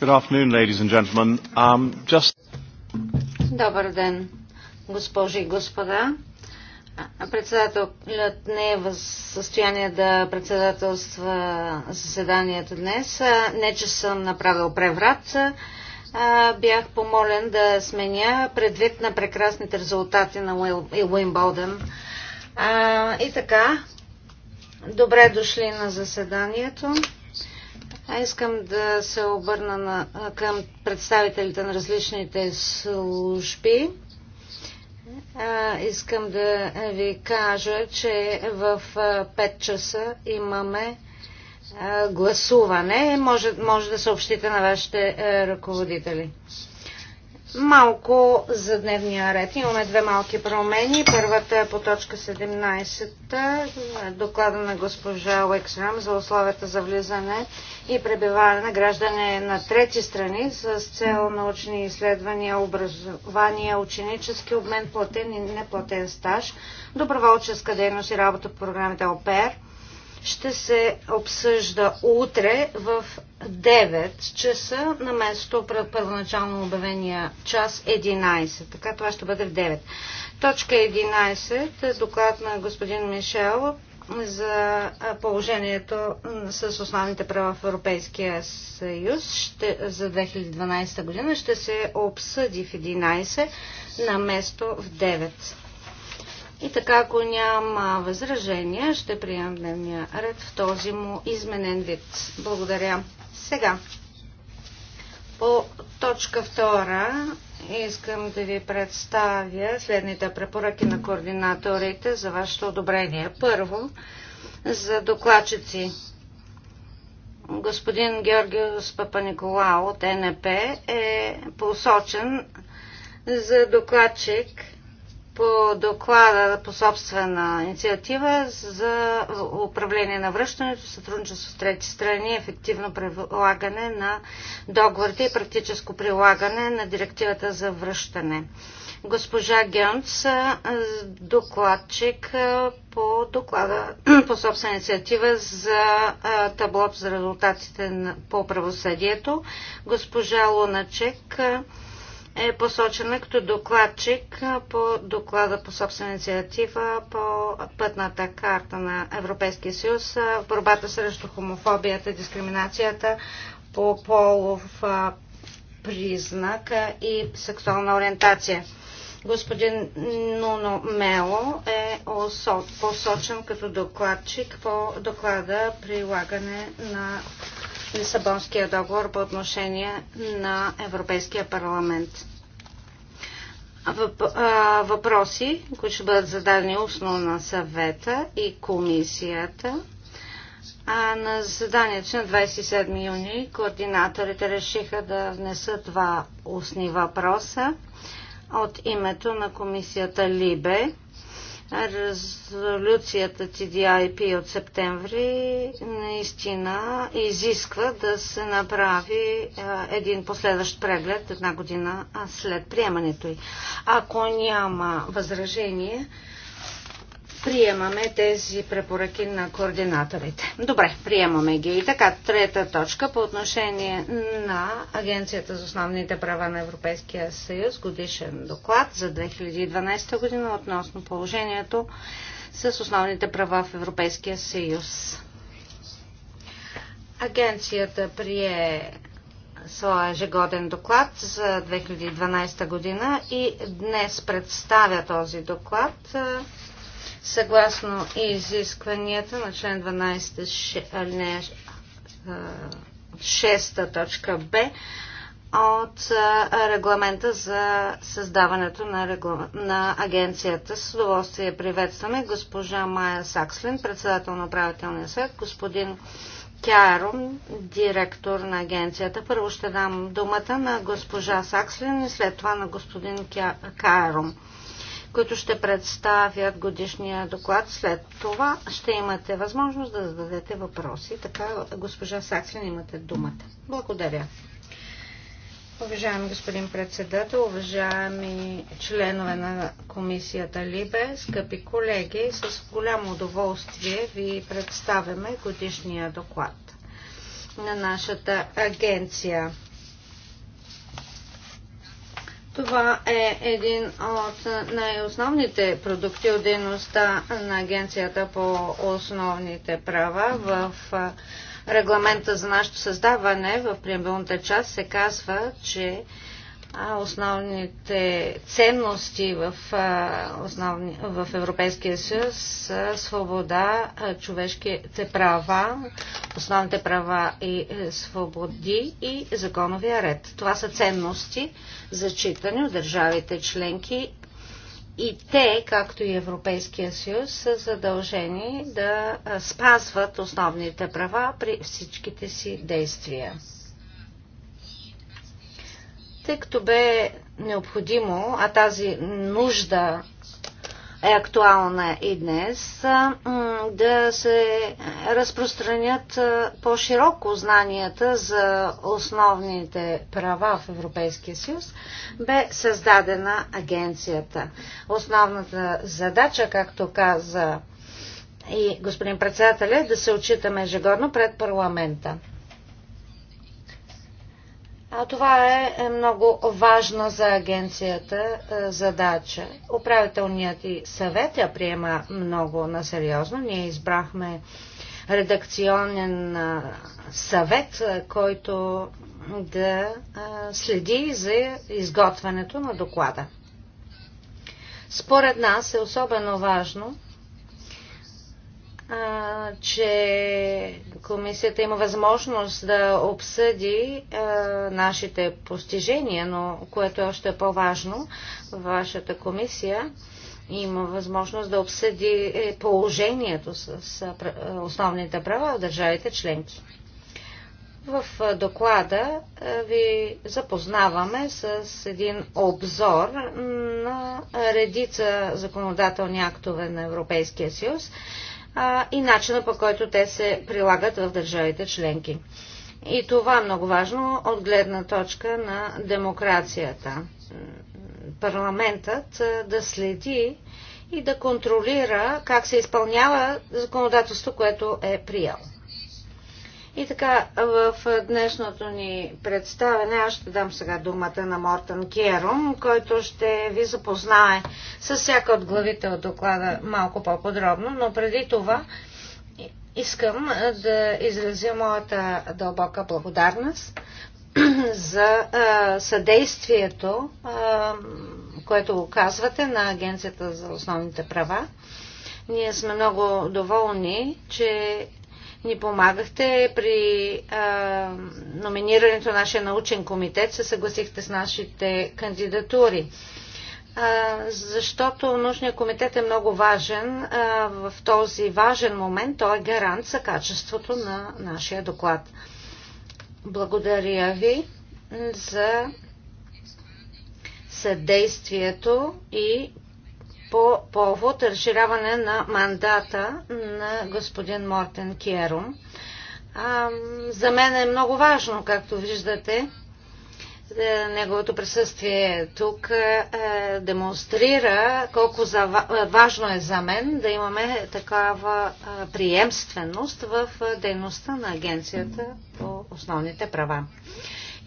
Good afternoon, ladies and gentlemen. Um, just... Добър ден, госпожи и господа. Председателят не е в състояние да председателства заседанието днес. Не, че съм направил преврат. Бях помолен да сменя предвид на прекрасните резултати на Уимболден. И така, добре дошли на заседанието. А искам да се обърна на, към представителите на различните служби. А, искам да ви кажа, че в 5 часа имаме гласуване. Може, може да съобщите на вашите е, ръководители. Малко за дневния ред. Имаме две малки промени. Първата е по точка 17, доклада на госпожа Уексрам за условията за влизане и пребиваване на граждане на трети страни с цел научни изследвания, образование, ученически обмен, платен и неплатен стаж, доброволческа дейност и работа по програмите ОПЕР – ще се обсъжда утре в 9 часа на место пред първоначално обявения час 11. Така това ще бъде в 9. Точка 11 е доклад на господин Мишел за положението с основните права в Европейския съюз ще, за 2012 година ще се обсъди в 11 на место в 9. И така, ако няма възражения, ще приемам дневния ред в този му изменен вид. Благодаря. Сега, по точка втора искам да ви представя следните препоръки на координаторите за вашето одобрение. Първо, за докладчици. Господин Георгиос Никола от НП е посочен за докладчик по доклада по собствена инициатива за управление на връщането, сътрудничество с трети страни, ефективно прилагане на договорите и практическо прилагане на директивата за връщане. Госпожа Гьонц, докладчик по доклада по собствена инициатива за таблото за резултатите по правосъдието. Госпожа Луначек, е посочена като докладчик по доклада по собствена инициатива по пътната карта на Европейския съюз в борбата срещу хомофобията, дискриминацията по полов признак и сексуална ориентация. Господин Нуно Мело е посочен като докладчик по доклада прилагане на Лисабонския договор по отношение на Европейския парламент. въпроси, които ще бъдат зададени устно на съвета и комисията. А на заседанието на 27 юни координаторите решиха да внесат два устни въпроса от името на комисията Либе Резолюцията TDIP от септември наистина изисква да се направи един последващ преглед една година след приемането й. Ако няма възражение, приемаме тези препоръки на координаторите. Добре, приемаме ги. И така, трета точка по отношение на Агенцията за основните права на Европейския съюз, годишен доклад за 2012 година относно положението с основните права в Европейския съюз. Агенцията прие своя ежегоден доклад за 2012 година и днес представя този доклад съгласно изискванията на член 12 алинея 6 точка Б от регламента за създаването на, регла... на агенцията. С удоволствие приветстваме госпожа Майя Сакслин, председател на управителния съвет, господин Кяром, директор на агенцията. Първо ще дам думата на госпожа Сакслин и след това на господин Кя които ще представят годишния доклад. След това ще имате възможност да зададете въпроси. Така, госпожа Саксин, имате думата. Благодаря. Уважаеми господин председател, уважаеми членове на комисията Либе, скъпи колеги, с голямо удоволствие ви представяме годишния доклад на нашата агенция. Това е един от най-основните продукти от дейността на Агенцията по основните права. В регламента за нашето създаване в приембилната част се казва, че основните ценности в, основни, в Европейския съюз са свобода, човешките права, основните права и е, свободи и законовия ред. Това са ценности, зачитани от държавите членки и те, както и Европейския съюз, са задължени да спазват основните права при всичките си действия тъй като бе необходимо, а тази нужда е актуална и днес, да се разпространят по-широко знанията за основните права в Европейския съюз, бе създадена агенцията. Основната задача, както каза и господин председателя, е да се отчитаме ежегодно пред парламента. А това е, е много важна за агенцията е, задача. Управителният и съвет я приема много насериозно. Ние избрахме редакционен е, съвет, който да следи за изготвянето на доклада. Според нас е особено важно че комисията има възможност да обсъди нашите постижения, но което е още по-важно, вашата комисия има възможност да обсъди е, положението с, с основните права в държавите членки. В доклада ви запознаваме с един обзор на редица законодателни актове на Европейския съюз а, и начина по който те се прилагат в държавите членки. И това е много важно от гледна точка на демокрацията. Парламентът да следи и да контролира как се изпълнява законодателство, което е приел. И така, в днешното ни представене аз ще дам сега думата на Мортън Керум, който ще ви запознае с всяка от главите от доклада малко по-подробно, но преди това искам да изразя моята дълбока благодарност за а, съдействието, а, което оказвате на Агенцията за основните права. Ние сме много доволни, че ни помагахте при а, номинирането на нашия научен комитет, се съгласихте с нашите кандидатури. А, защото научният комитет е много важен. А, в този важен момент той е гарант за качеството на нашия доклад. Благодаря ви за съдействието и по повод разширяване на мандата на господин Мортен Керум. За мен е много важно, както виждате, е, неговото присъствие тук е, демонстрира колко за, е, важно е за мен да имаме такава е, приемственост в е, дейността на Агенцията по основните права.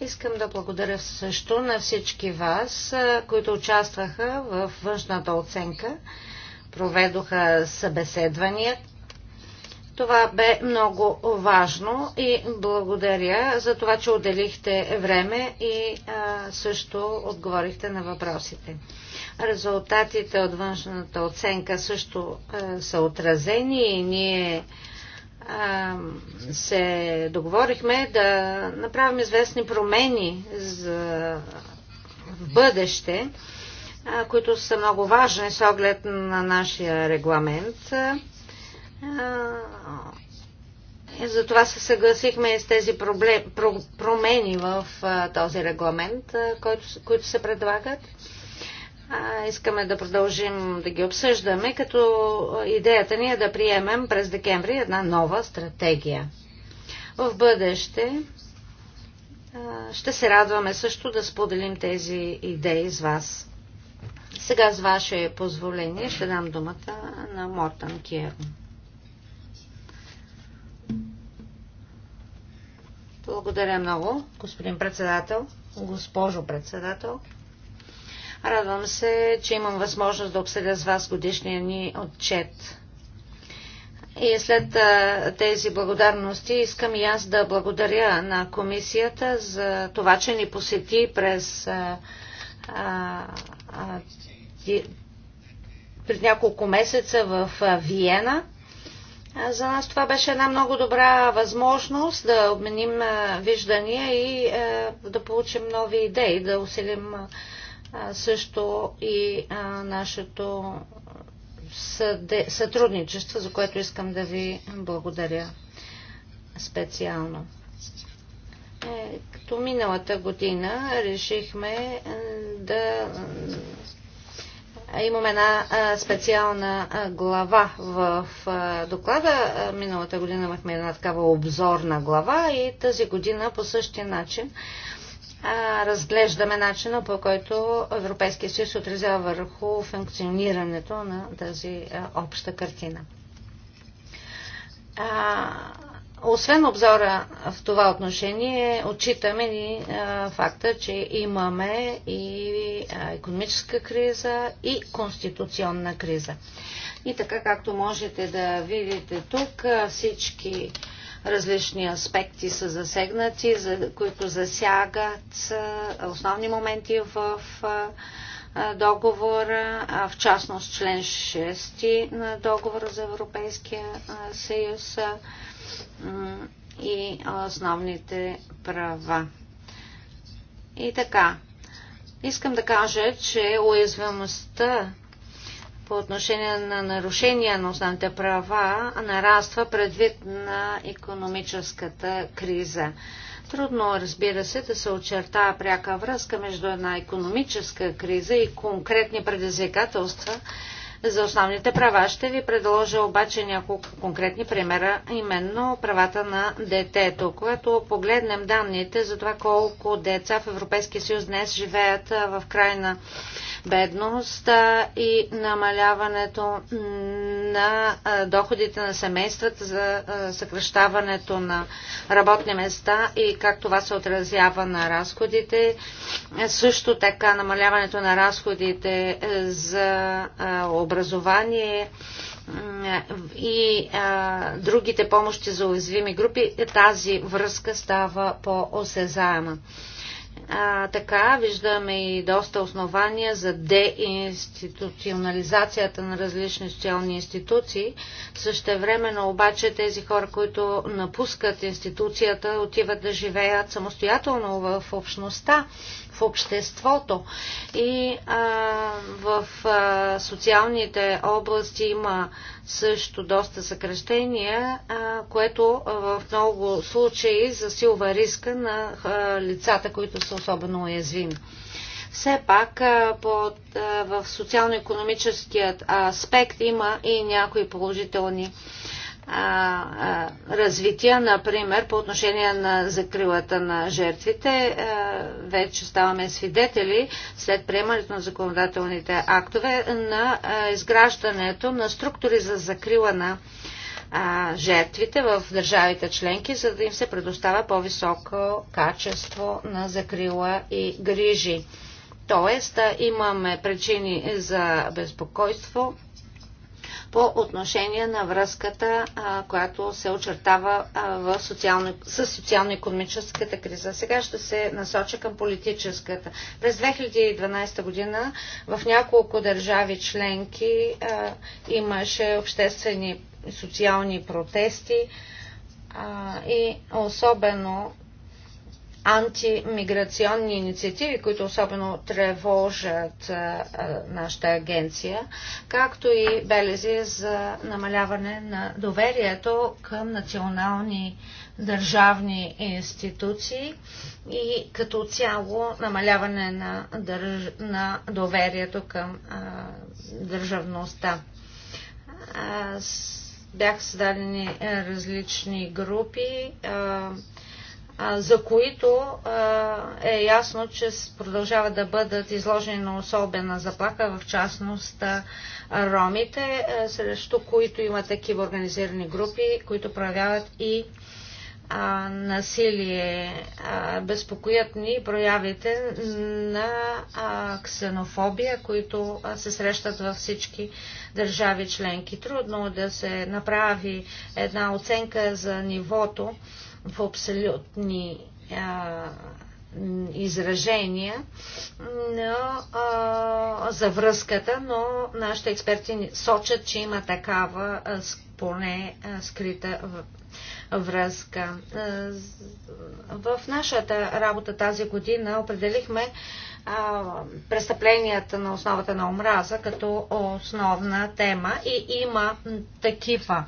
Искам да благодаря също на всички вас, които участваха в външната оценка, проведоха събеседвания. Това бе много важно и благодаря за това, че отделихте време и също отговорихте на въпросите. Резултатите от външната оценка също са отразени и ние се договорихме да направим известни промени за бъдеще, които са много важни с оглед на нашия регламент. И затова се съгласихме с тези проблем, промени в този регламент, който, които се предлагат искаме да продължим да ги обсъждаме, като идеята ни е да приемем през декември една нова стратегия. В бъдеще ще се радваме също да споделим тези идеи с вас. Сега с ваше позволение ще дам думата на Мортан Киерн. Благодаря много, господин председател, госпожо председател. Радвам се, че имам възможност да обсъдя с вас годишния ни отчет. И след тези благодарности искам и аз да благодаря на комисията за това, че ни посети през през няколко месеца в Виена. За нас това беше една много добра възможност да обменим виждания и да получим нови идеи, да усилим също и нашето сътрудничество, за което искам да ви благодаря специално. Е, като миналата година решихме е, да е, имаме една специална глава в доклада. Миналата година имахме една такава обзорна глава и тази година по същия начин разглеждаме начина по който Европейския съюз отразява върху функционирането на тази обща картина. Освен обзора в това отношение, отчитаме ни факта, че имаме и економическа криза и конституционна криза. И така, както можете да видите тук, всички а, Различни аспекти са засегнати, за, които засягат основни моменти в договора, в частност член 6 на договора за Европейския съюз и основните права. И така, искам да кажа, че уязвимостта по отношение на нарушения на основните права нараства предвид на економическата криза. Трудно, разбира се, да се очертава пряка връзка между една економическа криза и конкретни предизвикателства за основните права. Ще ви предложа обаче няколко конкретни примера, именно правата на детето. Когато погледнем данните за това колко деца в Европейския съюз днес живеят в крайна на бедност и намаляването на доходите на семействата за съкръщаването на работни места и как това се отразява на разходите. Също така намаляването на разходите за образование и а, другите помощи за уязвими групи, тази връзка става по-осезаема. А, така виждаме и доста основания за деинституционализацията на различни социални институции. Същевременно обаче тези хора, които напускат институцията, отиват да живеят самостоятелно в общността в обществото. И а, в а, социалните области има също доста съкрещения, а, което а, в много случаи засилва риска на а, лицата, които са особено уязвими все пак под, в социално-економическият аспект има и някои положителни развития, например, по отношение на закрилата на жертвите, вече ставаме свидетели след приемането на законодателните актове на изграждането на структури за закрила на жертвите в държавите членки, за да им се предоставя по-високо качество на закрила и грижи. Тоест, имаме причини за безпокойство по отношение на връзката, която се очертава в социално, с социално-економическата криза. Сега ще се насоча към политическата. През 2012 година в няколко държави членки имаше обществени социални протести и особено антимиграционни инициативи, които особено тревожат а, нашата агенция, както и белези за намаляване на доверието към национални държавни институции и като цяло намаляване на, държ... на доверието към а, държавността. А, с... Бяха създадени е, различни групи. А, за които е ясно, че продължават да бъдат изложени на особена заплаха, в частност ромите, срещу които има такива организирани групи, които проявяват и насилие. Безпокоят ни проявите на ксенофобия, които се срещат във всички държави членки. Трудно е да се направи една оценка за нивото в абсолютни а, изражения но, а, за връзката, но нашите експерти сочат, че има такава а, поне а, скрита връзка. В нашата работа тази година определихме престъпленията на основата на омраза като основна тема и има такива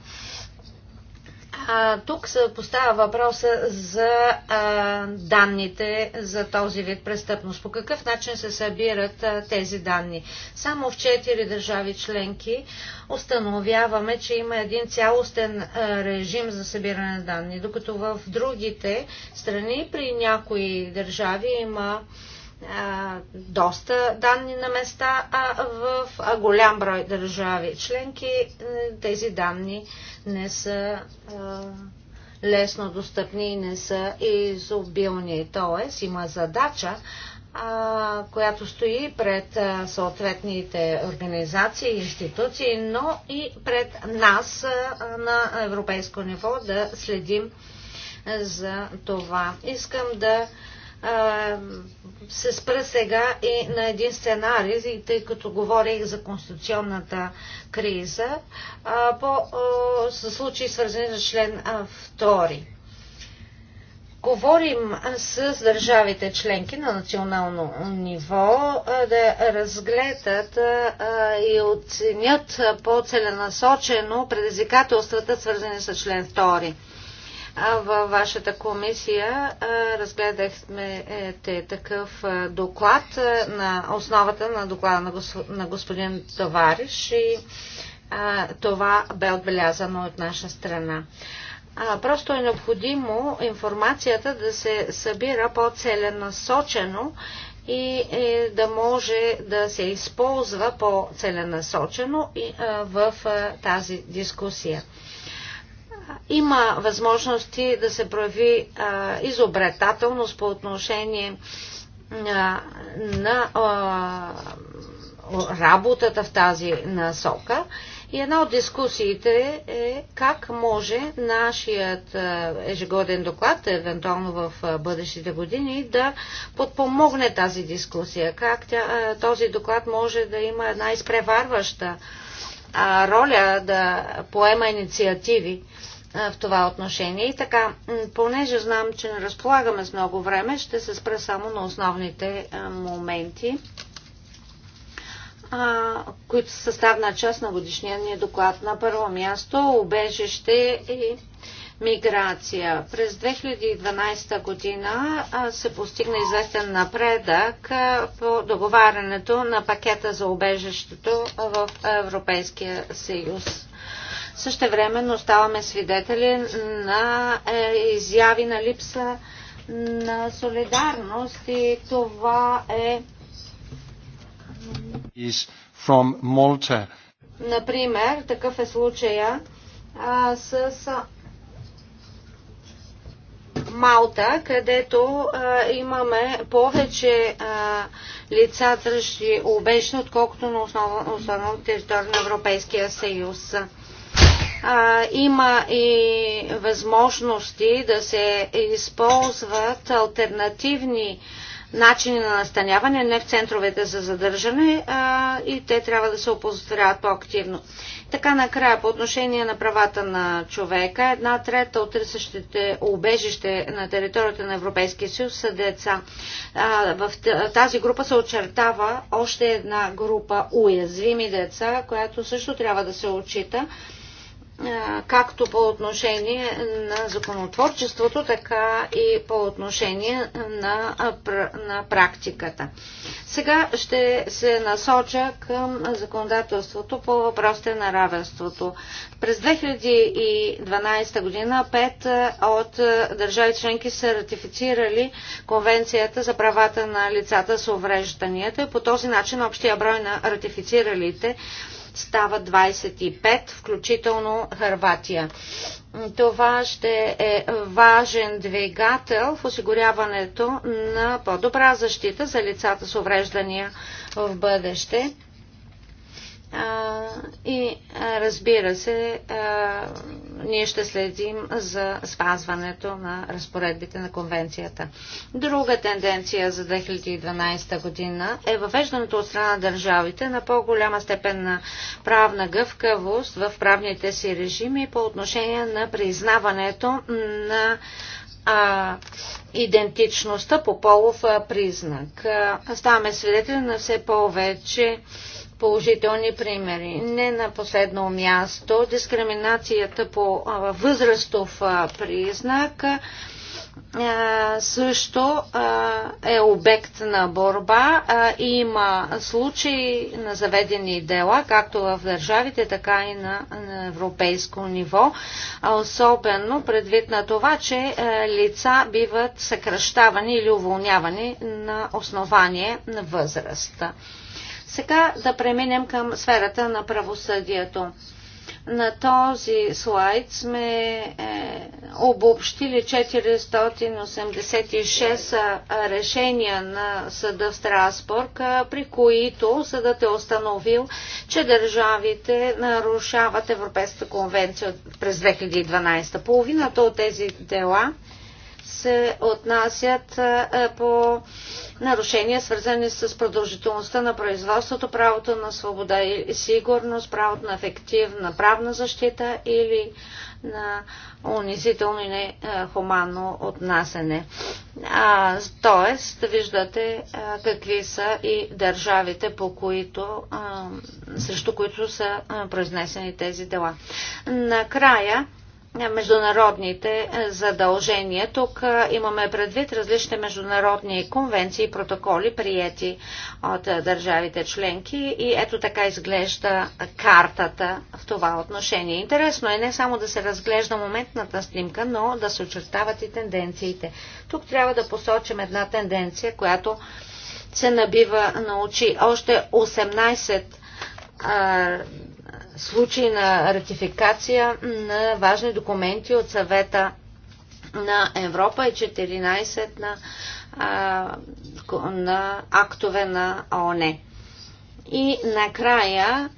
а, тук се поставя въпроса за а, данните за този вид престъпност. По какъв начин се събират а, тези данни? Само в четири държави членки установяваме, че има един цялостен а, режим за събиране на данни, докато в другите страни при някои държави има а, доста данни на места, а в голям брой държави членки тези данни не са лесно достъпни и не са изобилни. Тоест има задача, която стои пред съответните организации и институции, но и пред нас на европейско ниво да следим за това. Искам да се спра сега и на един сценарий, и тъй като говорих за конституционната криза, по случаи свързани с член 2. Говорим с държавите членки на национално ниво да разгледат и оценят по-целенасочено предизвикателствата, свързани с член 2 във вашата комисия разгледахме е, те такъв доклад на основата на доклада на господин Товариш и това бе отбелязано от наша страна. Просто е необходимо информацията да се събира по-целенасочено и е, да може да се използва по-целенасочено в тази дискусия има възможности да се прояви а, изобретателност по отношение а, на а, работата в тази насока. И една от дискусиите е как може нашият ежегоден доклад, евентуално в бъдещите години, да подпомогне тази дискусия. Как тя, този доклад може да има една изпреварваща роля да поема инициативи в това отношение. И така, понеже знам, че не разполагаме с много време, ще се спра само на основните моменти, които са съставна част на годишния ни доклад. На първо място обежище и миграция. През 2012 година се постигна известен напредък по договарянето на пакета за обежището в Европейския съюз Същевременно оставаме свидетели на е, изяви на липса на солидарност и това е from Malta. Например, такъв е случая а, с а, Малта, където а, имаме повече а, лица, тръщи обечно, отколкото на основа основа територия на Европейския съюз има и възможности да се използват альтернативни начини на настаняване, не в центровете за задържане а, и те трябва да се опозоряват по-активно. Така накрая, по отношение на правата на човека, една трета от търсещите убежище на територията на Европейския съюз са деца. А, в тази група се очертава още една група уязвими деца, която също трябва да се отчита както по отношение на законотворчеството, така и по отношение на, на практиката. Сега ще се насоча към законодателството по въпросите на равенството. През 2012 година пет от държави членки са ратифицирали Конвенцията за правата на лицата с уврежданията. По този начин общия брой на ратифициралите става 25, включително Харватия. Това ще е важен двигател в осигуряването на по-добра защита за лицата с увреждания в бъдеще и разбира се, ние ще следим за спазването на разпоредбите на конвенцията. Друга тенденция за 2012 година е въвеждането от страна на държавите на по-голяма степен на правна гъвкавост в правните си режими по отношение на признаването на а, идентичността по полов признак. Ставаме свидетели на все повече положителни примери. Не на последно място, дискриминацията по възрастов признак също е обект на борба. Има случаи на заведени дела, както в държавите, така и на европейско ниво. Особено предвид на това, че лица биват съкръщавани или уволнявани на основание на възраст. Сега да преминем към сферата на правосъдието. На този слайд сме е, обобщили 486 решения на съда в Страсбург, при които съдът е установил, че държавите нарушават Европейската конвенция през 2012. Половината от тези дела се отнасят по нарушения, свързани с продължителността на производството, правото на свобода и сигурност, правото на ефективна правна защита или на унизително и нехуманно отнасене. тоест, виждате а, какви са и държавите, по които, а, срещу които са а, произнесени тези дела. Накрая, международните е, задължения. Тук е, имаме предвид различни международни конвенции и протоколи, приети от е, държавите членки и ето така изглежда картата в това отношение. Интересно е не само да се разглежда моментната снимка, но да се очертават и тенденциите. Тук трябва да посочим една тенденция, която се набива на очи. Още 18 случаи на ратификация на важни документи от съвета на Европа и 14 на, а, на актове на ООН. И накрая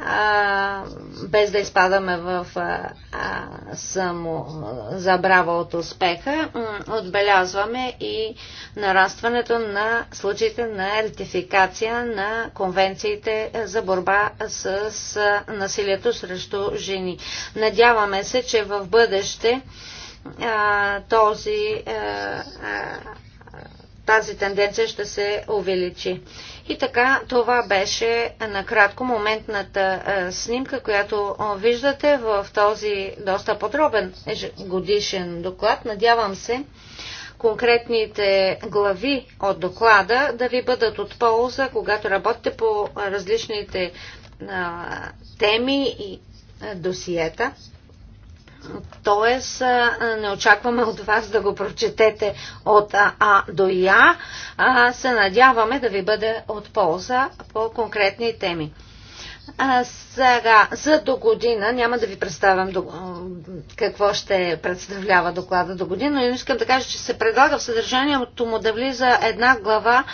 а, без да изпадаме в а, а, само забрава от успеха, отбелязваме и нарастването на случаите на ретификация на конвенциите за борба с, с насилието срещу жени. Надяваме се, че в бъдеще а, този а, а, тази тенденция ще се увеличи. И така, това беше накратко моментната е, снимка, която е, виждате в този доста подробен годишен доклад. Надявам се конкретните глави от доклада да ви бъдат от полза, когато работите по различните е, теми и досиета. Тоест, не очакваме от вас да го прочетете от А до Я, а се надяваме да ви бъде от полза по конкретни теми. А, сега, за до година, няма да ви представям до, какво ще представлява доклада до година, но искам да кажа, че се предлага в съдържанието му да влиза една глава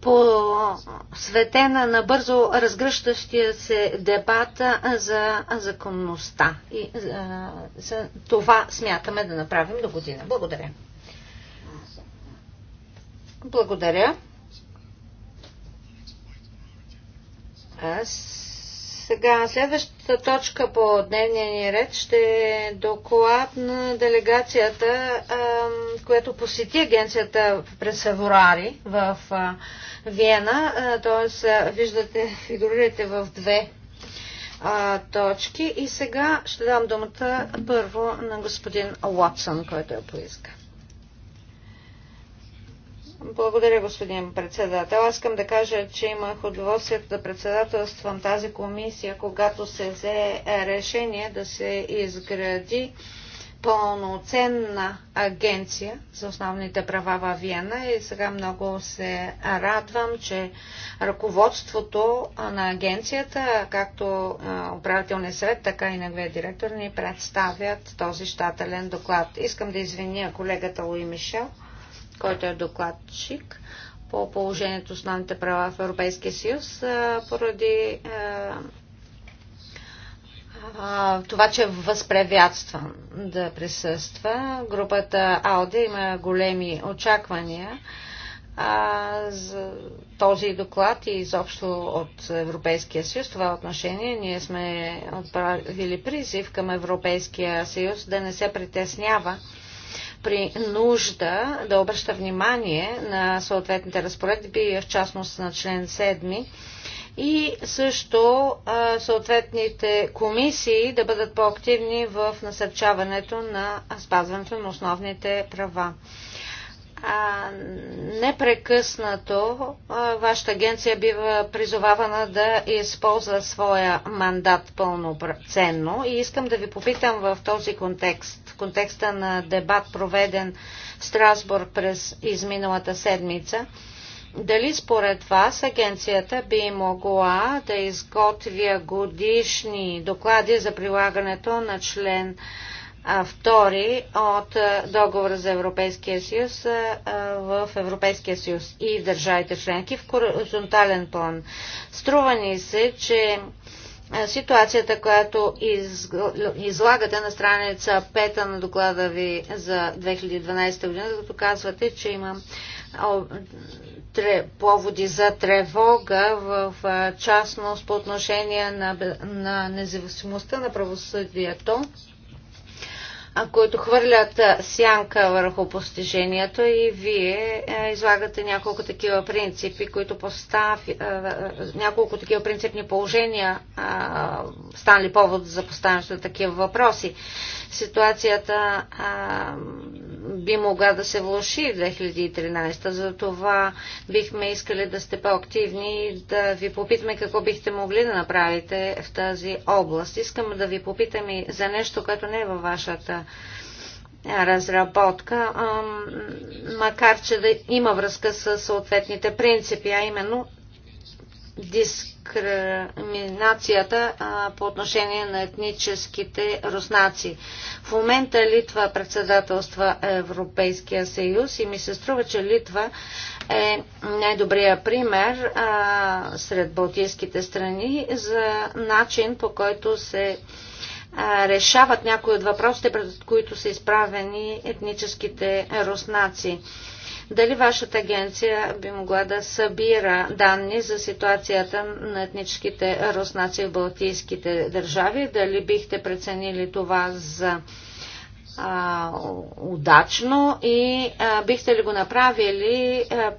посветена на бързо разгръщащия се дебат за законността. И а, за това смятаме да направим до година. Благодаря. Благодаря. Аз сега, следващата точка по дневния ни ред ще е доклад на делегацията, която посети агенцията през февруари в Виена. Тоест, виждате, фигурирате в две точки. И сега ще дам думата първо на господин Уотсън, който я поиска. Благодаря, господин председател. Аз искам да кажа, че имах удоволствието да председателствам тази комисия, когато се взе решение да се изгради пълноценна агенция за основните права в Виена и сега много се радвам, че ръководството на агенцията, както управителния съвет, така и неговия директор ни представят този щателен доклад. Искам да извиня колегата Луи Мишел който е докладчик по положението с основните права в Европейския съюз, поради това, че е възпревятстван да присъства. Групата Ауди има големи очаквания а, за този доклад и изобщо от Европейския съюз. Това отношение ние сме отправили призив към Европейския съюз да не се притеснява при нужда да обръща внимание на съответните разпоредби, в частност на член 7 и също съответните комисии да бъдат по-активни в насърчаването на спазването на основните права а, непрекъснато а, вашата агенция бива призовавана да използва своя мандат пълноценно и искам да ви попитам в този контекст, в контекста на дебат проведен в Страсбург през изминалата седмица, дали според вас агенцията би могла да изготвя годишни доклади за прилагането на член втори от договора за Европейския съюз в Европейския съюз и държавите членки в хоризонтален план. Струва ни се, че ситуацията, която излагате на страница пета на доклада ви за 2012 година, като казвате, че има поводи за тревога в частност по отношение на независимостта на правосъдието които хвърлят сянка върху постижението и вие излагате няколко такива принципи, които поставят няколко такива принципни положения станали повод за поставянето на такива въпроси ситуацията а, би могла да се влуши 2013. Затова бихме искали да сте по-активни и да ви попитаме какво бихте могли да направите в тази област. Искам да ви попитам и за нещо, което не е във вашата разработка, а, макар че да има връзка с съответните принципи, а именно дискриминацията а, по отношение на етническите руснаци. В момента Литва председателства Европейския съюз и ми се струва, че Литва е най-добрия пример а, сред балтийските страни за начин по който се а, решават някои от въпросите, пред които са изправени етническите руснаци. Дали вашата агенция би могла да събира данни за ситуацията на етническите руснаци в Балтийските държави? Дали бихте преценили това за а, удачно и а, бихте ли го направили а,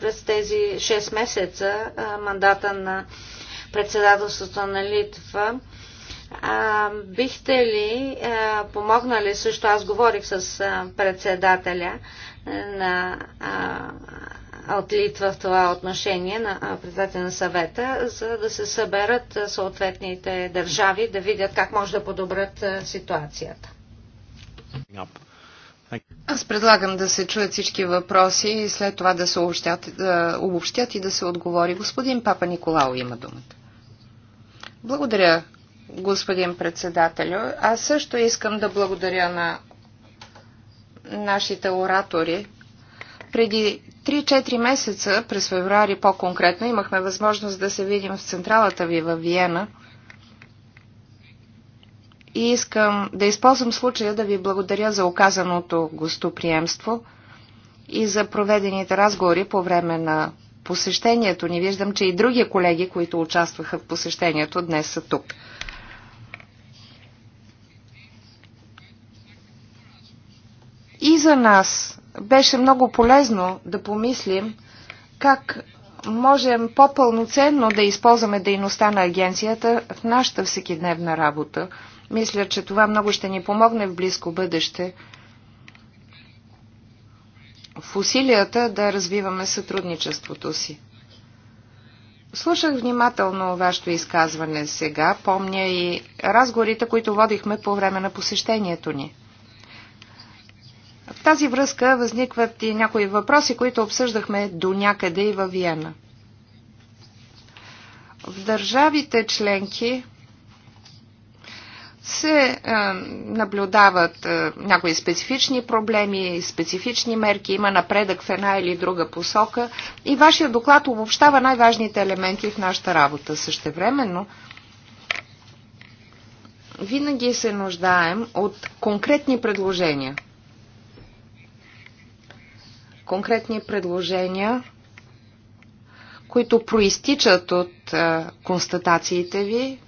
през тези 6 месеца а, мандата на председателството на Литва? А, бихте ли а, помогнали също? Аз говорих с а, председателя на, а, от Литва в това отношение на председател на съвета, за да се съберат съответните държави, да видят как може да подобрят ситуацията. Аз предлагам да се чуят всички въпроси и след това да се обобщят, да обобщят и да се отговори. Господин Папа Николао има думата. Благодаря, господин председателю. Аз също искам да благодаря на нашите оратори. Преди 3-4 месеца, през феврари по-конкретно, имахме възможност да се видим в централата ви във Виена. И искам да използвам случая да ви благодаря за оказаното гостоприемство и за проведените разговори по време на посещението ни. Виждам, че и други колеги, които участваха в посещението, днес са тук. И за нас беше много полезно да помислим как можем по-пълноценно да използваме дейността на агенцията в нашата всекидневна работа. Мисля, че това много ще ни помогне в близко бъдеще в усилията да развиваме сътрудничеството си. Слушах внимателно вашето изказване сега, помня и разговорите, които водихме по време на посещението ни. В тази връзка възникват и някои въпроси, които обсъждахме до някъде и във Виена. В държавите членки се е, наблюдават е, някои специфични проблеми, специфични мерки, има напредък в една или друга посока и вашия доклад обобщава най-важните елементи в нашата работа. Същевременно, винаги се нуждаем от конкретни предложения – конкретни предложения, които проистичат от констатациите ви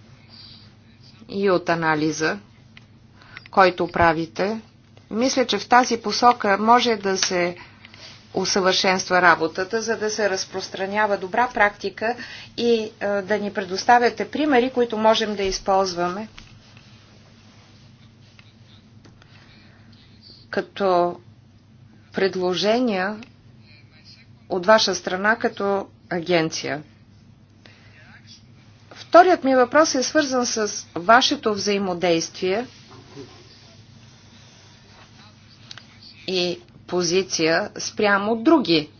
и от анализа, който правите. Мисля, че в тази посока може да се усъвършенства работата, за да се разпространява добра практика и да ни предоставяте примери, които можем да използваме. Като предложения от ваша страна като агенция. Вторият ми въпрос е свързан с вашето взаимодействие и позиция спрямо други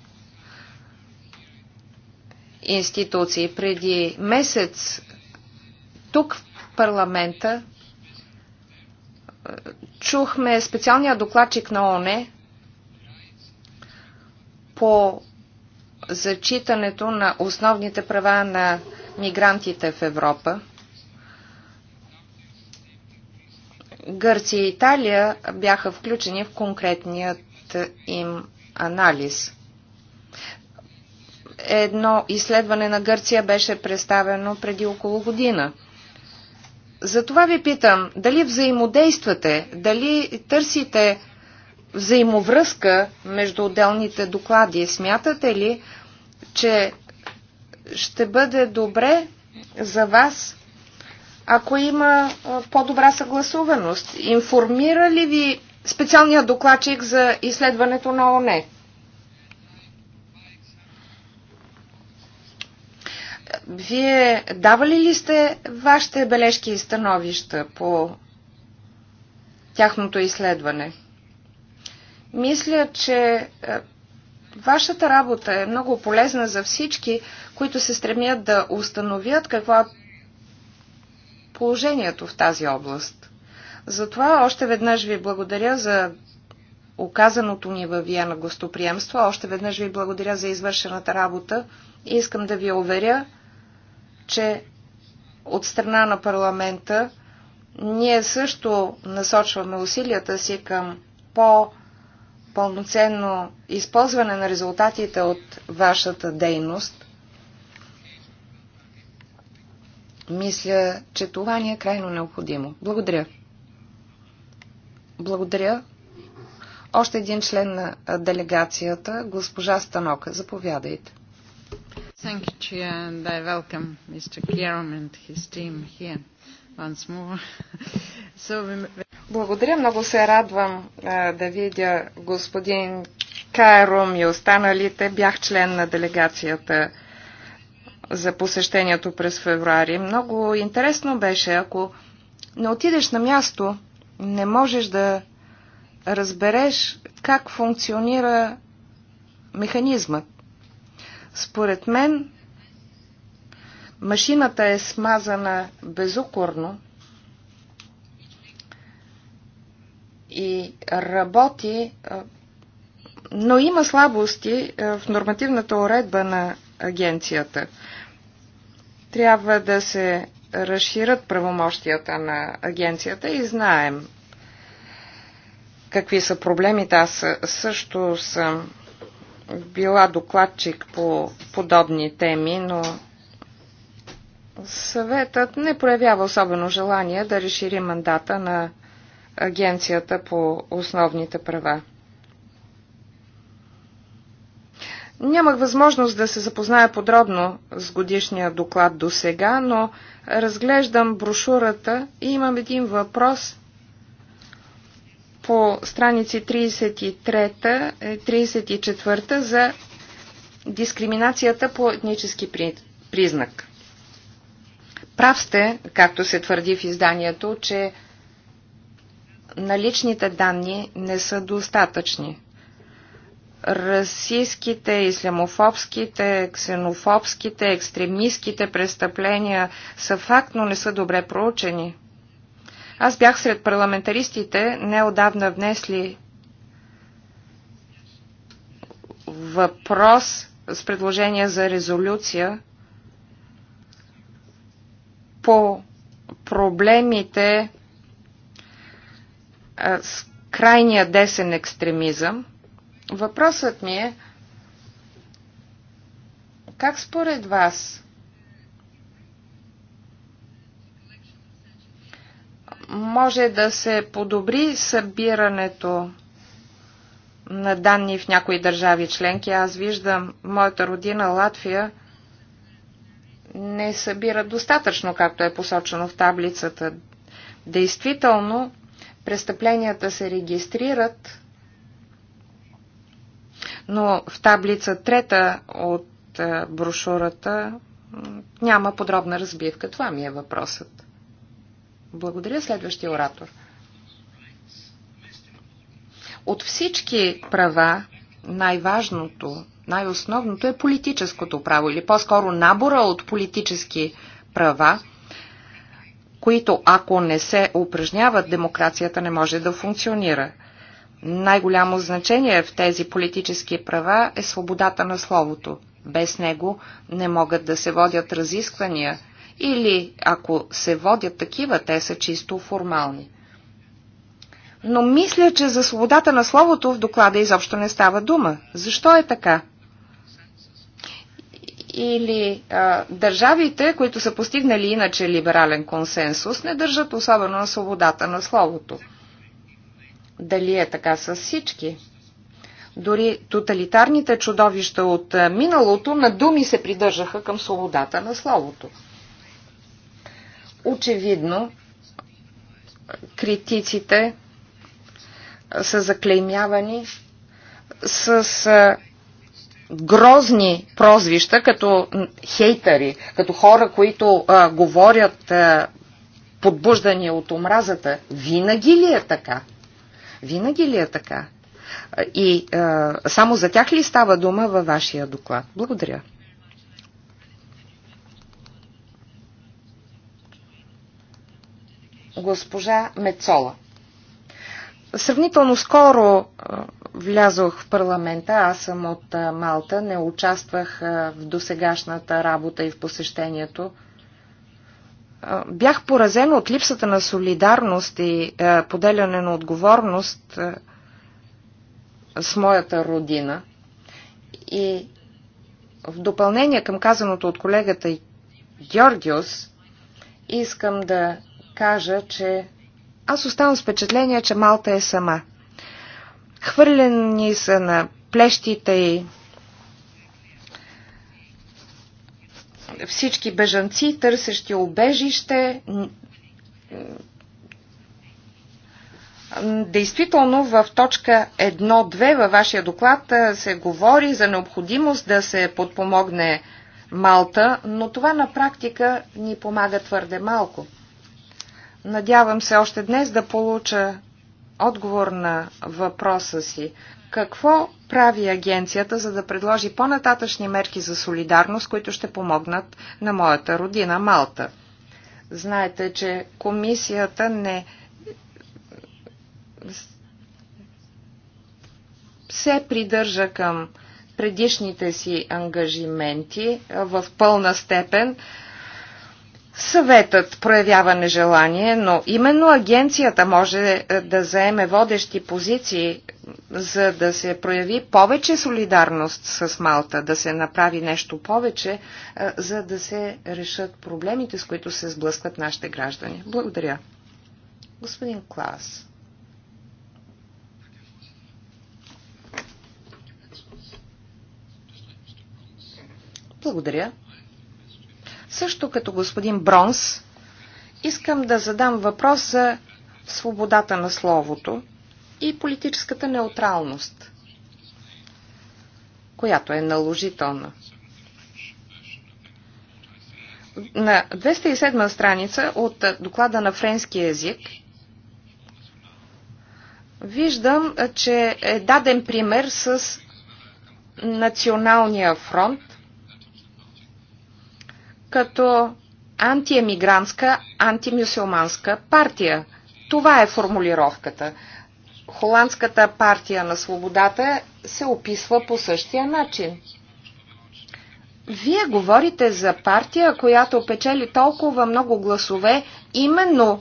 институции. Преди месец тук в парламента е, чухме специалния докладчик на ОНЕ по зачитането на основните права на мигрантите в Европа. Гърция и Италия бяха включени в конкретният им анализ. Едно изследване на Гърция беше представено преди около година. Затова ви питам, дали взаимодействате, дали търсите взаимовръзка между отделните доклади. Смятате ли, че ще бъде добре за вас, ако има по-добра съгласуваност? Информира ли ви специалния докладчик за изследването на ОНЕ? Вие давали ли сте вашите бележки и становища по тяхното изследване? Мисля, че е, вашата работа е много полезна за всички, които се стремят да установят какво е положението в тази област. Затова още веднъж ви благодаря за оказаното ни във Виена гостоприемство. Още веднъж ви благодаря за извършената работа и искам да ви уверя, че от страна на парламента ние също насочваме усилията си към по- пълноценно използване на резултатите от вашата дейност, мисля, че това ни е крайно необходимо. Благодаря. Благодаря. Още един член на делегацията, госпожа Станока. Заповядайте. Thank you, and I welcome Mr. and his team here once more. so we... Благодаря, много се радвам а, е, да видя господин Кайрум и останалите. Бях член на делегацията за посещението през февруари. Много интересно беше, ако не отидеш на място, не можеш да разбереш как функционира механизмът. Според мен, машината е смазана безукорно и работи, е, но има слабости е, в нормативната уредба на агенцията. Трябва да се разширят правомощията на агенцията и знаем какви са проблемите. Аз също съм била докладчик по подобни теми, но съветът не проявява особено желание да разшири мандата на Агенцията по основните права. Нямах възможност да се запозная подробно с годишния доклад до сега, но разглеждам брошурата и имам един въпрос по страници 33-34 е, за дискриминацията по етнически признак. Прав сте, както се твърди в изданието, че наличните данни не са достатъчни. Расистските, ислямофобските, ксенофобските, екстремистските престъпления са факт, но не са добре проучени. Аз бях сред парламентаристите, неодавна внесли въпрос с предложение за резолюция по проблемите с крайния десен екстремизъм, въпросът ми е как според вас може да се подобри събирането на данни в някои държави членки. Аз виждам, моята родина Латвия не събира достатъчно, както е посочено в таблицата. Действително, престъпленията се регистрират, но в таблица трета от е, брошурата няма подробна разбивка. Това ми е въпросът. Благодаря следващия оратор. От всички права най-важното, най-основното е политическото право или по-скоро набора от политически права, които ако не се упражняват, демокрацията не може да функционира. Най-голямо значение в тези политически права е свободата на словото. Без него не могат да се водят разисквания или ако се водят такива, те са чисто формални. Но мисля, че за свободата на словото в доклада изобщо не става дума. Защо е така? или а, държавите, които са постигнали иначе либерален консенсус, не държат особено на свободата на словото. Дали е така с всички? Дори тоталитарните чудовища от миналото на думи се придържаха към свободата на словото. Очевидно, критиците са заклеймявани с грозни прозвища, като хейтери, като хора, които а, говорят а, подбуждани от омразата. Винаги ли е така? Винаги ли е така? И а, само за тях ли става дума във вашия доклад? Благодаря. Госпожа Мецола. Сравнително скоро влязох в парламента, аз съм от Малта, не участвах в досегашната работа и в посещението. Бях поразена от липсата на солидарност и поделяне на отговорност с моята родина. И в допълнение към казаното от колегата Георгиос, искам да кажа, че аз оставам с впечатление, че Малта е сама. Хвърлени са на плещите и всички бежанци, търсещи обежище. Действително в точка 1-2 във вашия доклад се говори за необходимост да се подпомогне Малта, но това на практика ни помага твърде малко. Надявам се още днес да получа отговор на въпроса си. Какво прави агенцията, за да предложи по-нататъчни мерки за солидарност, които ще помогнат на моята родина Малта? Знаете, че комисията не се придържа към предишните си ангажименти в пълна степен. Съветът проявява нежелание, но именно агенцията може е, да заеме водещи позиции, за да се прояви повече солидарност с Малта, да се направи нещо повече, е, за да се решат проблемите, с които се сблъскват нашите граждани. Благодаря. Господин Клас. Благодаря. Също като господин Бронс, искам да задам въпрос за свободата на словото и политическата неутралност, която е наложителна. На 207 страница от доклада на френски език виждам, че е даден пример с Националния фронт като антиемигрантска, антимюсюлманска партия. Това е формулировката. Холандската партия на свободата се описва по същия начин. Вие говорите за партия, която печели толкова много гласове, именно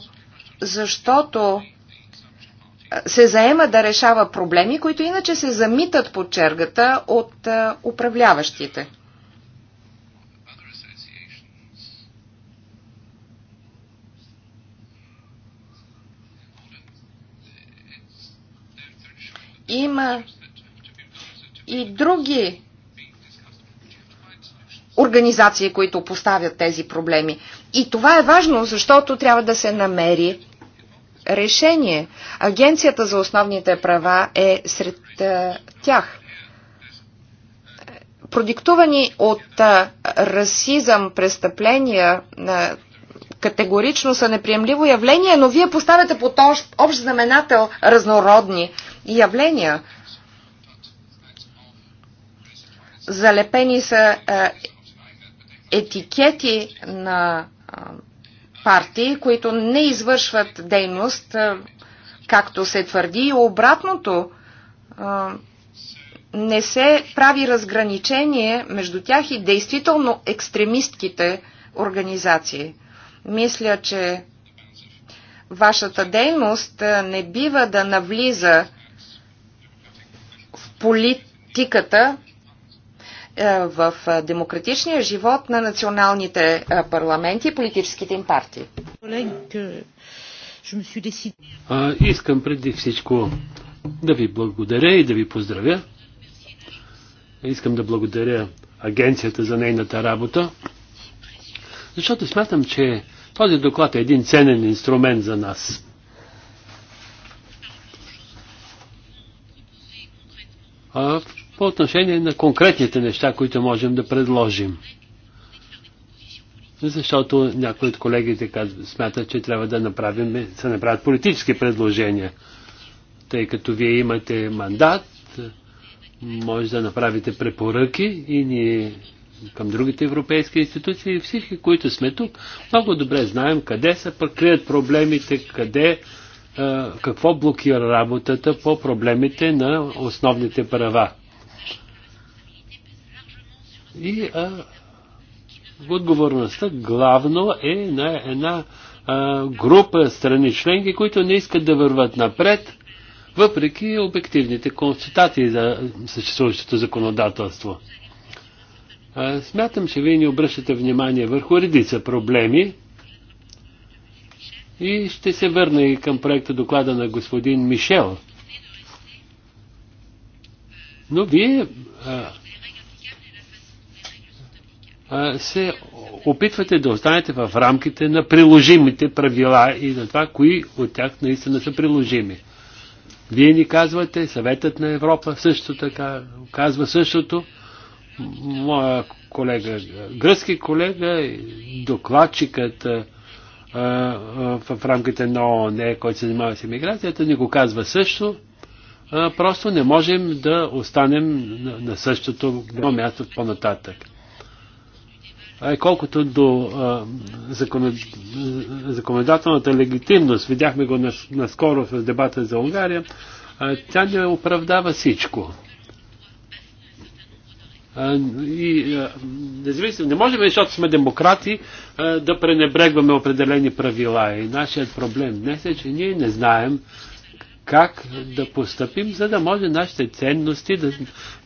защото се заема да решава проблеми, които иначе се замитат под чергата от управляващите. има и други организации, които поставят тези проблеми. И това е важно, защото трябва да се намери решение. Агенцията за основните права е сред а, тях. Продиктувани от а, расизъм престъпления, а, категорично са неприемливо явление, но вие поставяте под общ, знаменател разнородни явления. Залепени са е, етикети на е, партии, които не извършват дейност, е, както се твърди, и обратното. не се прави разграничение между тях и действително екстремистките организации. Мисля, че вашата дейност не бива да навлиза в политиката, в демократичния живот на националните парламенти и политическите им партии. А, искам преди всичко да ви благодаря и да ви поздравя. Искам да благодаря агенцията за нейната работа, защото смятам, че този доклад е един ценен инструмент за нас. А по отношение на конкретните неща, които можем да предложим. Защото някои от колегите смятат, че трябва да направим, се направят политически предложения. Тъй като вие имате мандат, може да направите препоръки и ние към другите европейски институции и всички, които сме тук, много добре знаем къде се покрият проблемите, къде какво блокира работата по проблемите на основните права. И а, отговорността главно е на една а, група страни членки, които не искат да върват напред, въпреки обективните констатации за съществуващото законодателство. Смятам, че вие ни обръщате внимание върху редица проблеми и ще се върна и към проекта доклада на господин Мишел. Но вие а, а, се опитвате да останете в рамките на приложимите правила и на това, кои от тях наистина са приложими. Вие ни казвате, съветът на Европа също така казва същото моя колега, гръцки колега, докладчикът а, а, в рамките на ООН, който се занимава с иммиграцията, ни го казва също. А, просто не можем да останем на, на същото място по-нататък. Колкото до а, законодателната легитимност, видяхме го наскоро в дебата за Унгария, тя не оправдава всичко. И, независимо, не можем, защото сме демократи, да пренебрегваме определени правила. И нашият проблем днес е, че ние не знаем как да постъпим, за да може нашите ценности да,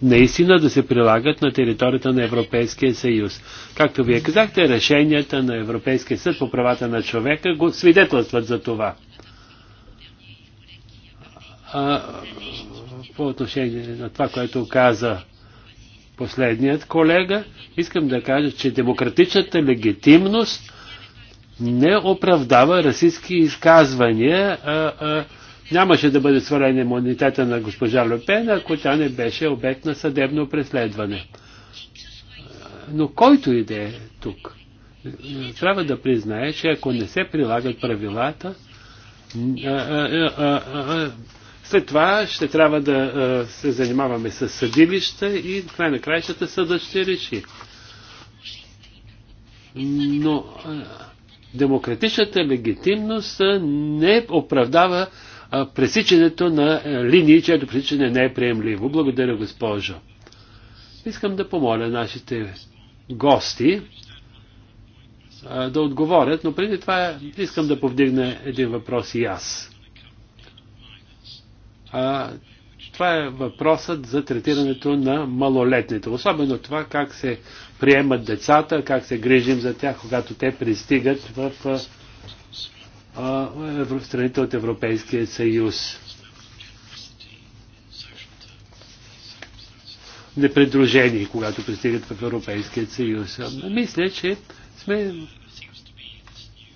наистина да се прилагат на територията на Европейския съюз. Както вие казахте, решенията на Европейския съд по правата на човека го свидетелстват за това. А, по отношение на това, което каза последният колега, искам да кажа, че демократичната легитимност не оправдава расистски изказвания. А, а, нямаше да бъде свален имунитета на госпожа Лепен, ако тя не беше обект на съдебно преследване. Но който и да е тук, трябва да признае, че ако не се прилагат правилата, след това ще трябва да се занимаваме с съдилища и край на краищата съдът ще реши. Но демократичната легитимност не оправдава пресичането на линии, чието пресичане не е приемливо. Благодаря, госпожо. Искам да помоля нашите гости да отговорят, но преди това искам да повдигна един въпрос и аз. А, това е въпросът за третирането на малолетните. Особено това как се приемат децата, как се грижим за тях, когато те пристигат в а, страните от Европейския съюз. непредружени, когато пристигат в Европейския съюз. Мисля, че сме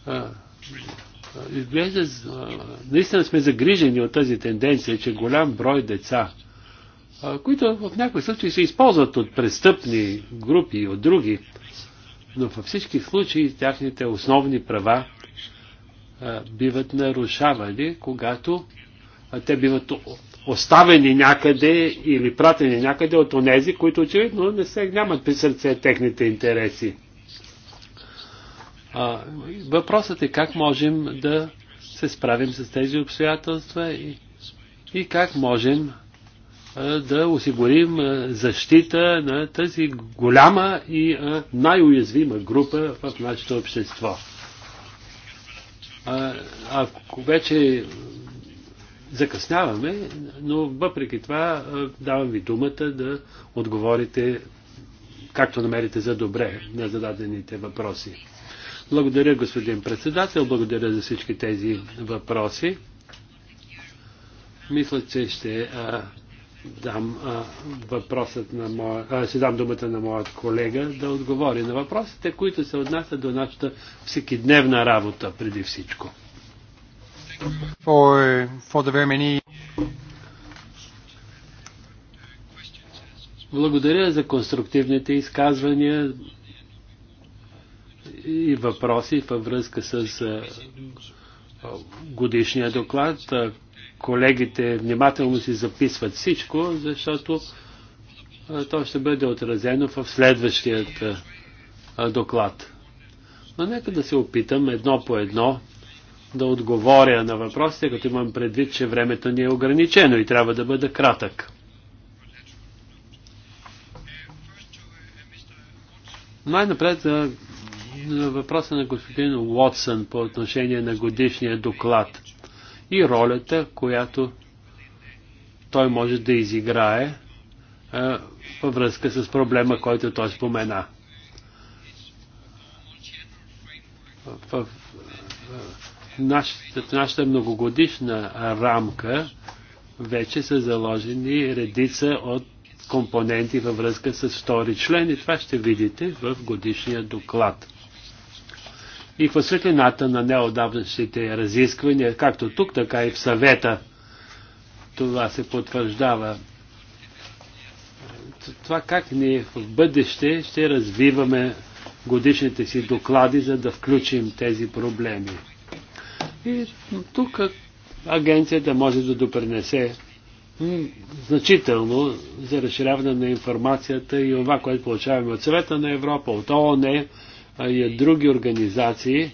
а, Изглежда, наистина сме загрижени от тази тенденция, че голям брой деца, които в някои случаи се използват от престъпни групи и от други, но във всички случаи тяхните основни права биват нарушавани, когато те биват оставени някъде или пратени някъде от онези, които очевидно не се, нямат при сърце техните интереси. Въпросът е как можем да се справим с тези обстоятелства и, и как можем да осигурим защита на тази голяма и най-уязвима група в нашето общество. Ако вече закъсняваме, но въпреки това давам ви думата да отговорите както намерите за добре на зададените въпроси. Благодаря, господин председател. Благодаря за всички тези въпроси. Мисля, че ще а, дам а, въпросът на моя, а, ще дам думата на моят колега да отговори на въпросите, които се отнасят до нашата всекидневна работа преди всичко. For, for the very many... Благодаря за конструктивните изказвания, и въпроси във връзка с годишния доклад. Колегите внимателно си записват всичко, защото то ще бъде отразено в следващият доклад. Но нека да се опитам едно по едно да отговоря на въпросите, като имам предвид, че времето ни е ограничено и трябва да бъда кратък. Най-напред въпроса на господин Уотсън по отношение на годишния доклад и ролята, която той може да изиграе а, във връзка с проблема, който той спомена. В, нашата, нашата многогодишна рамка вече са заложени редица от компоненти във връзка с втори член и това ще видите в годишния доклад. И в светлината на неодавнашните разисквания, както тук, така и в съвета, това се потвърждава. Това как ние в бъдеще ще развиваме годишните си доклади, за да включим тези проблеми. И тук агенцията може да допринесе значително за разширяване на информацията и това, което получаваме от Съвета на Европа, от ООН, и от други организации,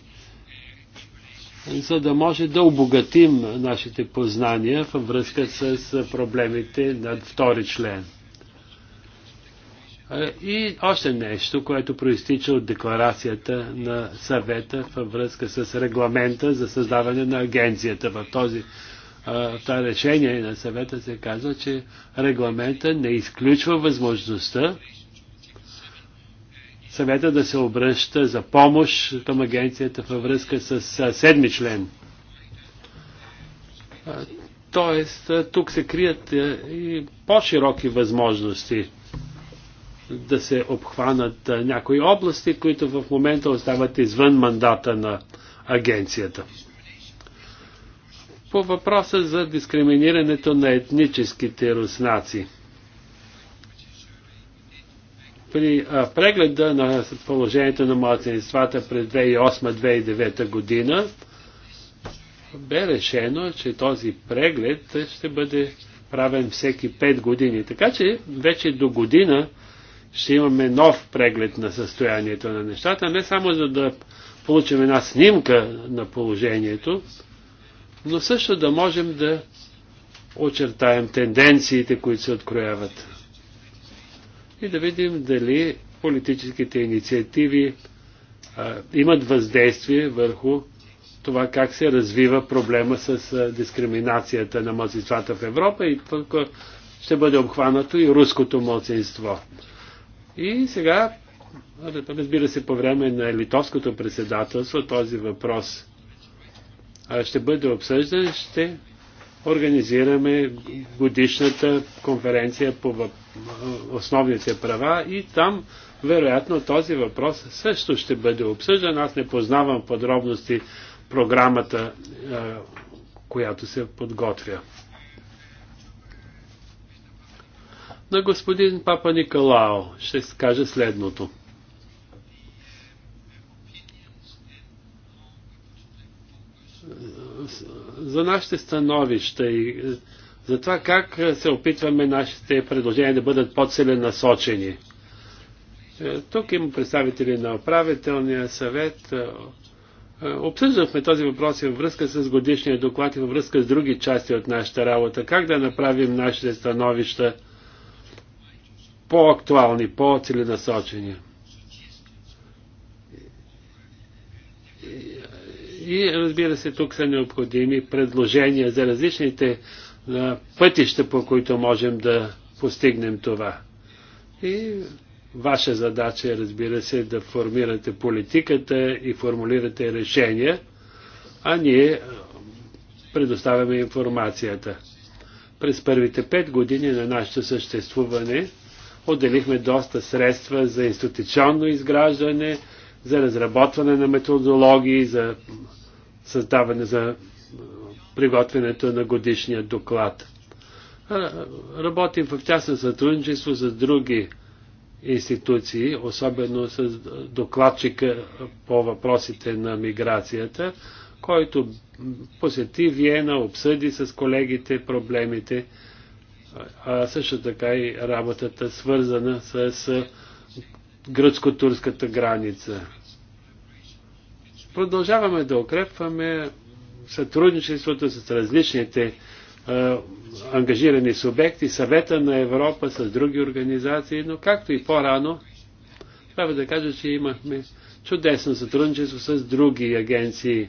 за да може да обогатим нашите познания във връзка с проблемите на втори член. И още нещо, което проистича от декларацията на съвета във връзка с регламента за създаване на агенцията. В, този, в това решение на съвета се казва, че регламента не изключва възможността съвета да се обръща за помощ към агенцията във връзка с седми член. Тоест, тук се крият и по-широки възможности да се обхванат някои области, които в момента остават извън мандата на агенцията. По въпроса за дискриминирането на етническите руснаци – при прегледа на положението на младсенствата през 2008-2009 година бе решено, че този преглед ще бъде правен всеки 5 години. Така че вече до година ще имаме нов преглед на състоянието на нещата, не само за да получим една снимка на положението, но също да можем да очертаем тенденциите, които се открояват и да видим дали политическите инициативи а, имат въздействие върху това как се развива проблема с а, дискриминацията на младсинствата в Европа и тук ще бъде обхванато и руското младсинство. И сега, разбира се, по време на литовското председателство този въпрос ще бъде обсъждан, ще организираме годишната конференция по основните права и там вероятно този въпрос също ще бъде обсъждан. Аз не познавам подробности програмата, е, която се подготвя. На господин Папа Николао ще кажа следното. за нашите становища и е, за това как е, се опитваме нашите предложения да бъдат по-целенасочени. Е, тук има представители на управителния съвет. Обсъждахме този въпрос и във връзка с годишния доклад и във връзка с други части от нашата работа. Как да направим нашите становища по-актуални, по-целенасочени? И разбира се, тук са необходими предложения за различните пътища, по които можем да постигнем това. И ваша задача е, разбира се, да формирате политиката и формулирате решения, а ние предоставяме информацията. През първите пет години на нашето съществуване отделихме доста средства за институционно изграждане, за разработване на методологии, за създаване за приготвянето на годишния доклад. Работим в тясно сътрудничество с други институции, особено с докладчика по въпросите на миграцията, който посети Виена, обсъди с колегите проблемите, а също така и работата свързана с гръцко-турската граница. Продължаваме да укрепваме сътрудничеството с различните а, е, ангажирани субекти, съвета на Европа с други организации, но както и по-рано, трябва да кажа, че имахме чудесно сътрудничество с други агенции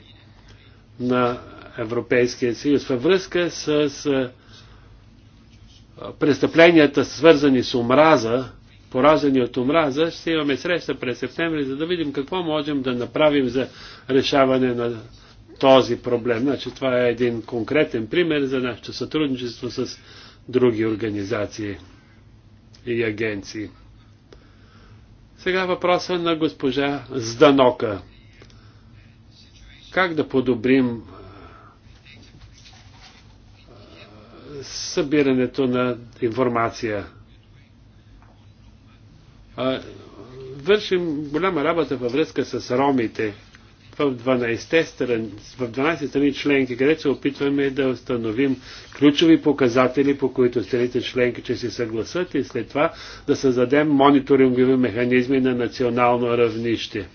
на Европейския съюз във връзка с а, е, престъпленията, свързани с омраза, поразени от омраза, ще имаме среща през септември, за да видим какво можем да направим за решаване на този проблем. Значи, това е един конкретен пример за нашето сътрудничество с други организации и агенции. Сега въпроса на госпожа Зданока. Как да подобрим събирането на информация? Вършим голяма работа във връзка с ромите в 12, страни, страни членки, където се опитваме да установим ключови показатели, по които страните членки ще се съгласат и след това да създадем мониторингови механизми на национално равнище.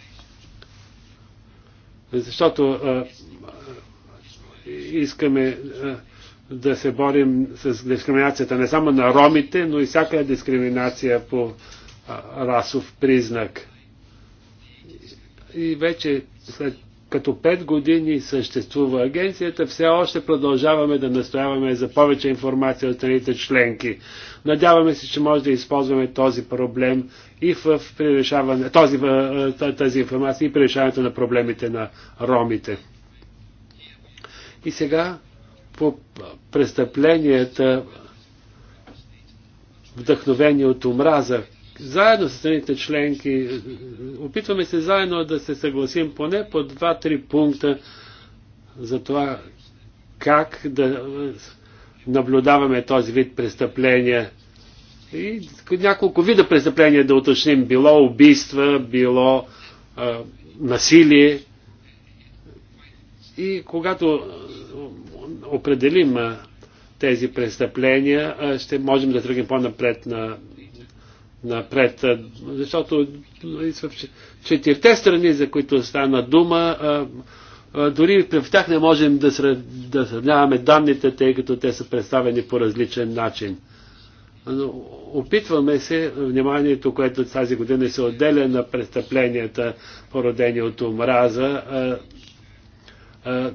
Защото а, искаме а, да се борим с дискриминацията не само на ромите, но и всяка дискриминация по расов признак. И вече след като 5 години съществува агенцията, все още продължаваме да настояваме за повече информация от страните членки. Надяваме се, че може да използваме този проблем и в прирешаване, този, тази информация и при решаването на проблемите на ромите. И сега по престъпленията, вдъхновени от омраза, заедно с страните членки, опитваме се заедно да се съгласим поне по два-три пункта за това как да наблюдаваме този вид престъпления и няколко вида престъпления да уточним. Било убийства, било а, насилие. И когато определим а, тези престъпления, а, ще можем да тръгнем по-напред на напред. Защото в четирите страни, за които стана дума, дори в тях не можем да, да сравняваме данните, тъй като те са представени по различен начин. Но опитваме се вниманието, което тази година се отделя на престъпленията, породени от омраза,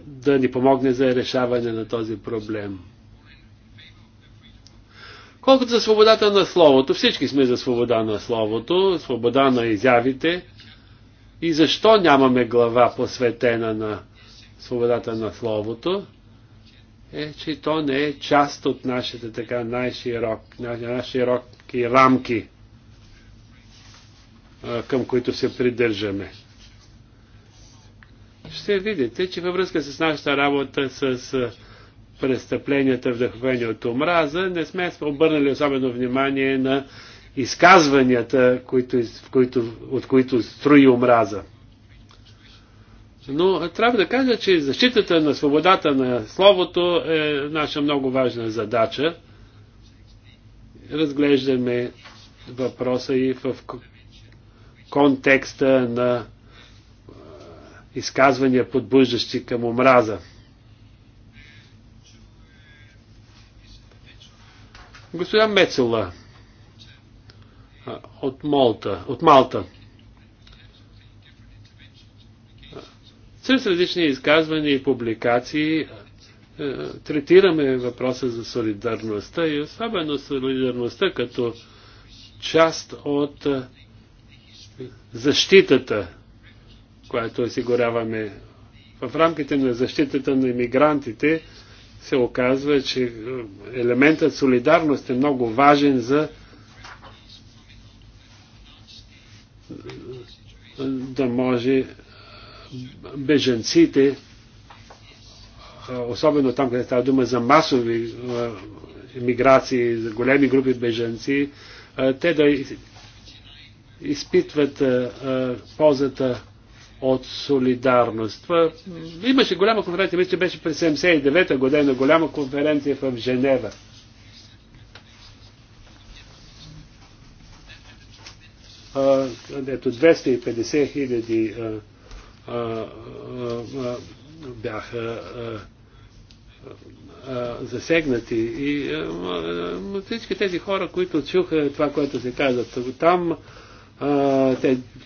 да ни помогне за решаване на този проблем. Колкото за свободата на словото, всички сме за свобода на словото, свобода на изявите. И защо нямаме глава посветена на свободата на словото? Е, че то не е част от нашите така най широки най-широки рамки, към които се придържаме. Ще видите, че във връзка с нашата работа с престъпленията, вдъхновени от омраза, не сме обърнали особено внимание на изказванията, които, в които, от които струи омраза. Но трябва да кажа, че защитата на свободата на словото е наша много важна задача. Разглеждаме въпроса и в контекста на изказвания, подбуждащи към омраза. Госпожа Мецела от Малта. От Малта. Чрез различни изказвания и публикации третираме въпроса за солидарността и особено солидарността като част от защитата, която осигуряваме в рамките на защитата на иммигрантите се оказва, че е, елементът солидарност е много важен за е, да може е, беженците, особено там, къде става дума за масови емиграции, за големи групи беженци, те да изпитват ползата от солидарност. Това, имаше голяма конференция, мисля, че беше през 79-та година, голяма конференция в Женева. ето 250 хиляди бяха засегнати. И всички тези хора, които чуха това, което се казват там,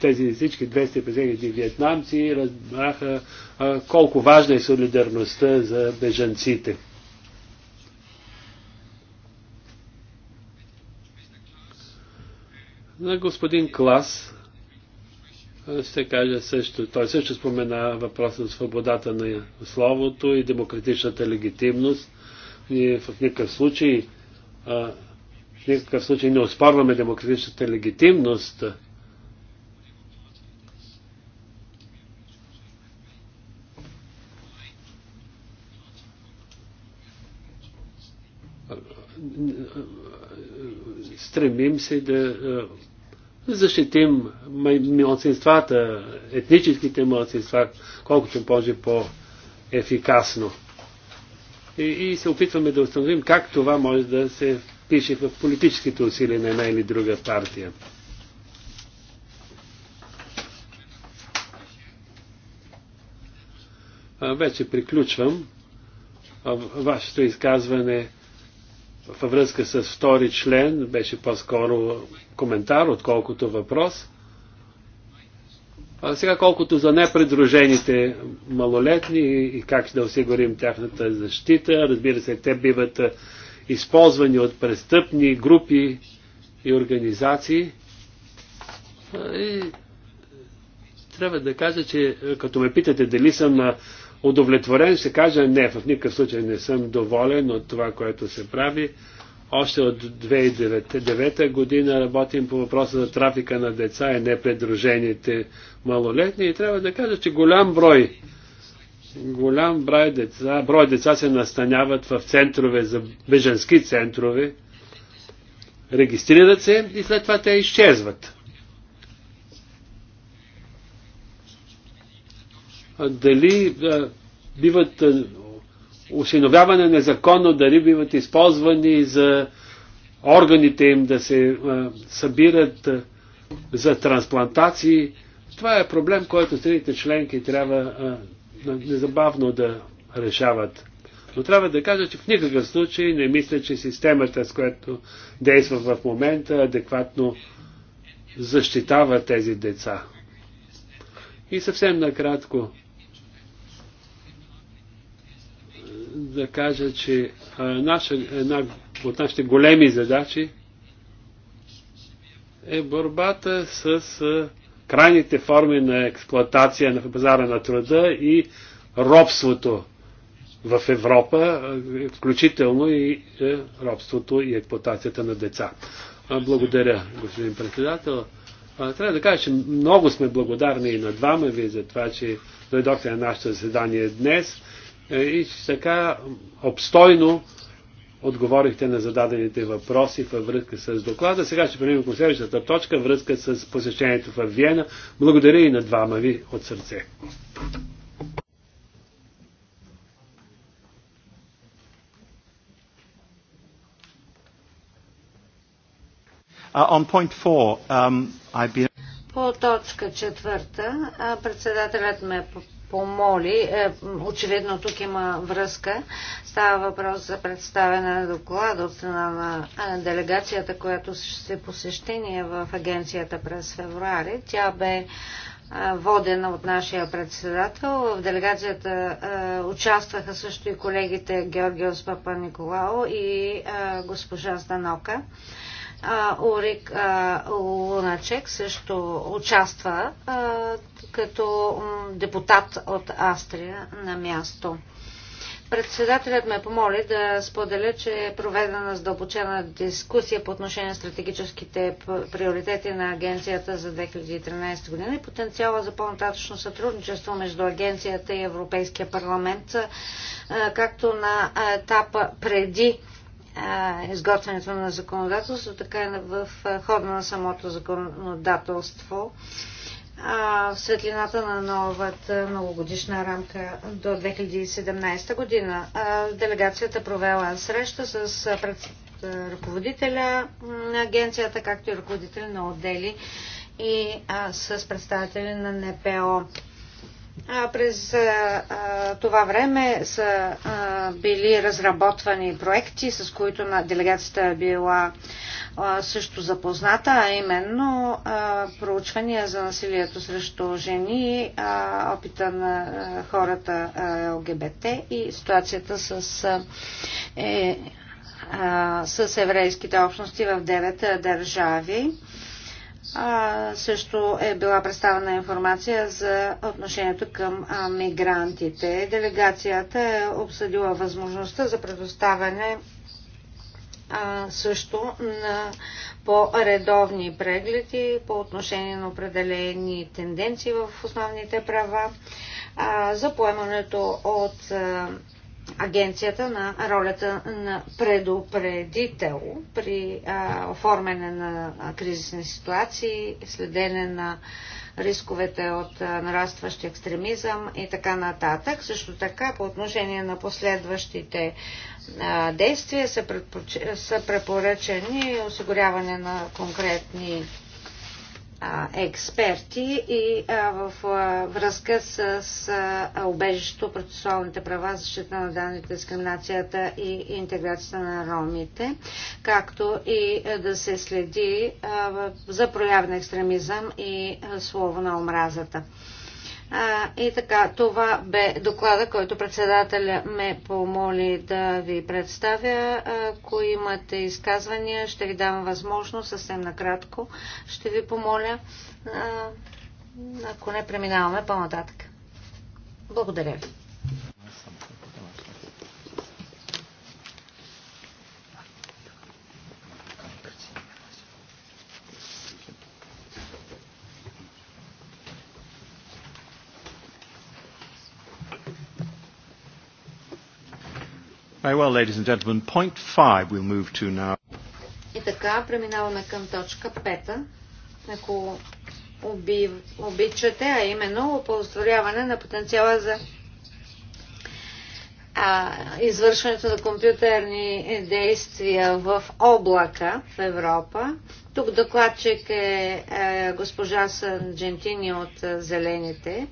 тези всички 250 вьетнамци разбраха колко важна е солидарността за бежанците. На господин Клас ще кажа също, той също спомена въпроса за свободата на словото и демократичната легитимност. Ние в никакъв случай в никакъв случай не оспорваме демократичната легитимност стремим се да защитим младсинствата, етническите младсинства, колкото може по-ефикасно. И, и се опитваме да установим как това може да се впише в политическите усилия на една или друга партия. вече приключвам. Вашето изказване във връзка с втори член беше по-скоро коментар, отколкото въпрос. А сега колкото за непредружените малолетни и как ще да осигурим тяхната защита, разбира се, те биват използвани от престъпни групи и организации. И трябва да кажа, че като ме питате дали съм на удовлетворен, ще кажа не, в никакъв случай не съм доволен от това, което се прави. Още от 2009 година работим по въпроса за трафика на деца и непредружените малолетни и трябва да кажа, че голям брой голям брой деца, брой деца се настаняват в центрове, за беженски центрове, регистрират се и след това те изчезват. дали биват осиновяване незаконно, дали биват използвани за органите им да се събират за трансплантации. Това е проблем, който страните членки трябва незабавно да решават. Но трябва да кажа, че в никакъв случай не мисля, че системата, с която действа в момента, адекватно защитава тези деца. И съвсем накратко, да кажа, че наша, една от нашите големи задачи е борбата с крайните форми на експлоатация на пазара на труда и робството в Европа, включително и е, робството и експлоатацията на деца. Благодаря, господин председател. Трябва да кажа, че много сме благодарни и на двама ви за това, че дойдохте на нашето заседание днес е, и така обстойно отговорихте на зададените въпроси във връзка с доклада. Сега ще преминем към следващата точка, връзка с посещението в Виена. Благодаря и на двама ви от сърце. Uh, um, по точка четвърта председателят ме е помоли. Е, очевидно тук има връзка. Става въпрос за представяне на доклада от страна на е, делегацията, която се посещение в агенцията през февруари. Тя бе е, водена от нашия председател. В делегацията участваха също и колегите Георгиос Папа Николао и госпожа Станока. Орик Луначек също участва като депутат от Австрия на място. Председателят ме помоли да споделя, че е проведена задълбочена дискусия по отношение на стратегическите приоритети на агенцията за 2013 година и потенциала за по-нататъчно сътрудничество между агенцията и Европейския парламент, както на етапа преди изготвянето на законодателство, така и в хода на самото законодателство. В светлината на новата многогодишна рамка до 2017 година делегацията провела среща с ръководителя на агенцията, както и ръководители на отдели и с представители на НПО. А през а, това време са а, били разработвани проекти, с които на делегацията е била а, също запозната, а именно а, проучвания за насилието срещу жени, а, опита на а, хората а, ЛГБТ и ситуацията с, а, е, а, с еврейските общности в девет държави. А, а, също е била представена информация за отношението към а, мигрантите. Делегацията е обсъдила възможността за предоставяне а, също на по-редовни прегледи по отношение на определени тенденции в основните права, а, за поемането от а, агенцията на ролята на предупредител при а, оформяне на кризисни ситуации, следене на рисковете от а, нарастващ екстремизъм и така нататък. Също така по отношение на последващите а, действия са, предпоч... са препоръчени осигуряване на конкретни експерти и в връзка с обежището, процесуалните права, защита на данните, дискриминацията и интеграцията на ромите, както и да се следи за проявен екстремизъм и слово на омразата. А, и така, това бе доклада, който председателя ме помоли да ви представя. Ако имате изказвания, ще ви дам възможност съвсем накратко. Ще ви помоля, а, ако не преминаваме по-нататък. Благодаря ви. Very well, ladies and gentlemen. Point five we'll move to now. И така, преминаваме към точка пета, ако оби, обичате, а именно оползотворяване на потенциала за а, извършването на компютърни действия в облака в Европа. Тук докладчик е, е госпожа Санджентини от Зелените.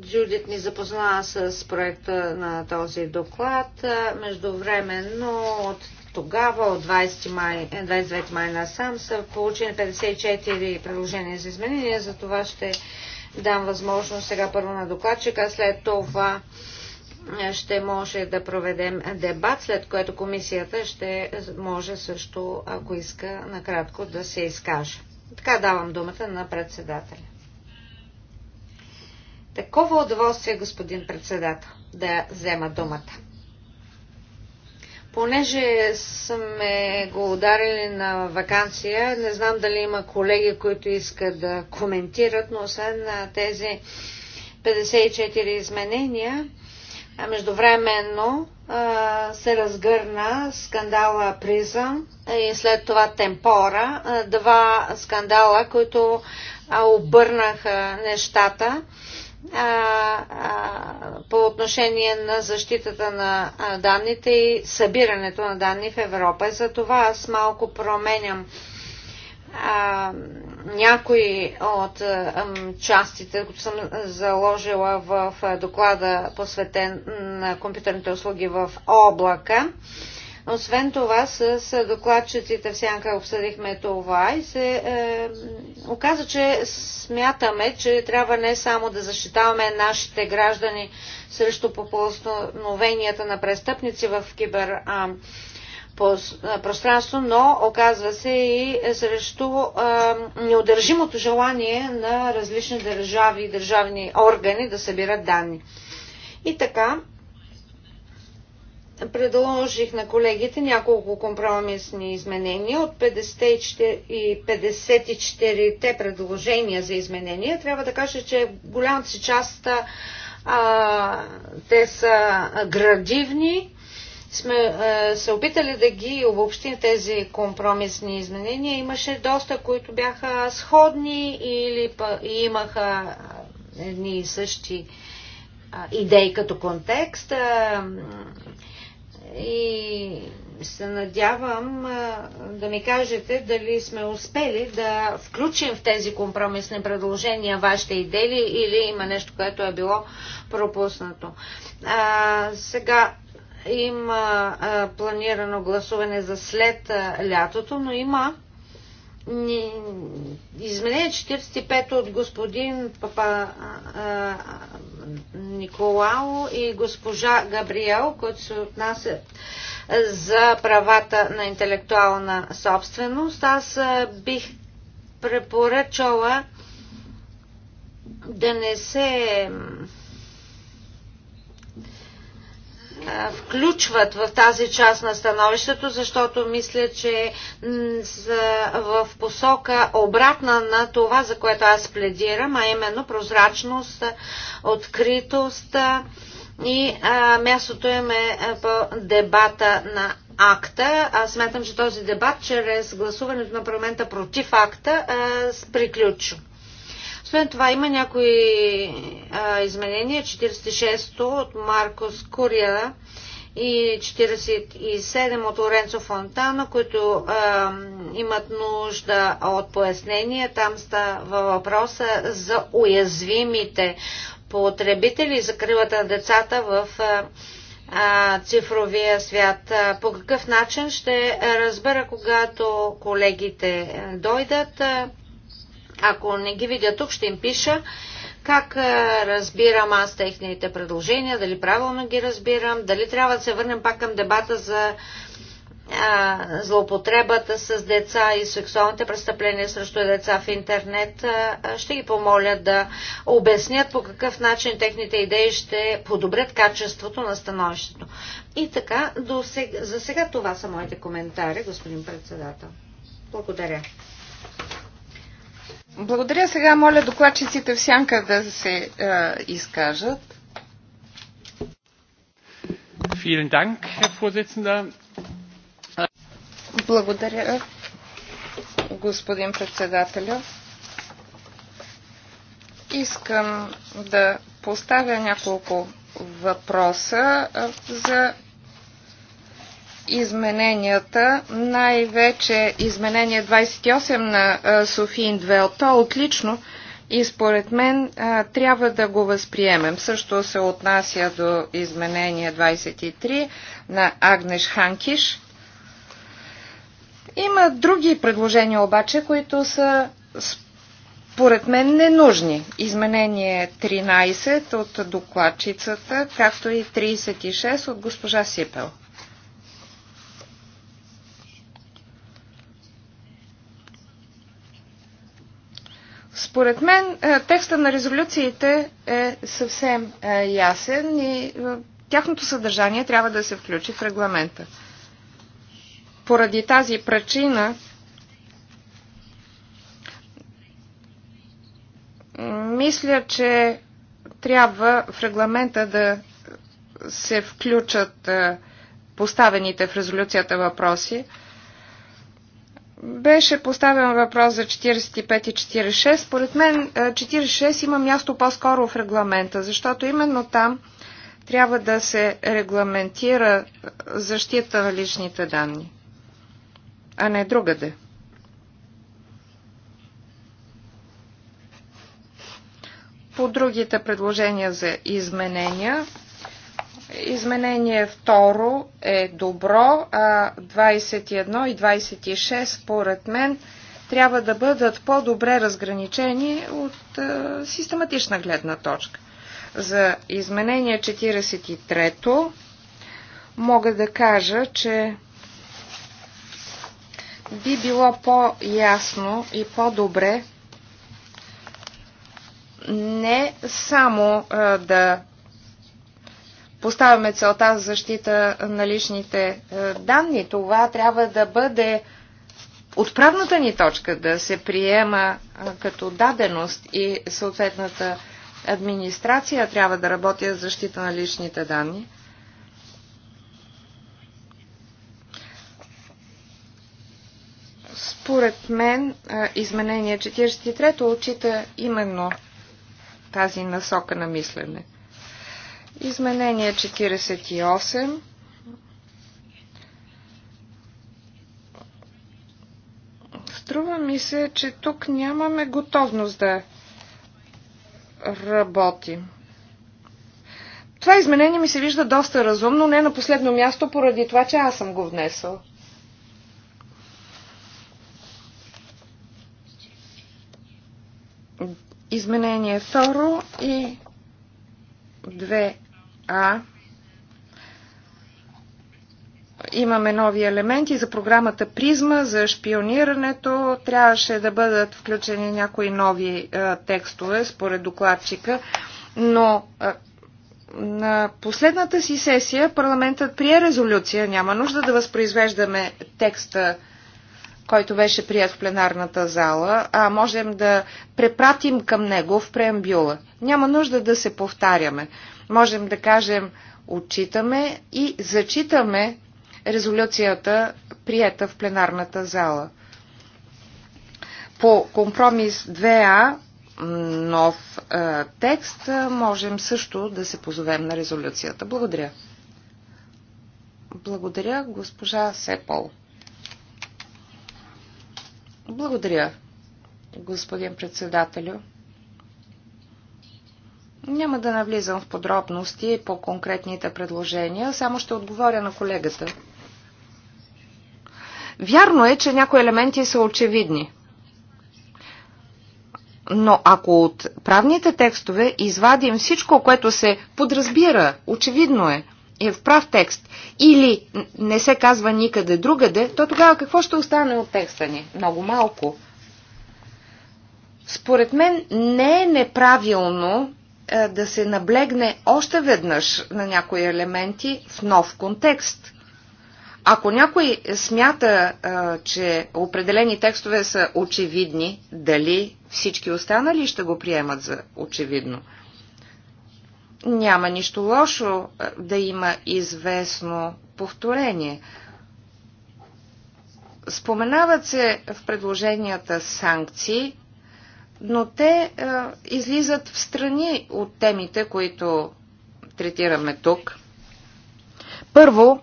Джудит ни запозна с проекта на този доклад. Междувременно от тогава, от 20 май, 29 е, май насам, са получени 54 предложения за изменения. За това ще дам възможност сега първо на докладчика, след това е, ще може да проведем дебат, след което комисията ще може също, ако иска, накратко да се изкаже. Така давам думата на председателя. Такова удоволствие, господин председател, да взема думата. Понеже сме го ударили на вакансия, не знам дали има колеги, които искат да коментират, но освен на тези 54 изменения, а междувременно а, се разгърна скандала Призъм и след това Темпора. Два скандала, които обърнаха нещата а, а, по отношение на защитата на данните и събирането на данни в Европа. За това аз малко променям а, някои от а, частите, които съм заложила в доклада посветен на компютърните услуги в облака. А, освен това, с докладчиците в Сянка обсъдихме това и се е, оказа, че смятаме, че трябва не само да защитаваме нашите граждани срещу попълновенията на престъпници в кибер а, по, а, пространство, но оказва се и срещу а, е, неудържимото желание на различни държави и държавни органи да събират данни. И така, предложих на колегите няколко компромисни изменения. От 54, и 54-те предложения за изменения трябва да кажа, че голямата си част а, те са градивни. Сме а, се опитали да ги обобщим тези компромисни изменения. Имаше доста, които бяха сходни или па, и имаха едни и същи идеи като контекст. А, и се надявам да ми кажете дали сме успели да включим в тези компромисни предложения вашите идеи или има нещо, което е било пропуснато. А, сега има а, планирано гласуване за след а, лятото, но има Изменение 45 от господин Папа а, Николао и госпожа Габриел, които се отнасят за правата на интелектуална собственост. Аз бих препоръчала да не се включват в тази част на становището, защото мисля, че са в посока обратна на това, за което аз пледирам, а именно прозрачност, откритост и мястото им е, е по дебата на акта. Аз смятам, че този дебат чрез гласуването на парламента против акта приключва. Освен това има някои а, изменения, 46-то от Маркос Курия и 47 от Лоренцо Фонтана, които а, имат нужда от пояснения. Там става въпроса за уязвимите потребители и закривата на децата в а, цифровия свят. по какъв начин ще разбера, когато колегите дойдат. А, ако не ги видя тук, ще им пиша как разбирам аз техните предложения, дали правилно ги разбирам, дали трябва да се върнем пак към дебата за злоупотребата с деца и сексуалните престъпления срещу деца в интернет, ще ги помоля да обяснят по какъв начин техните идеи ще подобрят качеството на становището. И така, до сега, за сега това са моите коментари, господин председател. Благодаря. Благодаря. Сега моля докладчиците в сянка да се е, изкажат. Благодаря, господин председателю. Искам да поставя няколко въпроса е, за измененията, най-вече изменение 28 на Софиин Двелта отлично и според мен а, трябва да го възприемем. Също се отнася до изменение 23 на Агнеш Ханкиш. Има други предложения обаче, които са според мен ненужни. Изменение 13 от докладчицата, както и 36 от госпожа Сипел. Според мен е, текста на резолюциите е съвсем е, ясен и е, тяхното съдържание трябва да се включи в регламента. Поради тази причина мисля, че трябва в регламента да се включат поставените в резолюцията въпроси, беше поставен въпрос за 45 и 46. Според мен 46 е, има място по-скоро в регламента, защото именно там трябва да се регламентира е, защита на личните данни, а не другаде. По другите предложения за изменения Изменение второ е добро, а 21 и 26 според мен трябва да бъдат по-добре разграничени от систематична гледна точка. За изменение 43 мога да кажа, че би било по-ясно и по-добре не само а, да поставяме целта за защита на личните е, данни. Това трябва да бъде отправната ни точка да се приема е, като даденост и съответната администрация трябва да работи за защита на личните данни. Според мен е, изменение 43 отчита именно тази насока на мислене. Изменение 48. Струва ми се, че тук нямаме готовност да работим. Това изменение ми се вижда доста разумно, не на последно място, поради това, че аз съм го внесъл. Изменение второ и две а имаме нови елементи за програмата Призма, за шпионирането. Трябваше да бъдат включени някои нови е, текстове, според докладчика, но е, на последната си сесия парламентът прие резолюция. Няма нужда да възпроизвеждаме текста, който беше прият в пленарната зала, а можем да препратим към него в преамбюла. Няма нужда да се повтаряме можем да кажем отчитаме и зачитаме резолюцията, приета в пленарната зала. По компромис 2А, нов е, текст, е, можем също да се позовем на резолюцията. Благодаря. Благодаря, госпожа Сепол. Благодаря, господин председателю. Няма да навлизам в подробности по конкретните предложения, само ще отговоря на колегата. Вярно е, че някои елементи са очевидни. Но ако от правните текстове извадим всичко, което се подразбира, очевидно е, е в прав текст или не се казва никъде другаде, то тогава какво ще остане от текста ни? Много малко. Според мен не е неправилно е, да се наблегне още веднъж на някои елементи в нов контекст. Ако някой смята, е, че определени текстове са очевидни, дали всички останали ще го приемат за очевидно? Няма нищо лошо е, да има известно повторение. Споменават се в предложенията санкции, но те а, е, излизат в страни от темите, които третираме тук. Първо,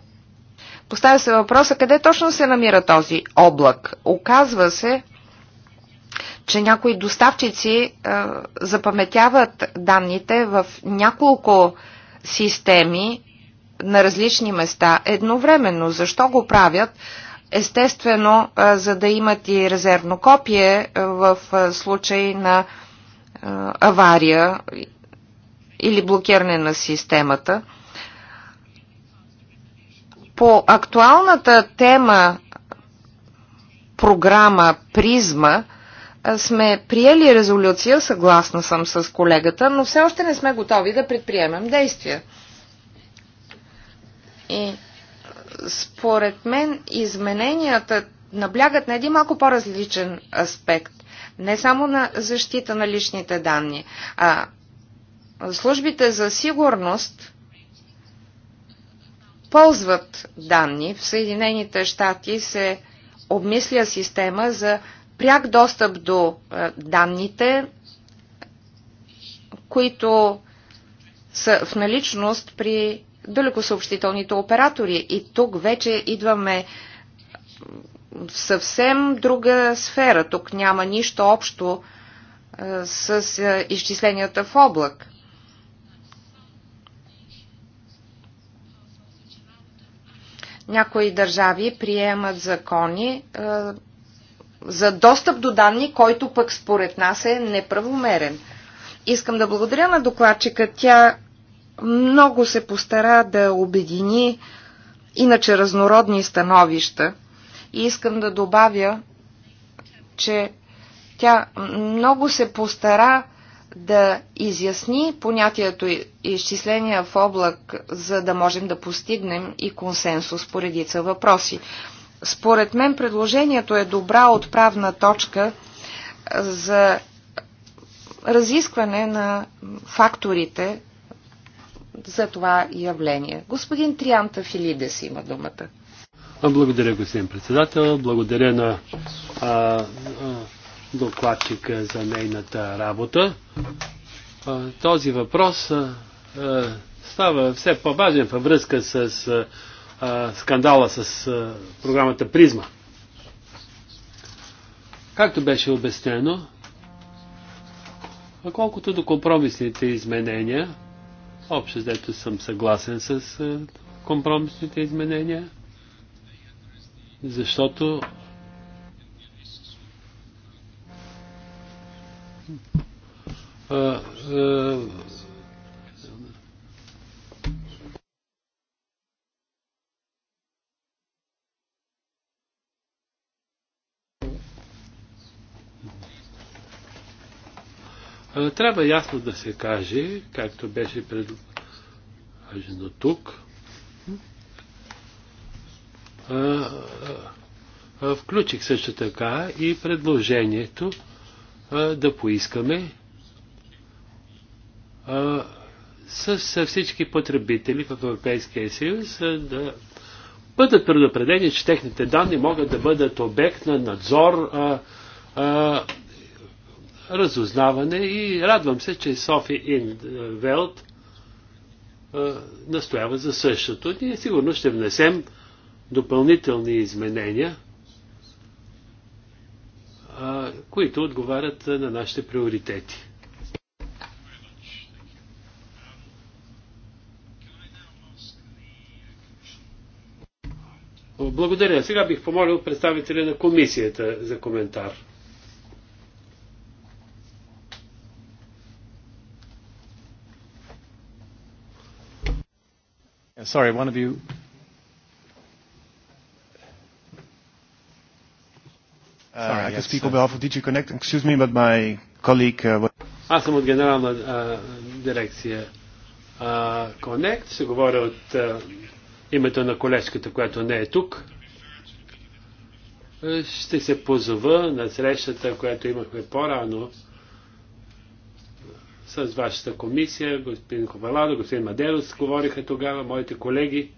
поставя се въпроса къде точно се намира този облак. Оказва се, че някои доставчици а, е, запаметяват данните в няколко системи на различни места едновременно. Защо го правят? естествено, за да имат и резервно копие в случай на авария или блокиране на системата. По актуалната тема програма Призма сме приели резолюция, съгласна съм с колегата, но все още не сме готови да предприемем действия. И според мен измененията наблягат на един малко по-различен аспект. Не само на защита на личните данни, а службите за сигурност ползват данни. В Съединените щати се обмисля система за пряк достъп до е, данните, които са в наличност при далекосъобщителните оператори. И тук вече идваме в съвсем друга сфера. Тук няма нищо общо е, с е, изчисленията в облак. Някои държави приемат закони е, за достъп до данни, който пък според нас е неправомерен. Искам да благодаря на докладчика. Тя много се постара да обедини иначе разнородни становища. И искам да добавя, че тя много се постара да изясни понятието изчисления в облак, за да можем да постигнем и консенсус по редица въпроси. Според мен предложението е добра отправна точка за разискване на факторите, за това явление. Господин Трианта Филидес има думата. Благодаря, господин председател. Благодаря на а, а, докладчика за нейната работа. А, този въпрос а, а, става все по-важен във връзка с а, скандала с а, програмата Призма. Както беше обяснено, колкото до компромисните изменения, Общо взето съм съгласен с е, компромисните изменения, защото а, е, а, е, Е, трябва ясно да се каже, както беше предложено тук, е, е, включих също така и предложението да поискаме с всички потребители в Европейския съюз да бъдат предупредени, че техните данни могат да бъдат обект на надзор разузнаване и радвам се, че Софи Велт е, настоява за същото. Ние сигурно ще внесем допълнителни изменения, е, които отговарят на нашите приоритети. Благодаря. Сега бих помолил представителя на комисията за коментар. Uh, sorry, one of you. Uh, Sorry, I can speak uh, on behalf of DG Connect. Excuse me, but my colleague... Uh, Аз съм от генерална а, дирекция а, Connect. Ще говоря от а, името на колежката, която не е тук. Ще се позова на срещата, която имахме по-рано с вашата комисия, господин Коваладо, господин Мадерос говориха тогава, моите колеги.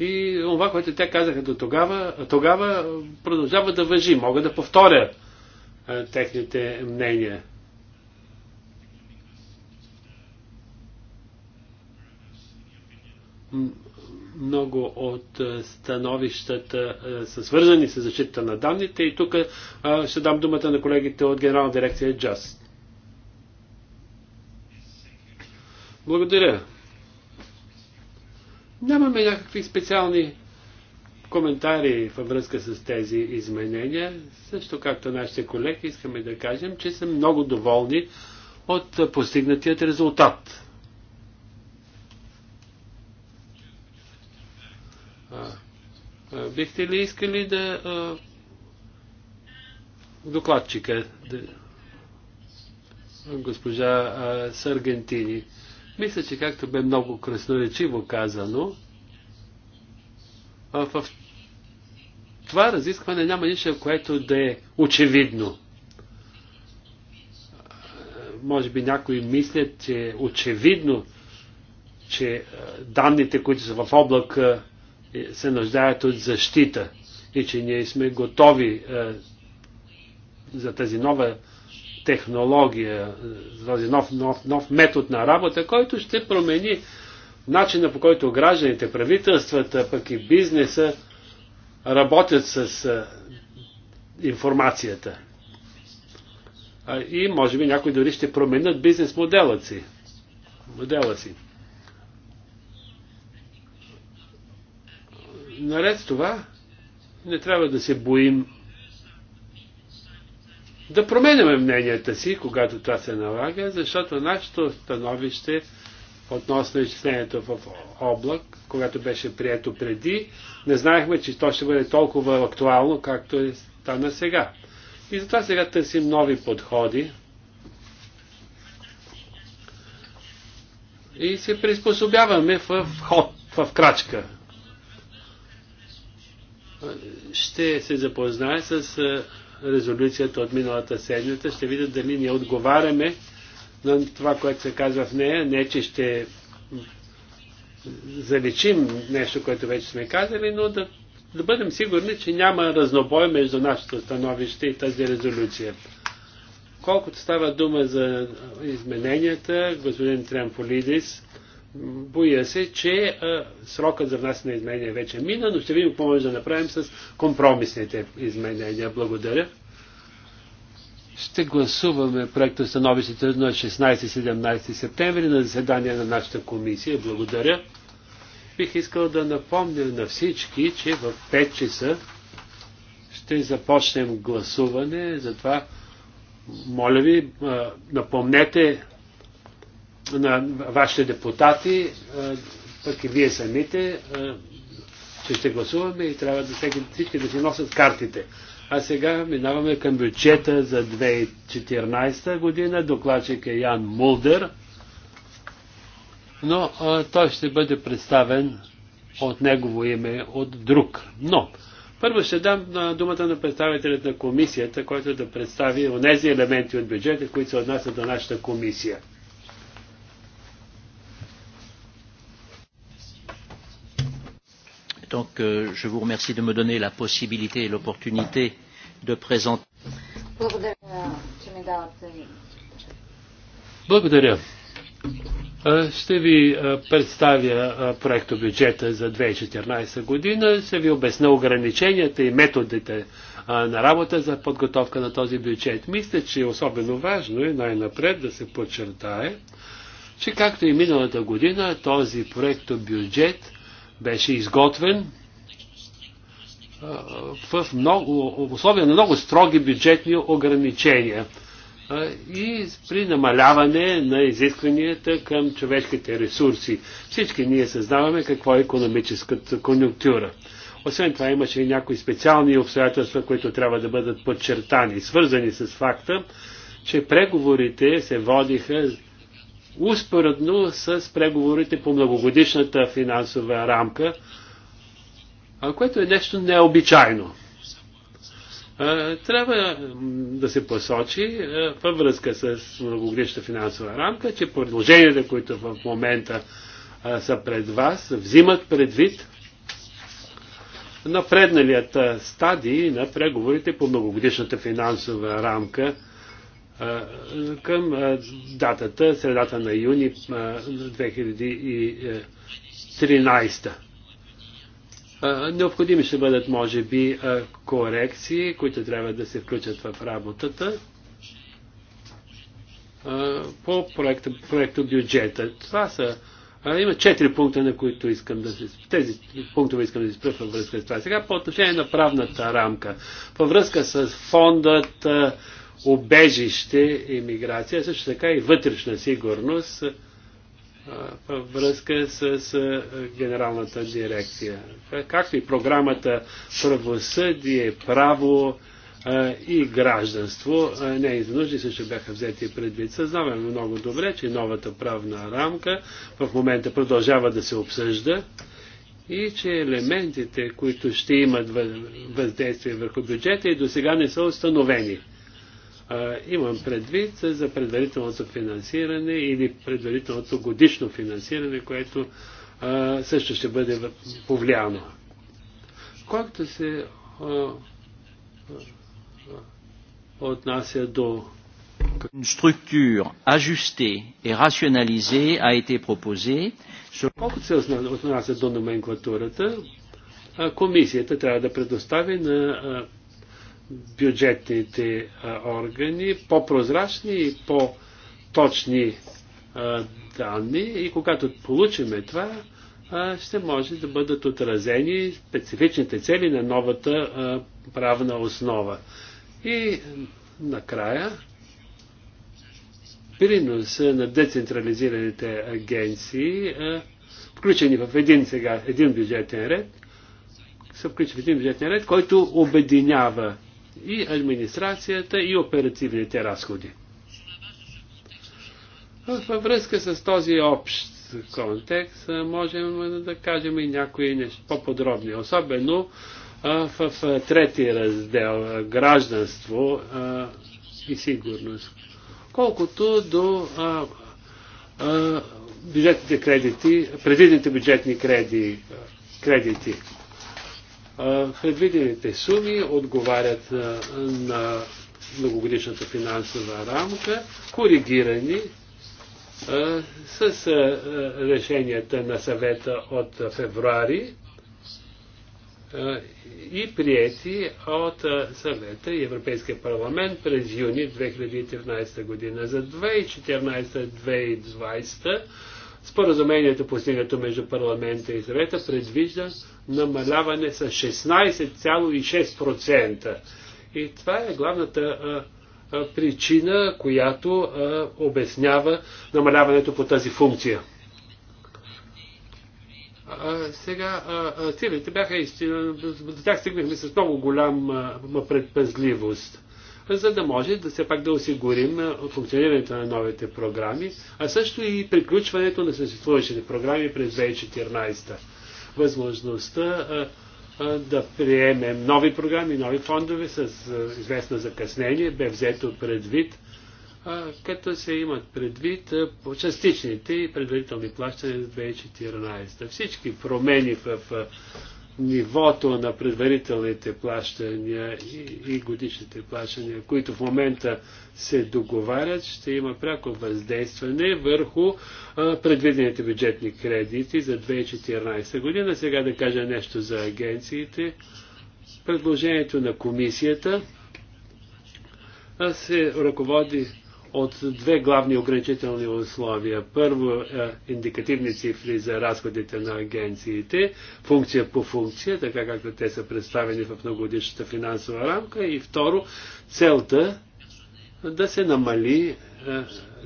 И това, което те казаха до тогава, тогава продължава да въжи. Мога да повторя а, е, техните мнения много от становищата са свързани с защита на данните и тук ще дам думата на колегите от Генерална дирекция джаз. Благодаря. Нямаме някакви специални коментари във връзка с тези изменения. Също както нашите колеги искаме да кажем, че са много доволни от постигнатият резултат. Бихте ли искали да докладчика, да, госпожа Саргентини? Мисля, че както бе много красноречиво казано, в това разискване няма нищо, което да е очевидно. Може би някои мислят, че е очевидно, че данните, които са в облак, е, се нуждаят от защита и че ние сме готови е, за тази нова технология, е, за този нов, нов, нов метод на работа, който ще промени начина по който гражданите, правителствата, пък и бизнеса работят с е, информацията. и може би някои дори ще променят бизнес модела си. Модела си. Наред с това, не трябва да се боим да променяме мненията си, когато това се налага, защото нашето становище относно изчислението в облак, когато беше прието преди, не знаехме, че то ще бъде толкова актуално, както е стана сега. И затова сега търсим нови подходи и се приспособяваме в ход, в крачка, ще се запознае с е, резолюцията от миналата седмица, ще видят дали ние отговаряме на това, което се казва в нея, не че ще заличим нещо, което вече сме казали, но да, да бъдем сигурни, че няма разнобой между нашето становище и тази резолюция. Колкото става дума за измененията, господин Триамфолидис, Боя се, че а, срокът за внасяне на изменения вече мина, но ще видим какво може да направим с компромисните изменения. Благодаря. Ще гласуваме проекта становището на 16-17 септември на заседание на нашата комисия. Благодаря. Бих искал да напомня на всички, че в 5 часа ще започнем гласуване, затова моля ви, напомнете на вашите депутати, е, пък и вие самите, е, че ще гласуваме и трябва да всеки, всички да си носят картите. А сега минаваме към бюджета за 2014 година. Докладчик е Ян Мулдер, но а, е, той ще бъде представен от негово име от друг. Но, първо ще дам на думата на представителят на комисията, който да представи онези елементи от бюджета, които се отнасят до нашата комисия. d'autant euh, que je vous remercie de me donner la possibilité et l'opportunité de présenter. Благодаря. Ще ви представя проекто бюджета за 2014 година, ще ви обясня ограниченията и методите на работа за подготовка на този бюджет. Мисля, че е особено важно и най-напред да се подчертае, че както и миналата година, този проекто бюджет беше изготвен в много, условия на много строги бюджетни ограничения и при намаляване на изискванията към човешките ресурси. Всички ние съзнаваме какво е економическата конъюнктура. Освен това имаше и някои специални обстоятелства, които трябва да бъдат подчертани, свързани с факта, че преговорите се водиха успоредно с преговорите по многогодишната финансова рамка, което е нещо необичайно. Трябва да се посочи във връзка с многогодишната финансова рамка, че предложенията, които в момента са пред вас, взимат предвид напредналият стадий на преговорите по многогодишната финансова рамка – към датата, средата на юни 2013. Необходими ще бъдат, може би, корекции, които трябва да се включат в работата по проекта, проекта бюджета. Това са има четири пункта, на които искам да се... Тези пунктове искам да се във връзка с това. Сега по отношение на правната рамка. Във връзка с фондът, убежище и миграция, също така и вътрешна сигурност във връзка с генералната дирекция. Както и програмата правосъдие, право и гражданство, не нужди също бяха взети предвид. Съзнаваме много добре, че новата правна рамка в момента продължава да се обсъжда и че елементите, които ще имат въздействие върху бюджета и до сега не са установени. А, имам предвид за предварителното финансиране или предварителното годишно финансиране, което а, също ще бъде повлияно. Колкото се а, отнася до Une structure ajustée et rationalisée a été proposée. се отнася до номенклатурата, комисията трябва да бюджетните органи, по-прозрачни и по-точни данни и когато получиме това, ще може да бъдат отразени специфичните цели на новата правна основа. И накрая, принос на децентрализираните агенции, включени в един, сега, един бюджетен ред, се включени в един бюджетен ред, който обединява и администрацията и оперативните разходи. Във връзка с този общ контекст можем да кажем и някои неща по-подробни, особено в третия раздел гражданство и сигурност. Колкото до бюджетните кредити, предвидените бюджетни кредити, кредити. Предвидените суми отговарят на многогодишната финансова рамка, коригирани с решенията на съвета от февруари и приети от съвета и Европейския парламент през юни 2013 година. За 2014-2020 Споразумението, постигнато между парламента и съвета, предвижда намаляване с 16,6%. И това е главната а, а, причина, която а, обяснява намаляването по тази функция. А, сега, а, бяха истина, до тях стигнахме с много голяма предпазливост за да може да все пак да осигурим функционирането на новите програми, а също и приключването на съществуващите програми през 2014. Възможността да приемем нови програми, нови фондове с известно закъснение, бе взето предвид, като се имат предвид по частичните и предварителни плащания за 2014. Всички промени в нивото на предварителните плащания и годишните плащания, които в момента се договарят, ще има пряко въздействане върху предвидените бюджетни кредити за 2014 година. Сега да кажа нещо за агенциите. Предложението на комисията се ръководи от две главни ограничителни условия. Първо, е, индикативни цифри за разходите на агенциите, функция по функция, така както те са представени в многогодишната финансова рамка. И второ, целта да се намали е,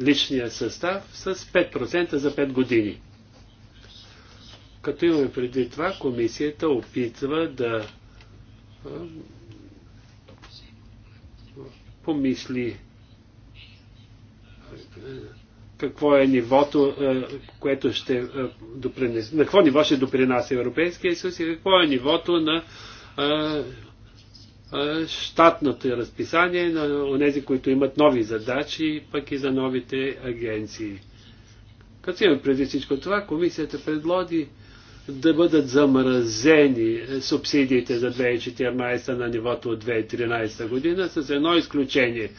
личния състав с 5% за 5 години. Като имаме преди това, комисията опитва да е, помисли какво е нивото, е, което ще е, допринесе, на какво ниво ще допринася Европейския съюз и какво е нивото на а, е, а, щатното разписание на тези, които имат нови задачи, пък и за новите агенции. Като имаме преди всичко това, комисията предложи да бъдат замразени субсидиите за 2014 на нивото от 2013 година с едно изключение.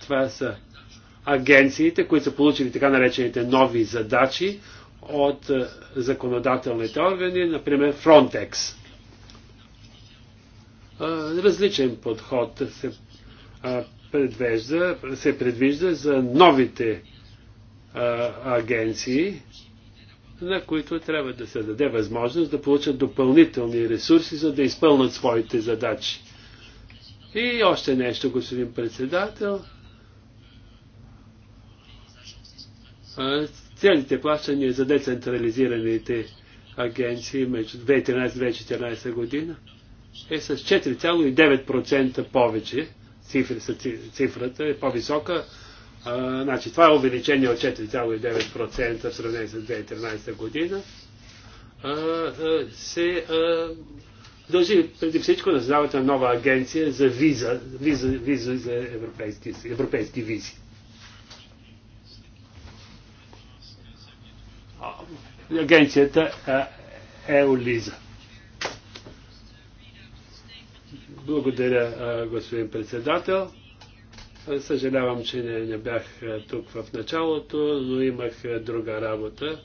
Това са агенциите, които са получили така наречените нови задачи от е, законодателните органи, например Frontex. Е, различен подход се е, предвежда, се предвижда за новите агенции, на които трябва да се даде възможност да получат допълнителни ресурси, за да изпълнат своите задачи. И още нещо, господин председател. целите плащания за децентрализираните агенции между 2013-2014 година е с 4,9% повече. Цифри, цифрата е по-висока. значи, това е увеличение от 4,9% в сравнение с 2013 година. А, а, се а, дължи преди всичко на създаването на нова агенция за виза, виза, виза за европейски, европейски визи. агенцията Еолиза. Благодаря, господин председател. Съжалявам, че не, не бях тук в началото, но имах друга работа.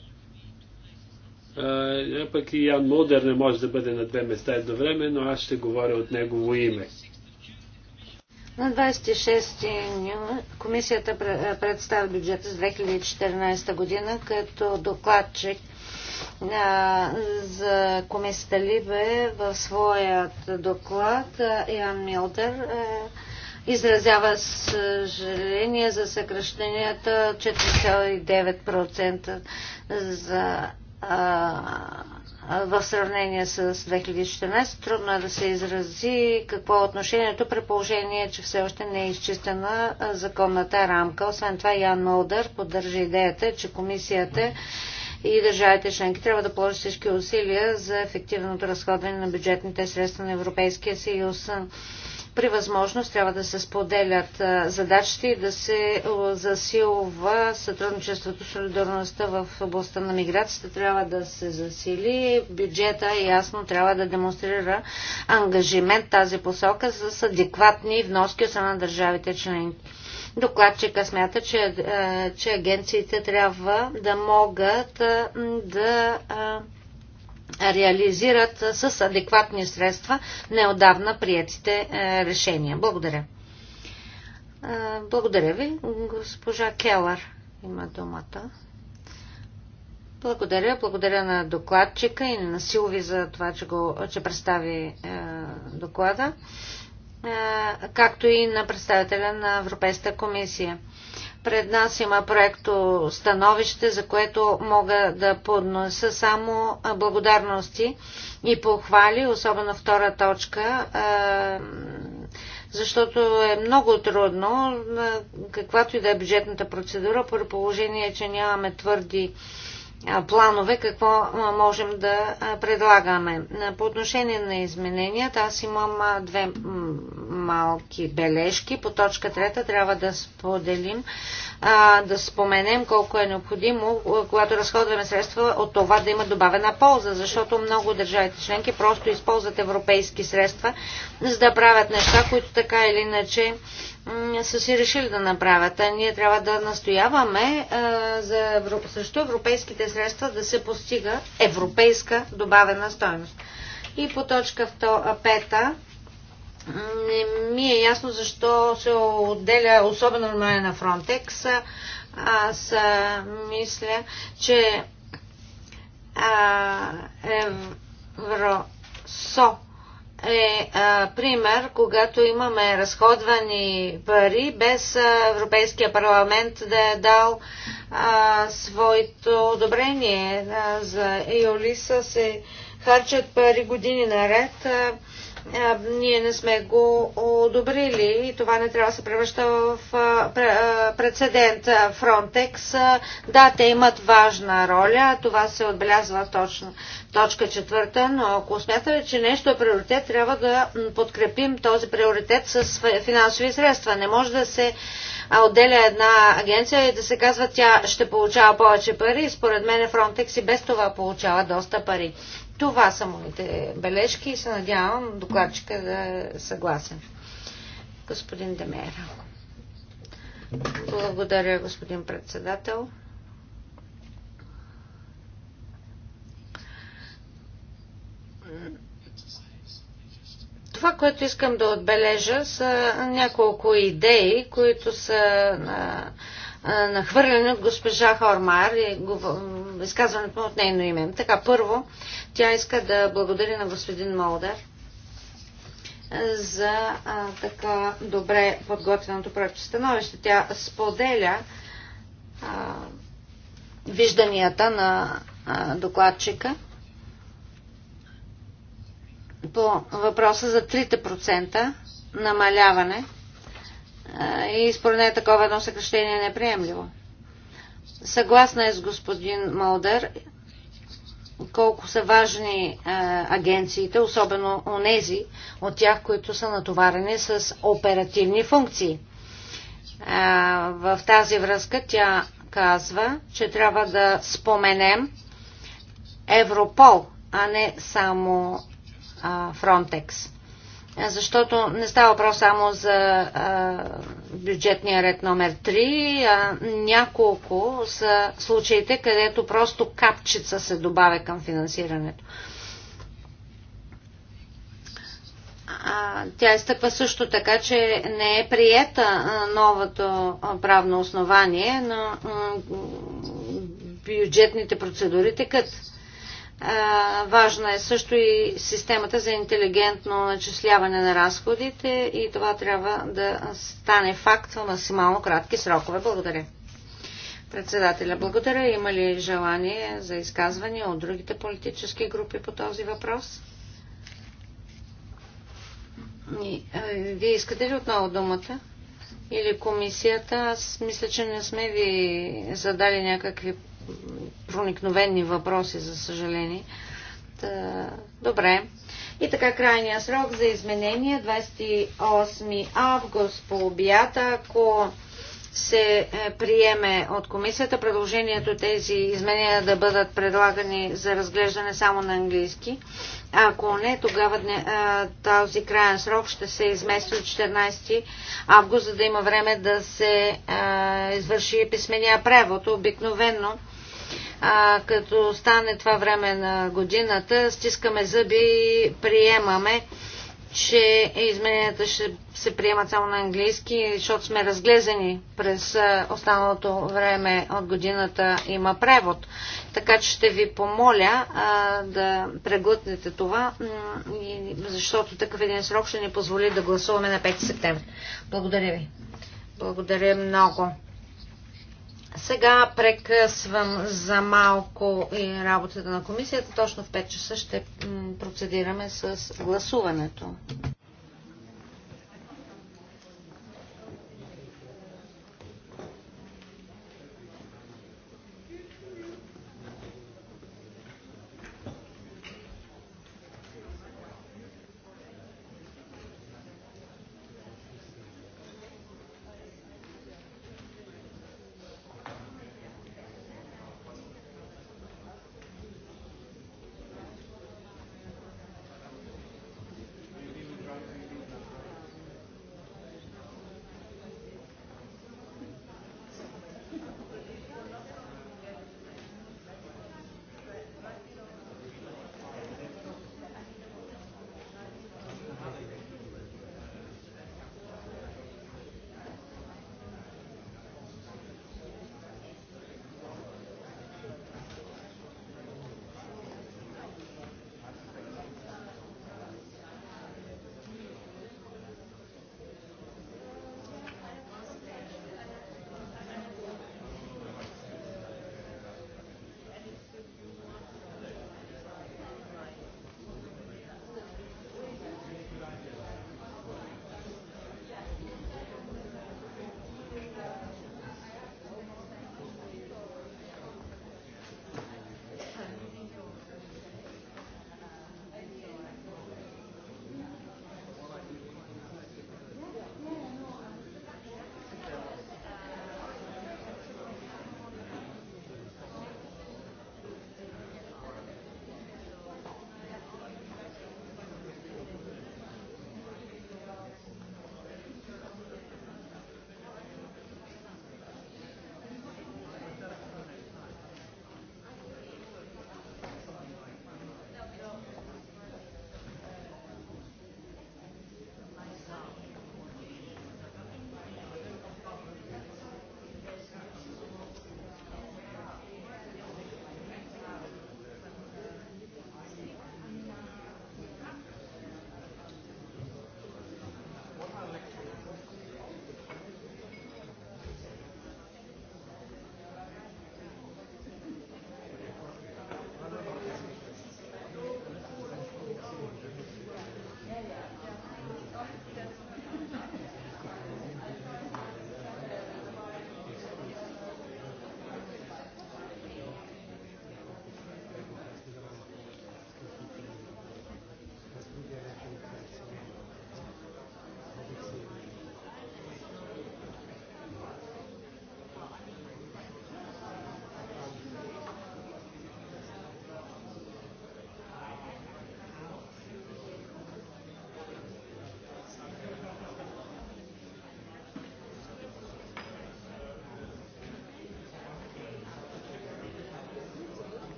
А, пък и Ян Мудър не може да бъде на две места време, но аз ще говоря от негово име. На 26 юни комисията представи бюджета за 2014 година като докладчик за комисията Либе в своят доклад Иван Милдер изразява съжаление за съкръщенията 4,9% за в сравнение с 2014. Трудно е да се изрази какво е отношението при положение, че все още не е изчистена законната рамка. Освен това, Ян Молдър поддържа идеята, че комисията и държавите членки трябва да положат всички усилия за ефективното разходване на бюджетните средства на Европейския съюз. При възможност трябва да се споделят задачите и да се засилва сътрудничеството, солидарността в областта на миграцията. Трябва да се засили. Бюджета ясно трябва да демонстрира ангажимент тази посока с адекватни вноски от страна на държавите членки. Докладчика смята, че, е, че агенциите трябва да могат е, да е, реализират с адекватни средства неодавна приятите решения. Благодаря. Благодаря ви. Госпожа Келър има думата. Благодаря. Благодаря на докладчика и на Силви за това, че, го, че представи е, доклада както и на представителя на Европейската комисия. Пред нас има проекто становище, за което мога да поднося само благодарности и похвали, особено втора точка, защото е много трудно, каквато и да е бюджетната процедура, при положение, че нямаме твърди планове, какво можем да предлагаме. По отношение на измененията, аз имам две малки бележки. По точка трета трябва да споделим а, да споменем колко е необходимо, когато разходваме средства от това да има добавена полза, защото много държавите членки просто използват европейски средства, за да правят неща, които така или иначе са си решили да направят. А ние трябва да настояваме а, за евро... също европейските средства да се постига европейска добавена стоеност. И по точка 5 не ми е ясно защо се отделя особено внимание на Фронтекс. Аз мисля, че а, Евросо е а, пример, когато имаме разходвани пари без а, Европейския парламент да е дал а, своето одобрение. А, за Еолиса се харчат пари години наред. А, е, ние не сме го одобрили и това не трябва да се превръща в е, е, прецедент. Фронтекс, да, те имат важна роля, това се отбелязва точно точка четвърта, но ако смятаме, че нещо е приоритет, трябва да подкрепим този приоритет с финансови средства. Не може да се отделя една агенция и да се казва тя ще получава повече пари. Според мен Frontex и без това получава доста пари. Това са моите бележки и се надявам докладчика да е съгласен. Господин Демера. Благодаря, господин председател. Това, което искам да отбележа, са няколко идеи, които са на, нахвърлени от госпожа Хормар и изказването от нейно име. Така, първо, тя иска да благодари на господин Молдер за а, така добре подготвеното проекто становище. Тя споделя а, вижданията на а, докладчика по въпроса за 3% намаляване а, и според нея такова едно съкрещение е неприемливо. Съгласна е с господин Молдер колко са важни а, е, агенциите, особено онези от тях, които са натоварени с оперативни функции. А, е, в тази връзка тя казва, че трябва да споменем Европол, а не само а, Фронтекс защото не става въпрос само за а, бюджетния ред номер 3, а няколко са случаите, където просто капчица се добавя към финансирането. А, тя изтъква също така, че не е приета новото правно основание, но бюджетните процедури текат. Важна е също и системата за интелигентно начисляване на разходите и това трябва да стане факт в максимално кратки срокове. Благодаря. Председателя, благодаря. Има ли желание за изказвания от другите политически групи по този въпрос? Вие искате ли отново думата? Или комисията? Аз мисля, че не сме ви задали някакви проникновени въпроси, за съжаление. Та, добре. И така крайния срок за изменение 28 август по обята. Ако се е, приеме от комисията предложението тези изменения да бъдат предлагани за разглеждане само на английски. Ако не, тогава дне, е, този крайен срок ще се измести от 14 август, за да има време да се а, е, извърши писмения превод. Обикновено а, като стане това време на годината, стискаме зъби и приемаме, че измененията ще се приемат само на английски, защото сме разглезени през останалото време от годината има превод. Така че ще ви помоля а, да преглътнете това, защото такъв един срок ще ни позволи да гласуваме на 5 септември. Благодаря ви. Благодаря много. Сега прекъсвам за малко и работата на комисията. Точно в 5 часа ще процедираме с гласуването.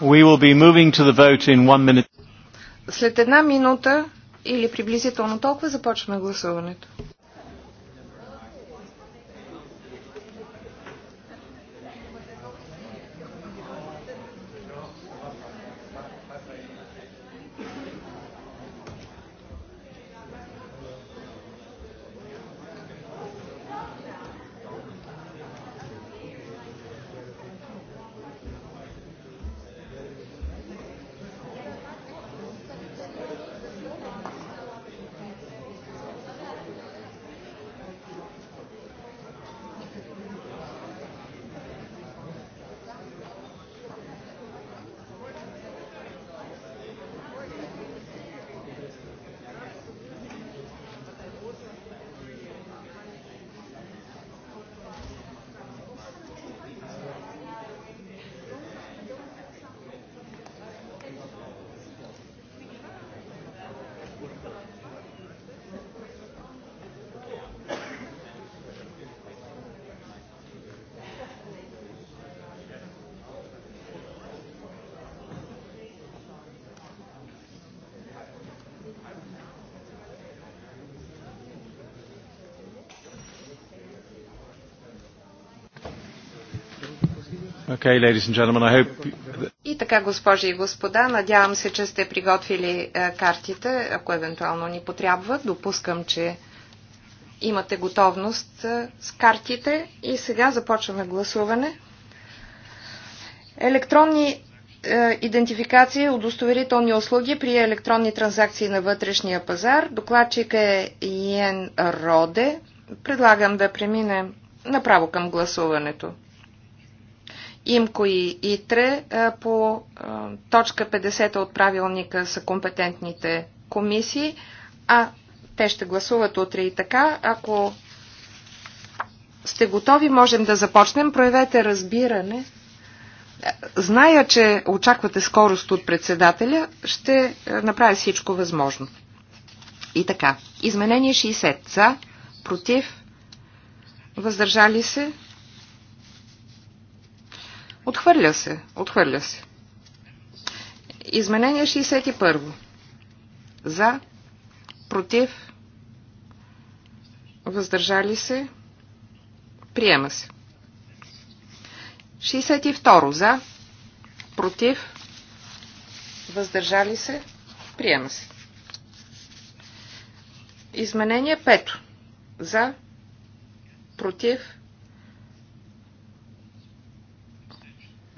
We will be moving to the vote in one minute. След една минута или приблизително толкова започваме гласуването. Okay, ladies and gentlemen, I hope... И така, госпожи и господа, надявам се, че сте приготвили е, картите, ако евентуално ни потрябва. Допускам, че имате готовност е, с картите и сега започваме гласуване. Електронни е, идентификации удостоверителни услуги при електронни транзакции на вътрешния пазар. Докладчик е Йен Роде. Предлагам да преминем направо към гласуването. Имко и ИТРЕ по точка 50 от правилника са компетентните комисии, а те ще гласуват утре и така. Ако сте готови, можем да започнем. Проявете разбиране. Е, зная, че очаквате скорост от председателя, ще е, направя всичко възможно. И така. Изменение 60. За, против, въздържали се, Отхвърля се. Отхвърля се. Изменение 61. За. Против. Въздържали се. Приема се. 62. За. Против. Въздържали се. Приема се. Изменение 5. За. Против.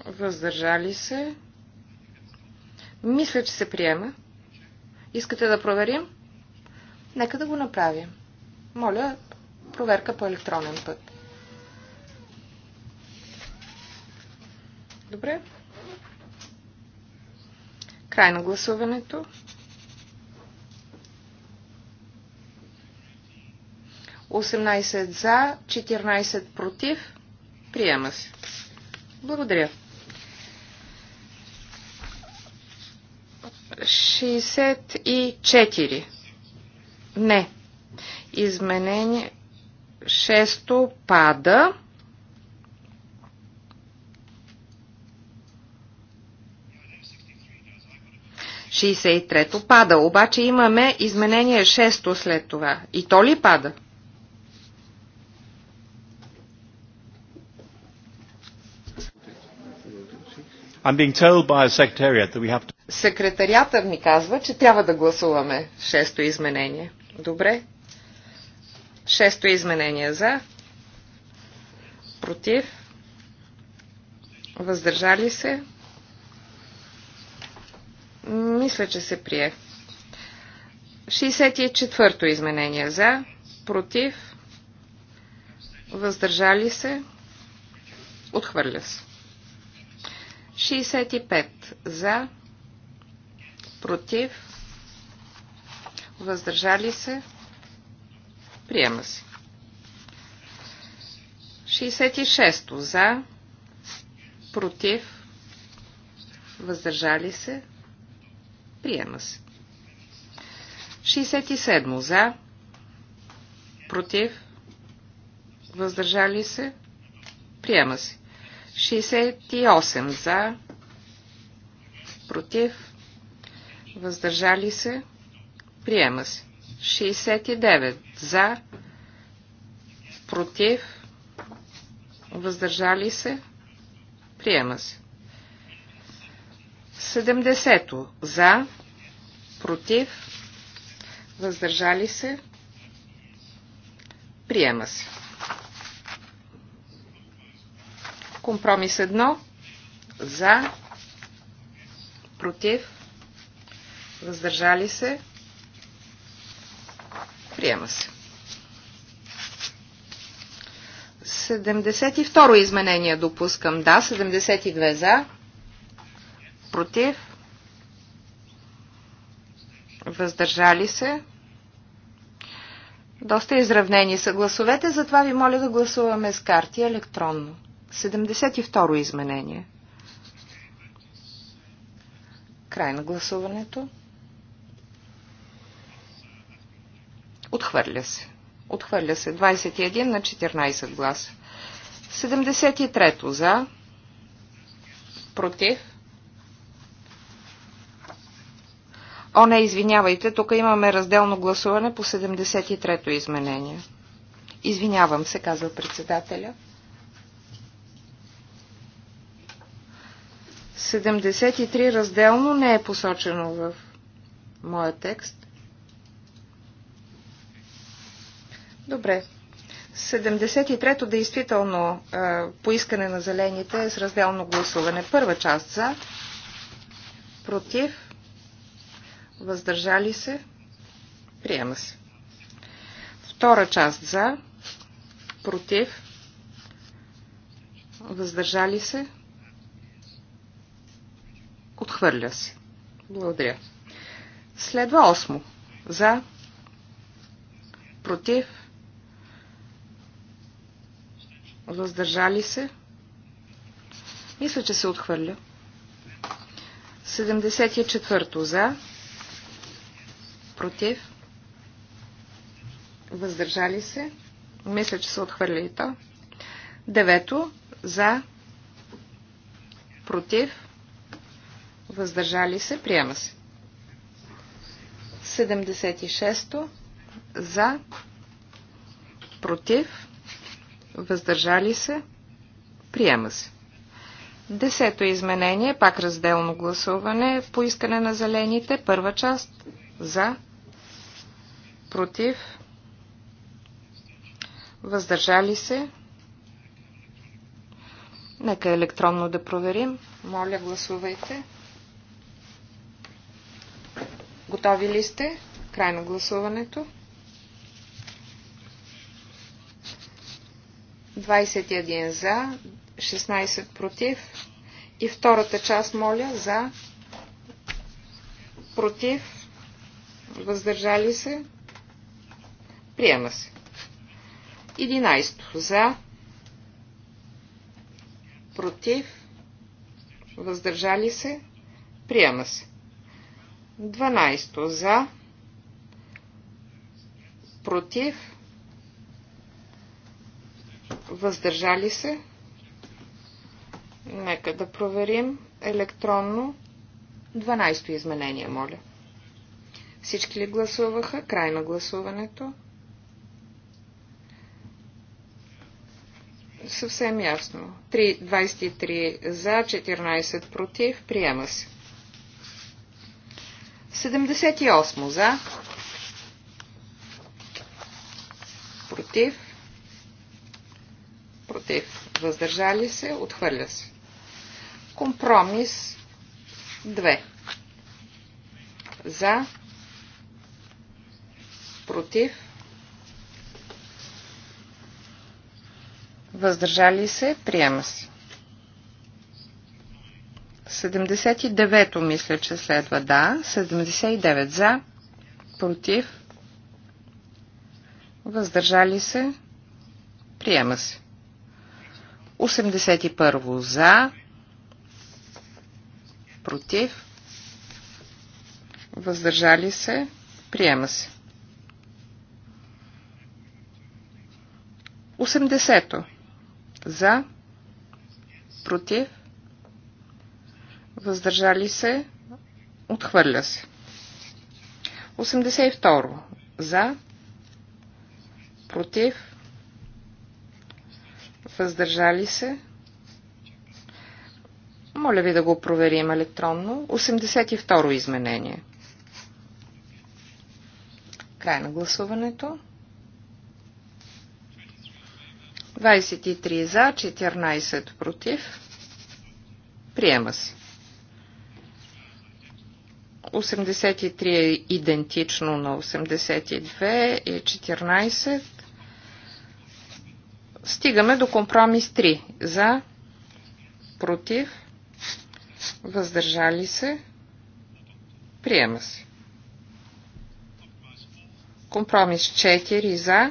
въздържали се. Мисля, че се приема. Искате да проверим? Нека да го направим. Моля, проверка по електронен път. Добре. Край на гласуването. Осемнайсет за, 14 против. Приема се. Благодаря. 64. Не. Изменение Шесто пада. Шестдесет и трето пада, обаче имаме изменение шесто след това. И то ли пада? I'm being told by a secretariat that we have to... Секретарията ми казва, че трябва да гласуваме шесто изменение. Добре. Шесто изменение за. Против. Въздържали се. Мисля, че се прие. 64-то изменение за. Против. Въздържали се. Отхвърля се. 65 за против, въздържали се, приема се. 66 за, против, въздържали се, приема се. 67 за, против, въздържали се, приема се. 68 за, против, въздържали се, приема се. 69 за, против, въздържали се, приема се. 70 за, против, въздържали се, приема се. Компромис 1 за, против, Въздържали се. Приема се. 72 изменение допускам. Да, 72 за. Против. Въздържали се. Доста изравнени са гласовете, затова ви моля да гласуваме с карти електронно. 72 изменение. Край на гласуването. Отхвърля се. Отхвърля се. 21 на 14 гласа. 73-то за. Против. О, не, извинявайте, тук имаме разделно гласуване по 73-то изменение. Извинявам се, казва председателя. 73 разделно не е посочено в моя текст. Добре. 73-то действително е, поискане на зелените е с разделно гласуване. Първа част за, против, въздържали се, приема се. Втора част за, против, въздържали се, отхвърля се. Благодаря. Следва осмо. За, против, Въздържали се. Мисля, че се отхвърля. 74-то за. Против. Въздържали се. Мисля, че се отхвърля и то. Девето за. Против. Въздържали се. Приема се. 76-то за. Против въздържали се, приема се. Десето изменение, пак разделно гласуване, по искане на зелените, първа част, за, против, въздържали се. Нека електронно да проверим. Моля, гласувайте. Готови ли сте? Край на гласуването. 21 за, 16 против. И втората част, моля, за, против, въздържали се, приема се. 11 за, против, въздържали се, приема се. 12 за, против, въздържали се. Нека да проверим електронно 12-то изменение, моля. Всички ли гласуваха? Край на гласуването. Съвсем ясно. 23 за, 14 против. Приема се. 78 за. Против против, въздържали се, отхвърля се. Компромис 2. За, против, въздържали се, приема се. 79-то мисля, че следва да. 79 за, против, въздържали се, приема се. 81 за, против, въздържали се, приема се. 80 за, против, въздържали се, отхвърля се. 82 за, против, въздържали се. Моля ви да го проверим електронно. 82-ро изменение. Край на гласуването. 23 за, 14 против. Приема се. 83 е идентично на 82 и 14. Стигаме до компромис 3. За, против, въздържали се, приема се. Компромис 4 за,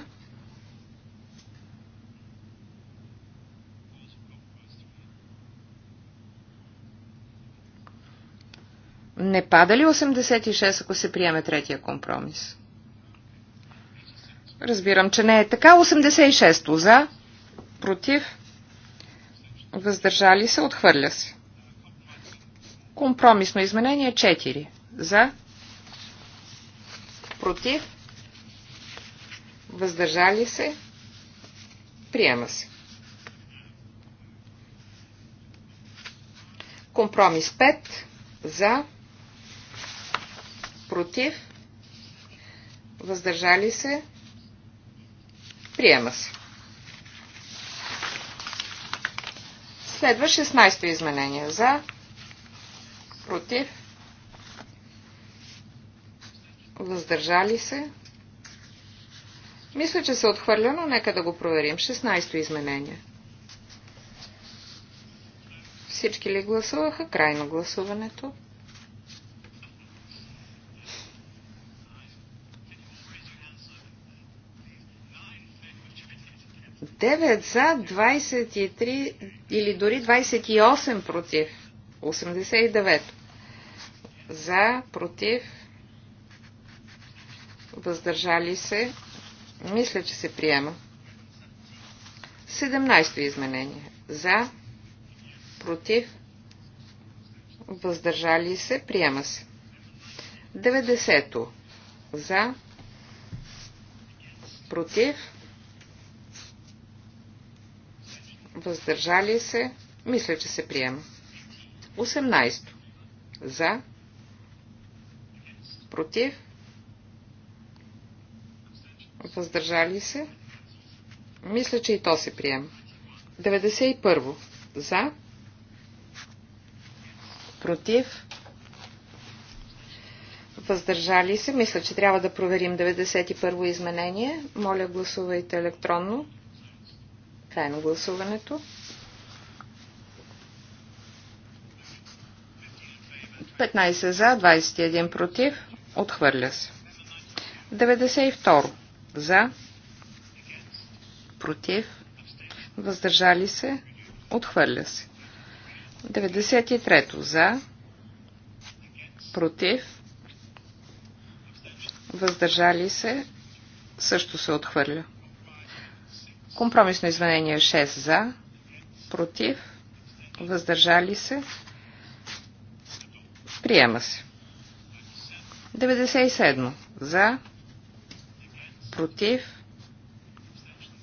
Не пада ли 86, ако се приеме третия компромис? Разбирам, че не е така. 86 за, против, въздържали се, отхвърля се. Компромисно изменение 4. За, против, въздържали се, приема се. Компромис 5. За, против, въздържали се, приема се. Следва 16-то изменение. За, против, въздържали се. Мисля, че се отхвърля, но нека да го проверим. 16-то изменение. Всички ли гласуваха? Крайно гласуването. 9 за, 23 или дори 28 против. 89 за, против, въздържали се. Мисля, че се приема. 17 изменение. За, против, въздържали се, приема се. 90 за, против, въздържали се, мисля, че се приема. 18. За, против, въздържали се, мисля, че и то се приема. 91. За, против, въздържали се, мисля, че трябва да проверим 91 изменение. Моля, гласувайте електронно. Край на гласуването. 15 за, 21 против. Отхвърля се. 92 за, против, въздържали се, отхвърля се. 93 за, против, въздържали се, също се отхвърля. Компромисно извинение 6 за, против, въздържали се, приема се. 97 за, против,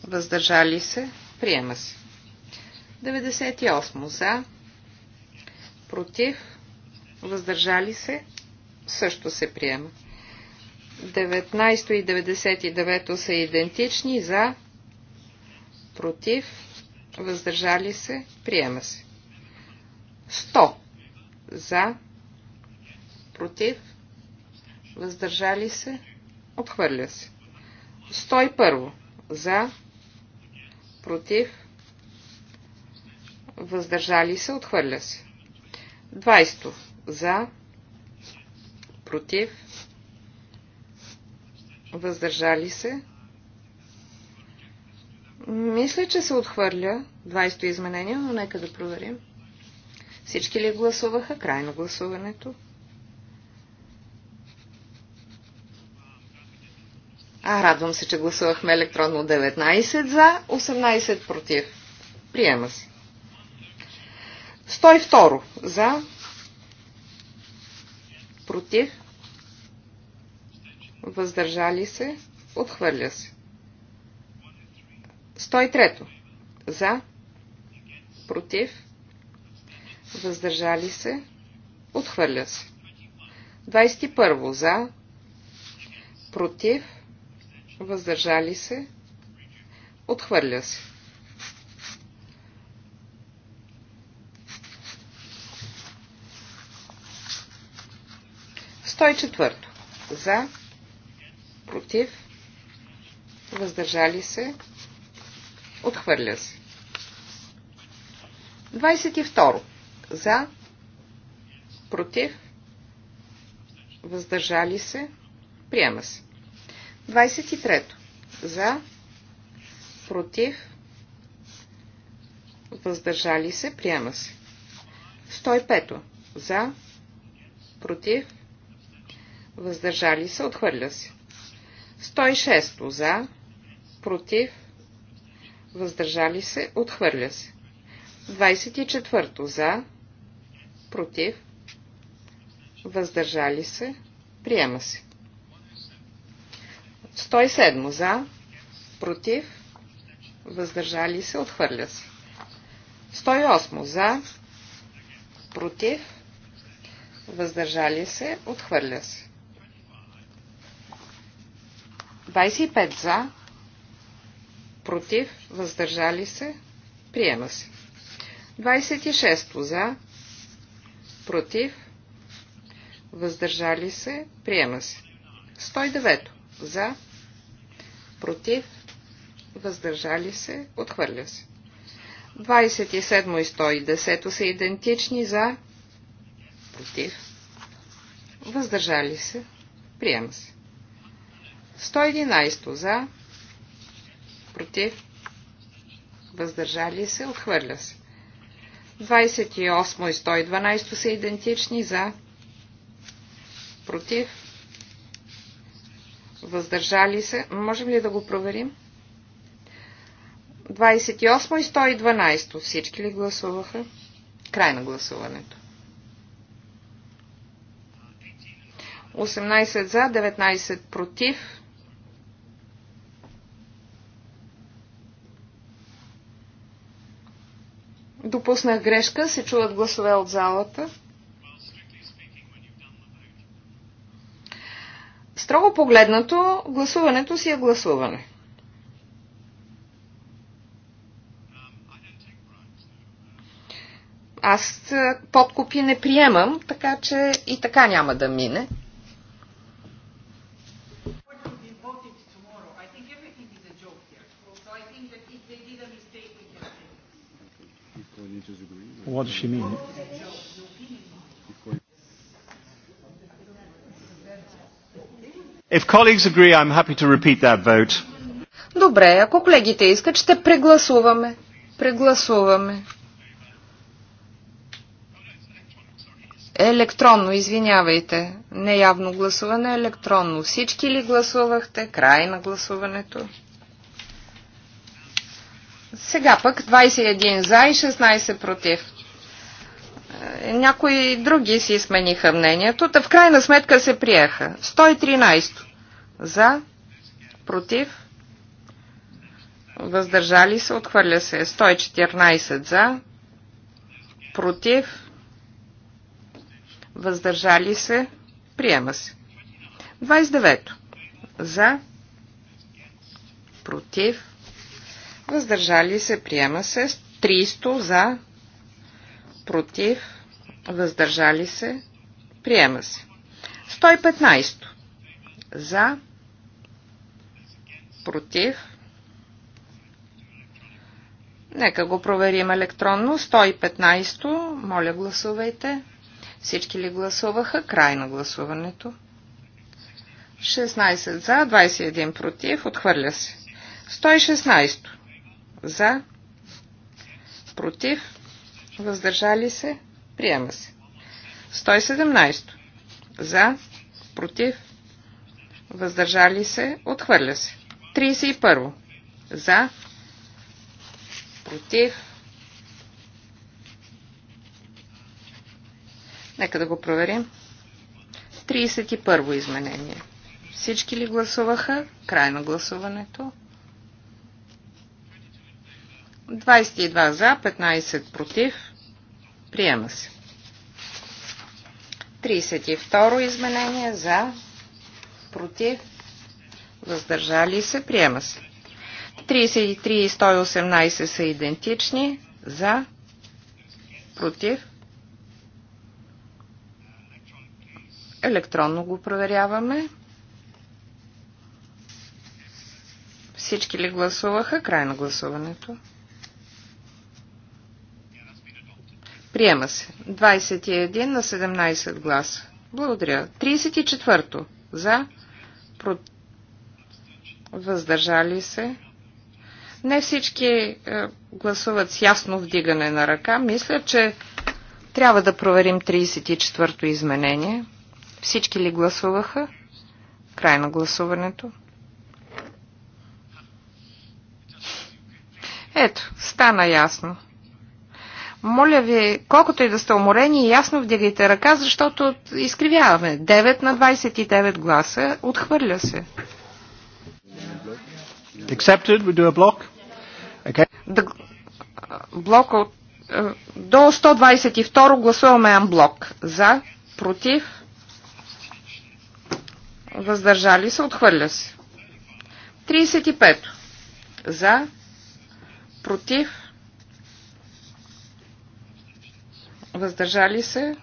въздържали се, приема се. 98 за, против, въздържали се, също се приема. 19 и 99 са идентични за, против, въздържали се, приема се. 100 за, против, въздържали се, отхвърля се. 101 за, против, въздържали се, отхвърля се. 20 за, против, въздържали се, мисля, че се отхвърля 20-то изменение, но нека да проверим. Всички ли гласуваха? Крайно гласуването. А, радвам се, че гласувахме електронно 19 за, 18 против. Приема се. 102 за, против, въздържали се, отхвърля се. 103. За. Против. Въздържали се. Отхвърля се. 21. За. Против. Въздържали се. Отхвърля се. 104. четвърто. За. Против. Въздържали се. Отхвърля се. 22. За. Против. Въздържали се. Приема се. 23. За. Против. Въздържали се. Приема се. 105. За. Против. Въздържали се. Отхвърля се. 106. За. Против въздържали се, отхвърля се. 24 за, против, въздържали се, приема се. 107 за, против, въздържали се, отхвърля се. 108 за, против, въздържали се, отхвърля се. 25 за, против, въздържали се, приема се. 26 за, против, въздържали се, приема се. 109 за, против, въздържали се, отхвърля се. 27 и 110 са идентични за, против, въздържали се, приема се. 111 за, против, въздържали се, отхвърля се. 28 и 112 са идентични за, против, въздържали се. Можем ли да го проверим? 28 и 112. Всички ли гласуваха? Край на гласуването. 18 за, 19 против, Допуснах грешка, се чуват гласове от залата. Строго погледнато, гласуването си е гласуване. Аз е, подкупи не приемам, така че и така няма да мине. What does she mean? If colleagues agree, I'm happy to repeat that vote. Добре, ако колегите искат, ще прегласуваме. Прегласуваме. Електронно, извинявайте. Неявно гласуване, електронно. Всички ли гласувахте? Край на гласуването. Сега пък 21 за и 16 против. Е, някои други си смениха мнението, в крайна сметка се приеха. 113 за, против, въздържали се, отхвърля се. 114 за, против, въздържали се, приема се. 29 за, против, въздържали се, приема се. 300 за, против, въздържали се, приема се. 115 за, против, Нека го проверим електронно. 115. Моля, гласувайте. Всички ли гласуваха? Край на гласуването. 16 за, 21 против. Отхвърля се. 116. За. Против. Въздържали се. Приема се. 117. За. Против. Въздържали се. Отхвърля се. 31. За. Против. Нека да го проверим. 31 изменение. Всички ли гласуваха? Край на гласуването. 22 за, 15 против. Приема се. 32 изменение за, против, въздържали се, приема се. 33 и 118 са идентични, за, против. Електронно го проверяваме. Всички ли гласуваха? Край на гласуването. Приема се. 21 на 17 гласа. Благодаря. 34-то. За. Про... Въздържали се. Не всички е, гласуват с ясно вдигане на ръка. Мисля, че трябва да проверим 34-то изменение. Всички ли гласуваха? Край на гласуването. Ето, стана ясно. Моля ви, колкото и да сте уморени, ясно вдигайте ръка, защото изкривяваме. 9 на 29 гласа отхвърля се. Accepted, we do a block. Okay. блок от, е, до 122 гласуваме анблок. За, против, въздържали се, отхвърля се. 35. За, против, Въздържали се?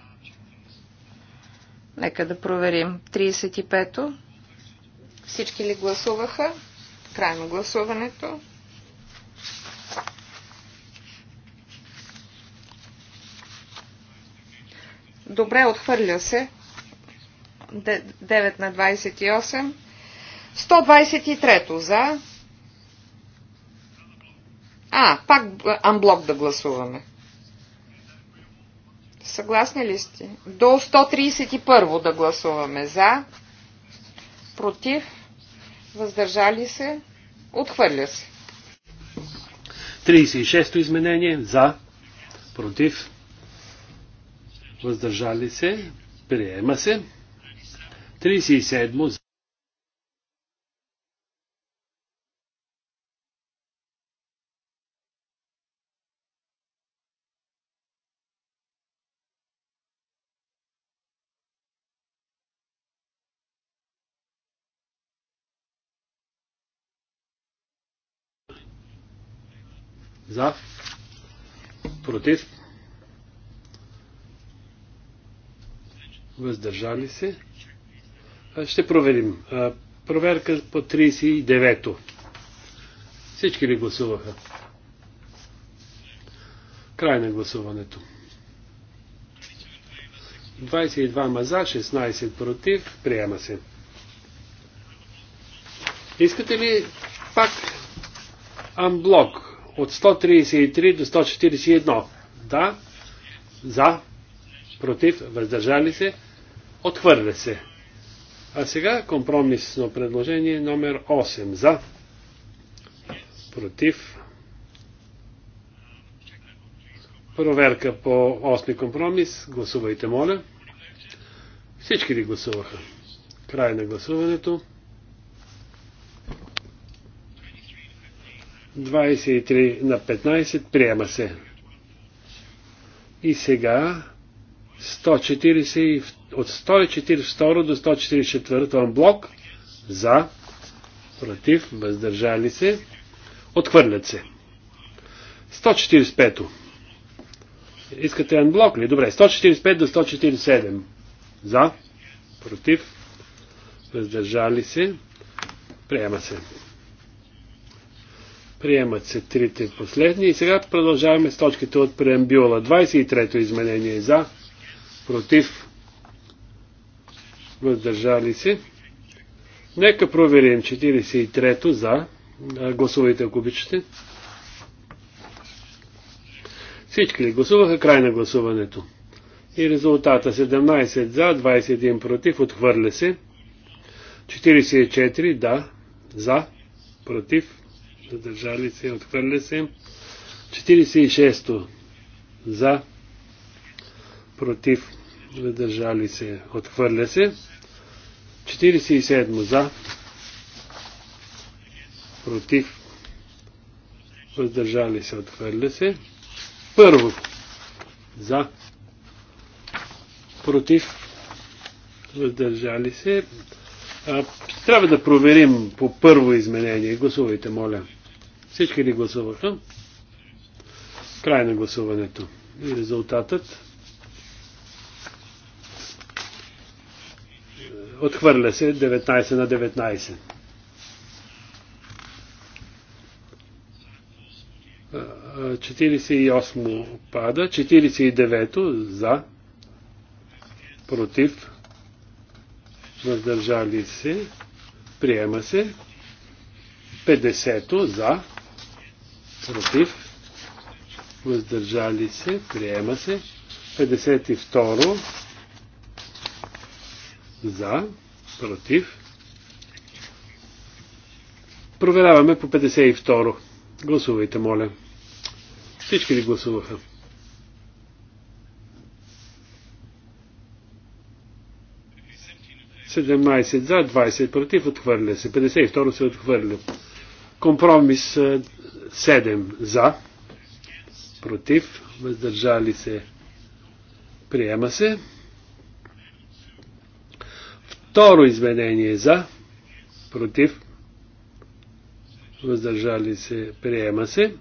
Нека да проверим. 35-то. Всички ли гласуваха? Крайно гласуването. Добре, отхвърля се. 9 на 28. 123 за. А, пак амблок да гласуваме. Съгласни ли сте? До 131 да гласуваме за, против, въздържали се, отхвърля се. 36-то изменение за, против, въздържали се, приема се. 37 за За. Против. Въздържали се. Ще проверим. Проверка по 39-то. Всички ли гласуваха? Край на гласуването. 22 маза, 16 против. Приема се. Искате ли пак амблок? от 133 до 141. Да, за, против, въздържали се, отхвърля се. А сега компромисно предложение номер 8. За, против, проверка по 8 компромис. Гласувайте, моля. Всички ли гласуваха? Край на гласуването. 23 на 15 приема се. И сега 140, от 142 до 144 блок за, против, въздържали се, отхвърлят се. 145. Искате анблок ли? Добре, 145 до 147. За, против, въздържали се, приема се. Приемат се трите последни. И сега продължаваме с точките от преамбюла. 23-то изменение е за, против, въздържали се. Нека проверим 43-то за. Гласувайте, ако обичате. Всички ли гласуваха край на гласуването? И резултата 17 за, 21 против, отхвърля се. 44 да, за, против, Задържали се, отхвърля се. 46-то за, против, задържали се, отхвърля се. 47 за, против, въздържали се, отхвърля се. Първо за, против, въздържали се. А, трябва да проверим по първо изменение. Гласувайте, моля. Всички ли гласуваха? Край на гласуването. И резултатът отхвърля се 19 на 19. 48 пада, 49 за, против, въздържали се, приема се, 50 за, против, въздържали се, приема се. 52 за, против. Проверяваме по 52. Гласувайте, моля. Всички ли гласуваха? за, 20 против, отхвърля се. 52 се отхвърля. Компромис е, 7 за, против, въздържали се, приема се. Второ изменение за, против, въздържали се, приема се.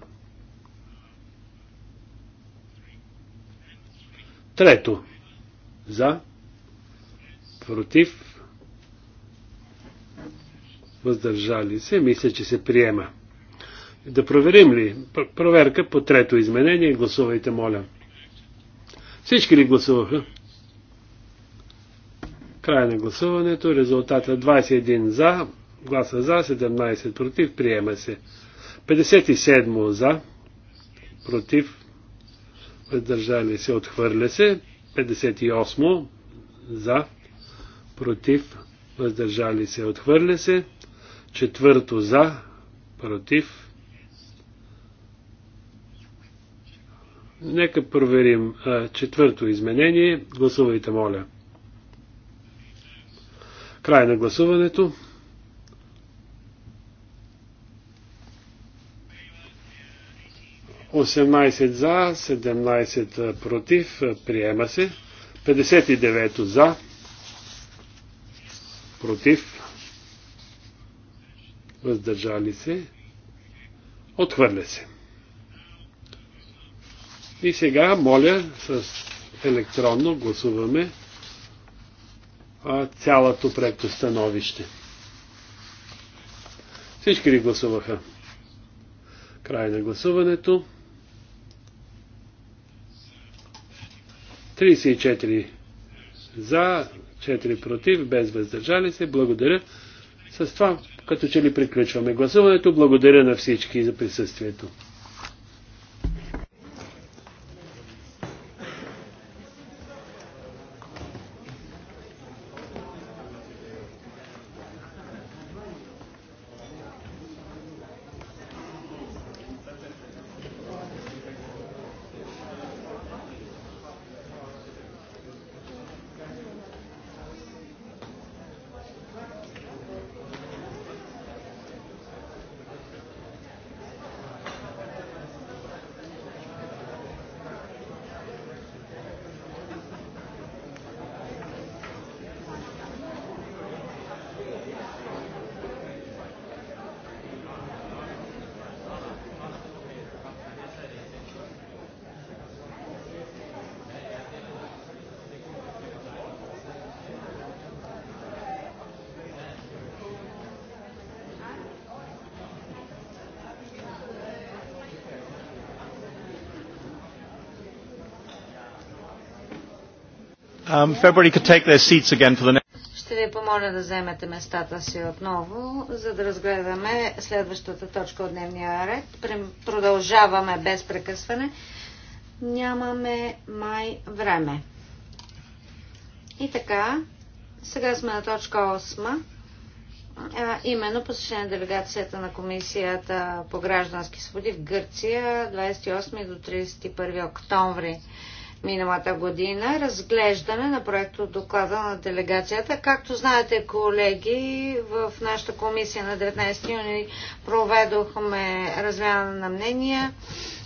Трето. За. Против. Въздържали се. Мисля, че се приема. Да проверим ли? Проверка по трето изменение. Гласувайте, моля. Всички ли гласуваха? Край на гласуването. Резултата 21 е за, гласа за, 17 против. Приема се. 57 за, против. Въздържали се, отхвърля се. 58 за, против. Въздържали се, отхвърля се. Четвърто за, против Нека проверим четвърто изменение. Гласувайте, моля. Край на гласуването. Осемнайсет за, 17 против, приема се. 59 за, против, въздържали се, отхвърля се. И сега, моля, с електронно гласуваме а, цялото проекто становище. Всички ли гласуваха? Край на гласуването. 34 за, 4 против, без въздържали се. Благодаря. С това, като че ли приключваме гласуването, благодаря на всички за присъствието. Um, Ще ви помоля да вземете местата си отново, за да разгледаме следващата точка от дневния ред. Продължаваме без прекъсване. Нямаме май време. И така, сега сме на точка 8, а именно посещение делегацията на Комисията по граждански свободи в Гърция 28 до 31 октомври миналата година, разглеждане на проекто доклада на делегацията. Както знаете, колеги, в нашата комисия на 19 юни проведохме размяна на мнения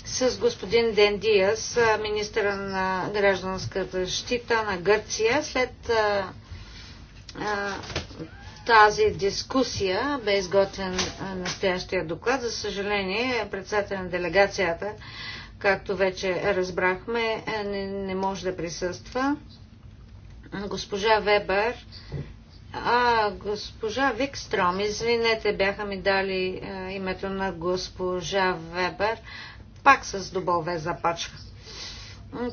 с господин Ден Диас, министър на гражданската защита на Гърция. След а, а, тази дискусия бе изготвен настоящия доклад. За съжаление, председател на делегацията както вече разбрахме, е, не, не може да присъства. Госпожа Вебер, а госпожа Викстром, извинете, бяха ми дали а, е, името на госпожа Вебер, пак с добове започва.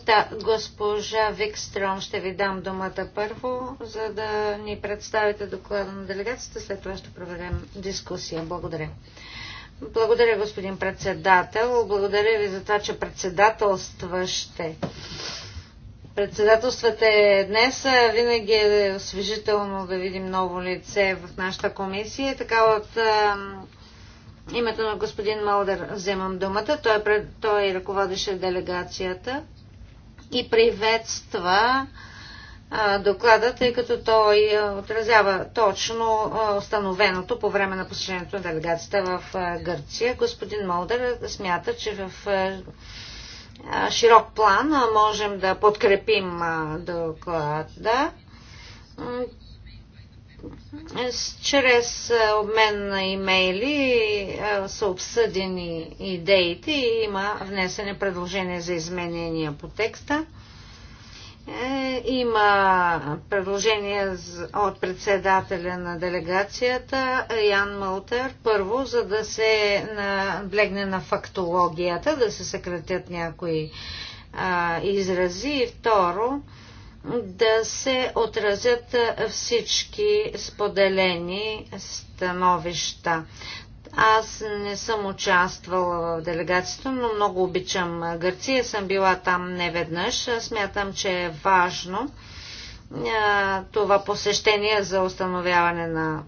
Да, госпожа Викстром, ще ви дам думата първо, за да ни представите доклада на делегацията, след това ще проведем дискусия. Благодаря. Благодаря, господин председател. Благодаря ви за това, че председателстващте. Председателствате днес. Винаги е освежително да видим ново лице в нашата комисия. Така от а, името на господин Малдер вземам думата. Той, е пред, той ръководеше делегацията и приветства доклада, тъй като той отразява точно установеното по време на посещението на делегацията в Гърция. Господин Молдер смята, че в широк план можем да подкрепим доклада чрез обмен на имейли са обсъдени идеите и има внесени предложения за изменения по текста. Е, има предложение от председателя на делегацията Ян Мълтер. Първо, за да се наблегне на фактологията, да се съкратят някои а, изрази. И второ, да се отразят всички споделени становища. Аз не съм участвала в делегацията, но много обичам Гърция. Съм била там не веднъж. Смятам, че е важно това посещение за установяване на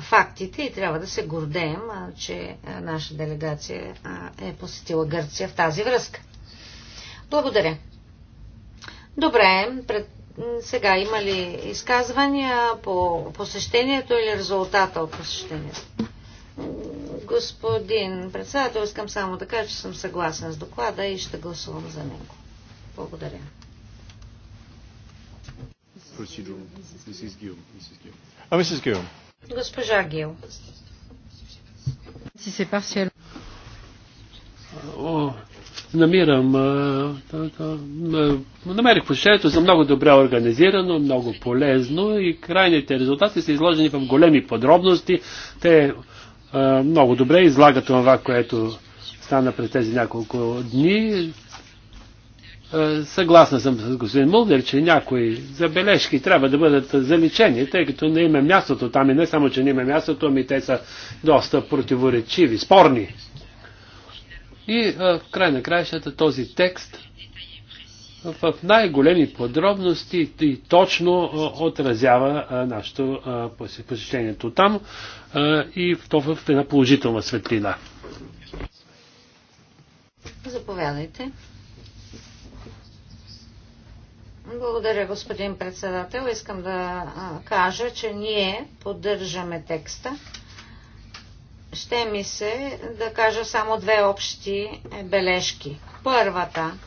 фактите и трябва да се гордеем, че наша делегация е посетила Гърция в тази връзка. Благодаря. Добре, пред сега има ли изказвания по посещението или резултата от посещението? Господин председател, искам само да кажа, че съм съгласен с доклада и ще гласувам за него. Благодаря. Госпожа Гил намирам, намерих посещението за много добре организирано, много полезно и крайните резултати са изложени в големи подробности. Те много добре излагат това, което стана през тези няколко дни. Съгласна съм с господин Мулдер, че някои забележки трябва да бъдат заличени, тъй като не има мястото там и не само, че не има мястото, ами те са доста противоречиви, спорни. И е, в край на краищата този текст в най-големи подробности и точно е, отразява е, нашето посещението там и то в една положителна светлина. Заповядайте. Благодаря, господин председател. Искам да кажа, че ние поддържаме текста ще ми се да кажа само две общи е, бележки. Първата.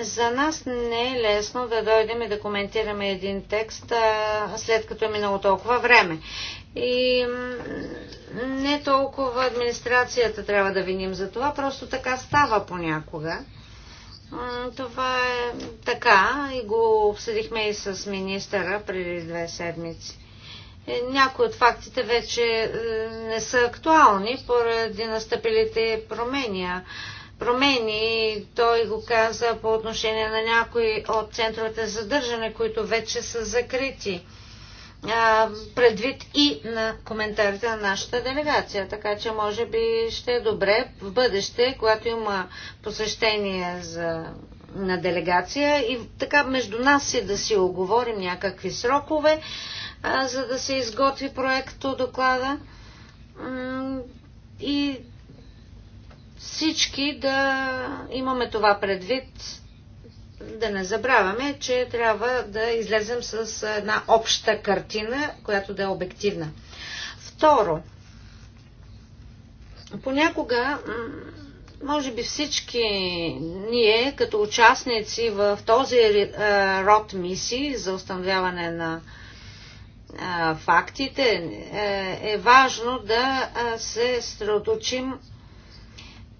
За нас не е лесно да дойдем и да коментираме един текст, след като е минало толкова време. И не толкова администрацията трябва да виним за това, просто така става понякога. Това е така и го обсъдихме и с министъра преди две седмици. Е, някои от фактите вече е, не са актуални поради настъпилите промени. Промени, той го каза по отношение на някои от центровете за задържане, които вече са закрити предвид и на коментарите на нашата делегация. Така че може би ще е добре в бъдеще, когато има посещение за, на делегация и така между нас си да си оговорим някакви срокове за да се изготви проекто доклада и всички да имаме това предвид, да не забравяме, че трябва да излезем с една обща картина, която да е обективна. Второ, понякога, може би всички ние, като участници в този е, род мисии за установяване на фактите, е, е важно да се средоточим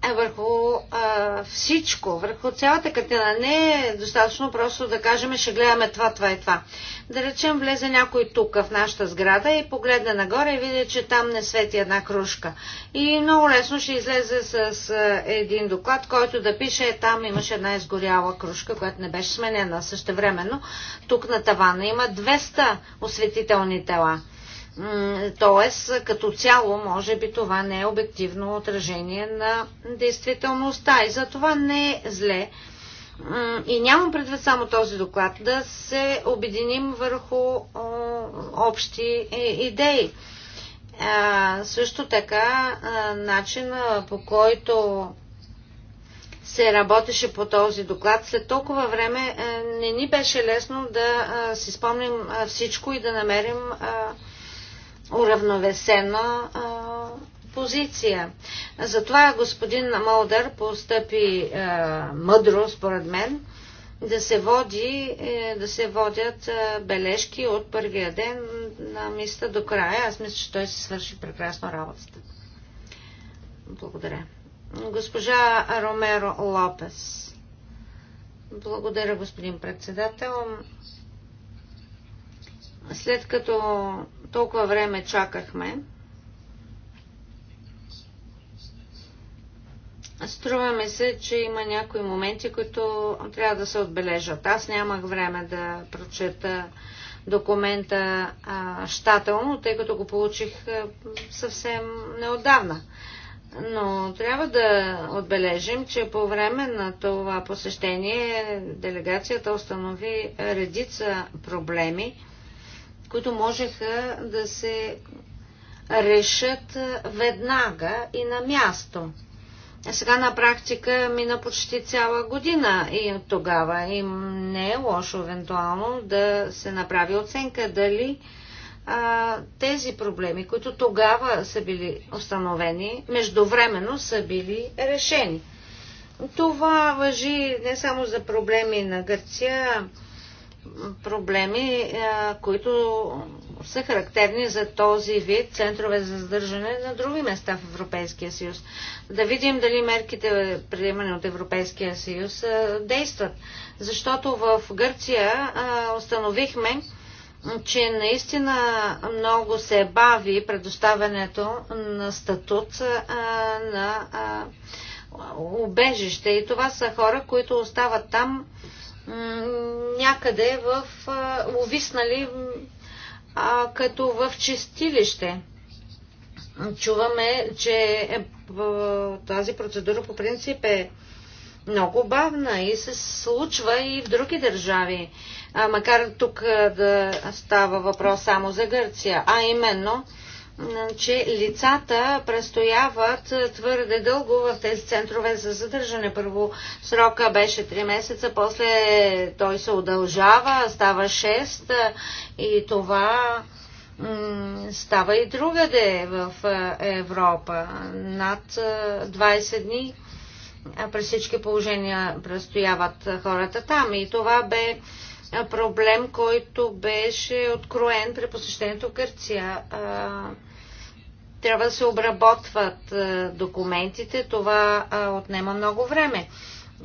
е, върху а, всичко, върху цялата картина. Не е достатъчно просто да кажем, ще гледаме това, това и това. Да речем, влезе някой тук в нашата сграда и погледне нагоре и види, че там не свети една кружка. И много лесно ще излезе с а, един доклад, който да пише, е, там имаше една изгоряла кружка, която не беше сменена също времено. Тук на тавана има 200 осветителни тела. Тоест, като цяло, може би това не е обективно отражение на действителността и за това не е зле. И нямам предвид само този доклад, да се обединим върху общи е, идеи. Също така, начин по който се работеше по този доклад, след толкова време е, не ни беше лесно да си спомним всичко и да намерим уравновесена а, позиция. Затова господин Молдър постъпи а, мъдро, според мен, да се, води, е, да се водят бележки от първия ден на миста до края. Аз мисля, че той се свърши прекрасно работата. Благодаря. Госпожа Ромеро Лопес. Благодаря, господин председател. След като толкова време чакахме. Струва ми се, че има някои моменти, които трябва да се отбележат. Аз нямах време да прочета документа а, щателно, тъй като го получих а, съвсем неодавна. Но трябва да отбележим, че по време на това посещение делегацията установи редица проблеми, които можеха да се решат веднага и на място. Сега на практика мина почти цяла година и от тогава им не е лошо евентуално да се направи оценка дали а, тези проблеми, които тогава са били установени, междувременно са били решени. Това въжи не само за проблеми на Гърция, проблеми, е, които са характерни за този вид центрове за задържане на други места в Европейския съюз. Да видим дали мерките, приемани от Европейския съюз, е, действат. Защото в Гърция е, установихме, че наистина много се бави предоставянето на статут на убежище. И това са хора, които остават там някъде в увиснали а, като в чистилище. Чуваме, че е, тази процедура по принцип е много бавна и се случва и в други държави, а, макар тук да става въпрос само за Гърция, а именно че лицата престояват твърде дълго в тези центрове за задържане. Първо срока беше 3 месеца, после той се удължава, става 6 и това става и другаде в Европа. Над 20 дни при всички положения престояват хората там. И това бе проблем, който беше откроен при посещението в Гърция трябва да се обработват е, документите. Това е, отнема много време.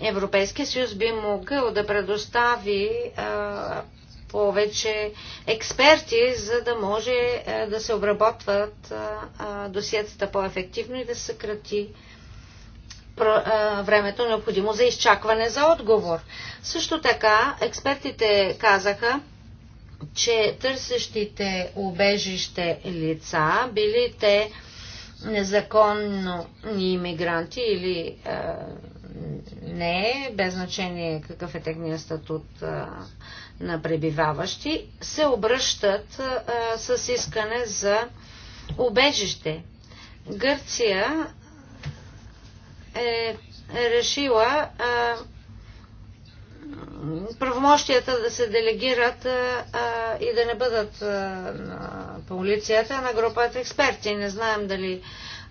Европейския съюз би могъл да предостави е, повече експерти, за да може да се обработват досиетата по-ефективно и да се съкрати времето необходимо за изчакване за отговор. Също така, експертите казаха, че търсещите убежище лица, били те незаконно иммигранти или а, не, без значение какъв е техния статут а, на пребиваващи, се обръщат а, с искане за убежище. Гърция е решила а, правомощията да се делегират а, и да не бъдат а, на полицията, а на групата експерти. Не знаем дали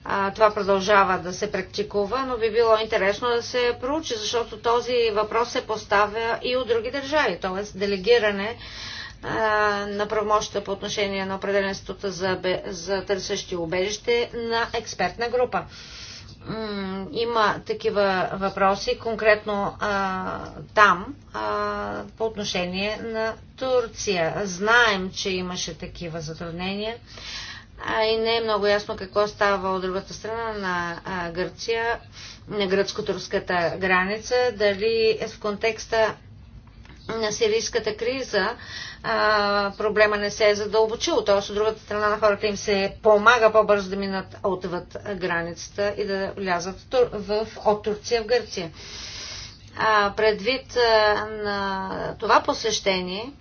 а, това продължава да се практикува, но би било интересно да се проучи, защото този въпрос се поставя и от други държави, т.е. делегиране а, на правомощията по отношение на определенството за, за търсещи убежище на експертна група има такива въпроси, конкретно а, там, а, по отношение на Турция. Знаем, че имаше такива затруднения а и не е много ясно какво става от другата страна на а, Гърция, на гръцко-турската граница, дали е в контекста на сирийската криза а, проблема не се е задълбочил. Тоест, от другата страна на хората им се помага по-бързо да минат отвъд границата и да влязат в, в, от Турция в Гърция. А, предвид а, на това посещение,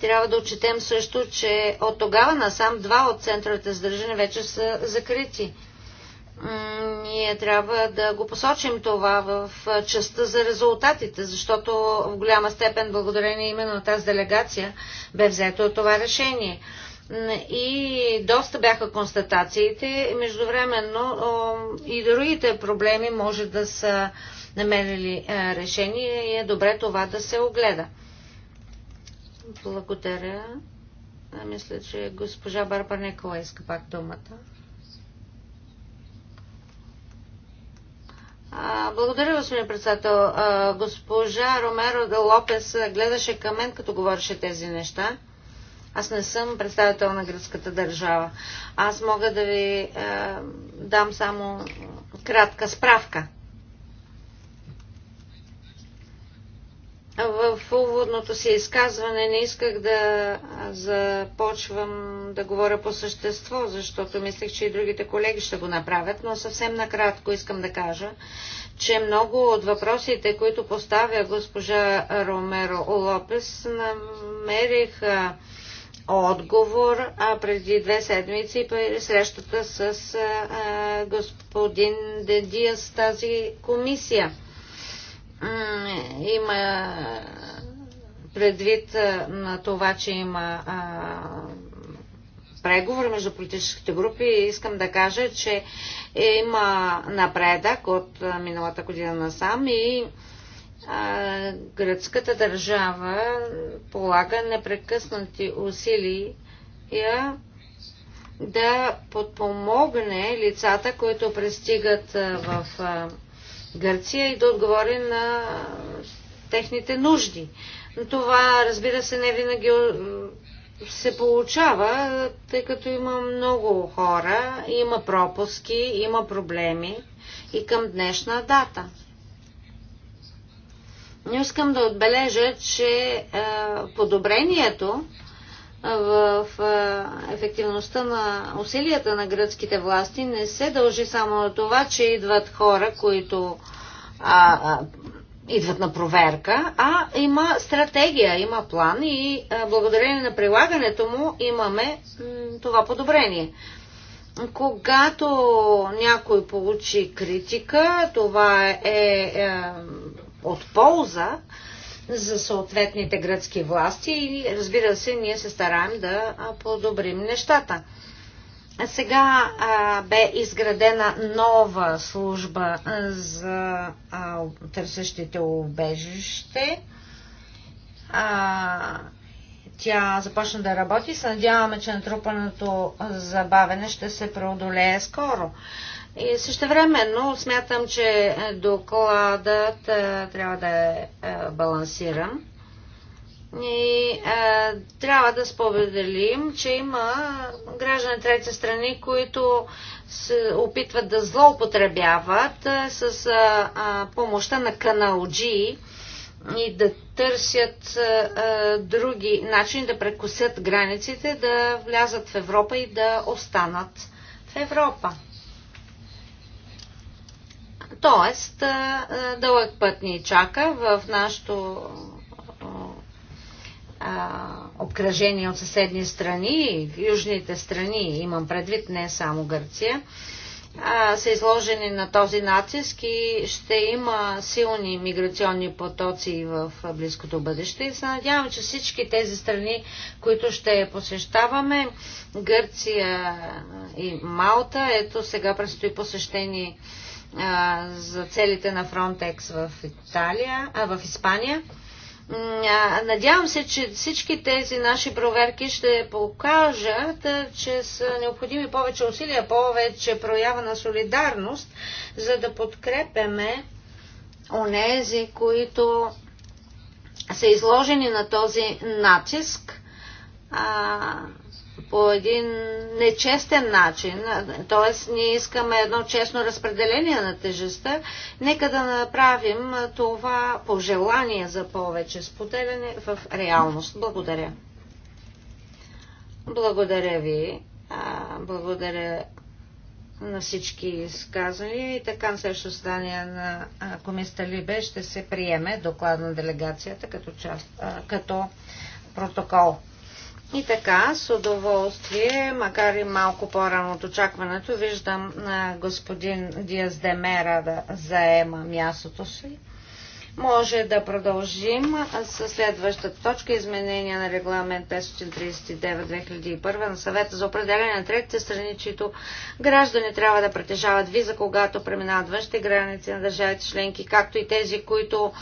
трябва да отчетем също, че от тогава насам два от центровете за държане вече са закрити ние трябва да го посочим това в частта за резултатите, защото в голяма степен благодарение именно на тази делегация бе взето това решение. И доста бяха констатациите. Междувременно и другите проблеми може да са намерили решение и е добре това да се огледа. Благодаря. Мисля, че госпожа Барбара Некола иска пак думата. Благодаря, господин председател. Госпожа Ромеро Лопес гледаше към мен, като говореше тези неща. Аз не съм представител на гръцката държава. Аз мога да ви дам само кратка справка В уводното си изказване не исках да започвам да говоря по същество, защото мислех, че и другите колеги ще го направят, но съвсем накратко искам да кажа, че много от въпросите, които поставя госпожа Ромеро Лопес, намерих отговор а преди две седмици при срещата с господин Дедия с тази комисия има предвид на това, че има преговори между политическите групи, искам да кажа, че има напредък от миналата година насам и гръцката държава полага непрекъснати усилия да подпомогне лицата, които пристигат в Гърция и да отговори на техните нужди. Но това, разбира се, не винаги е, се получава, тъй като има много хора, има пропуски, има проблеми и към днешна дата. Не искам да отбележа, че е, подобрението в ефективността на усилията на гръцките власти не се дължи само на това, че идват хора, които а, а, идват на проверка, а има стратегия, има план и а, благодарение на прилагането му имаме м, това подобрение. Когато някой получи критика, това е, е от полза, за съответните гръцки власти и разбира се, ние се стараем да подобрим нещата. Сега а, бе изградена нова служба за а, търсещите убежище. А, тя започна да работи. Се надяваме, че натрупаното забавене ще се преодолее скоро. И същевременно смятам, че докладът трябва да е балансиран. И трябва да споделим, че има граждани трети страни, които се опитват да злоупотребяват с помощта на каналджи и да търсят други начини да прекусят границите, да влязат в Европа и да останат в Европа. Тоест, дълъг път ни чака в нашото обкръжение от съседни страни, южните страни, имам предвид не само Гърция, са изложени на този натиск и ще има силни миграционни потоци в близкото бъдеще. И се надявам, че всички тези страни, които ще посещаваме, Гърция и Малта, ето сега предстои посещение а, за целите на Фронтекс в Италия, а в Испания. Надявам се, че всички тези наши проверки ще покажат, че са необходими повече усилия, повече проява на солидарност, за да подкрепяме онези, които са изложени на този натиск. А, по един нечестен начин, т.е. ние искаме едно честно разпределение на тежестта, нека да направим това пожелание за повече споделяне в реалност. Благодаря. Благодаря ви. Благодаря на всички изказани, и така на следващото състояние на комиста Либе ще се приеме доклад на делегацията като, част, като протокол. И така, с удоволствие, макар и малко по-рано от очакването, виждам а, господин Диас Демера да заема мястото си. Може да продължим с следващата точка изменение на регламент 539-2001 на съвета за определение на третите страни, чието граждани трябва да притежават виза, когато преминават външните граници на държавите членки, както и тези, които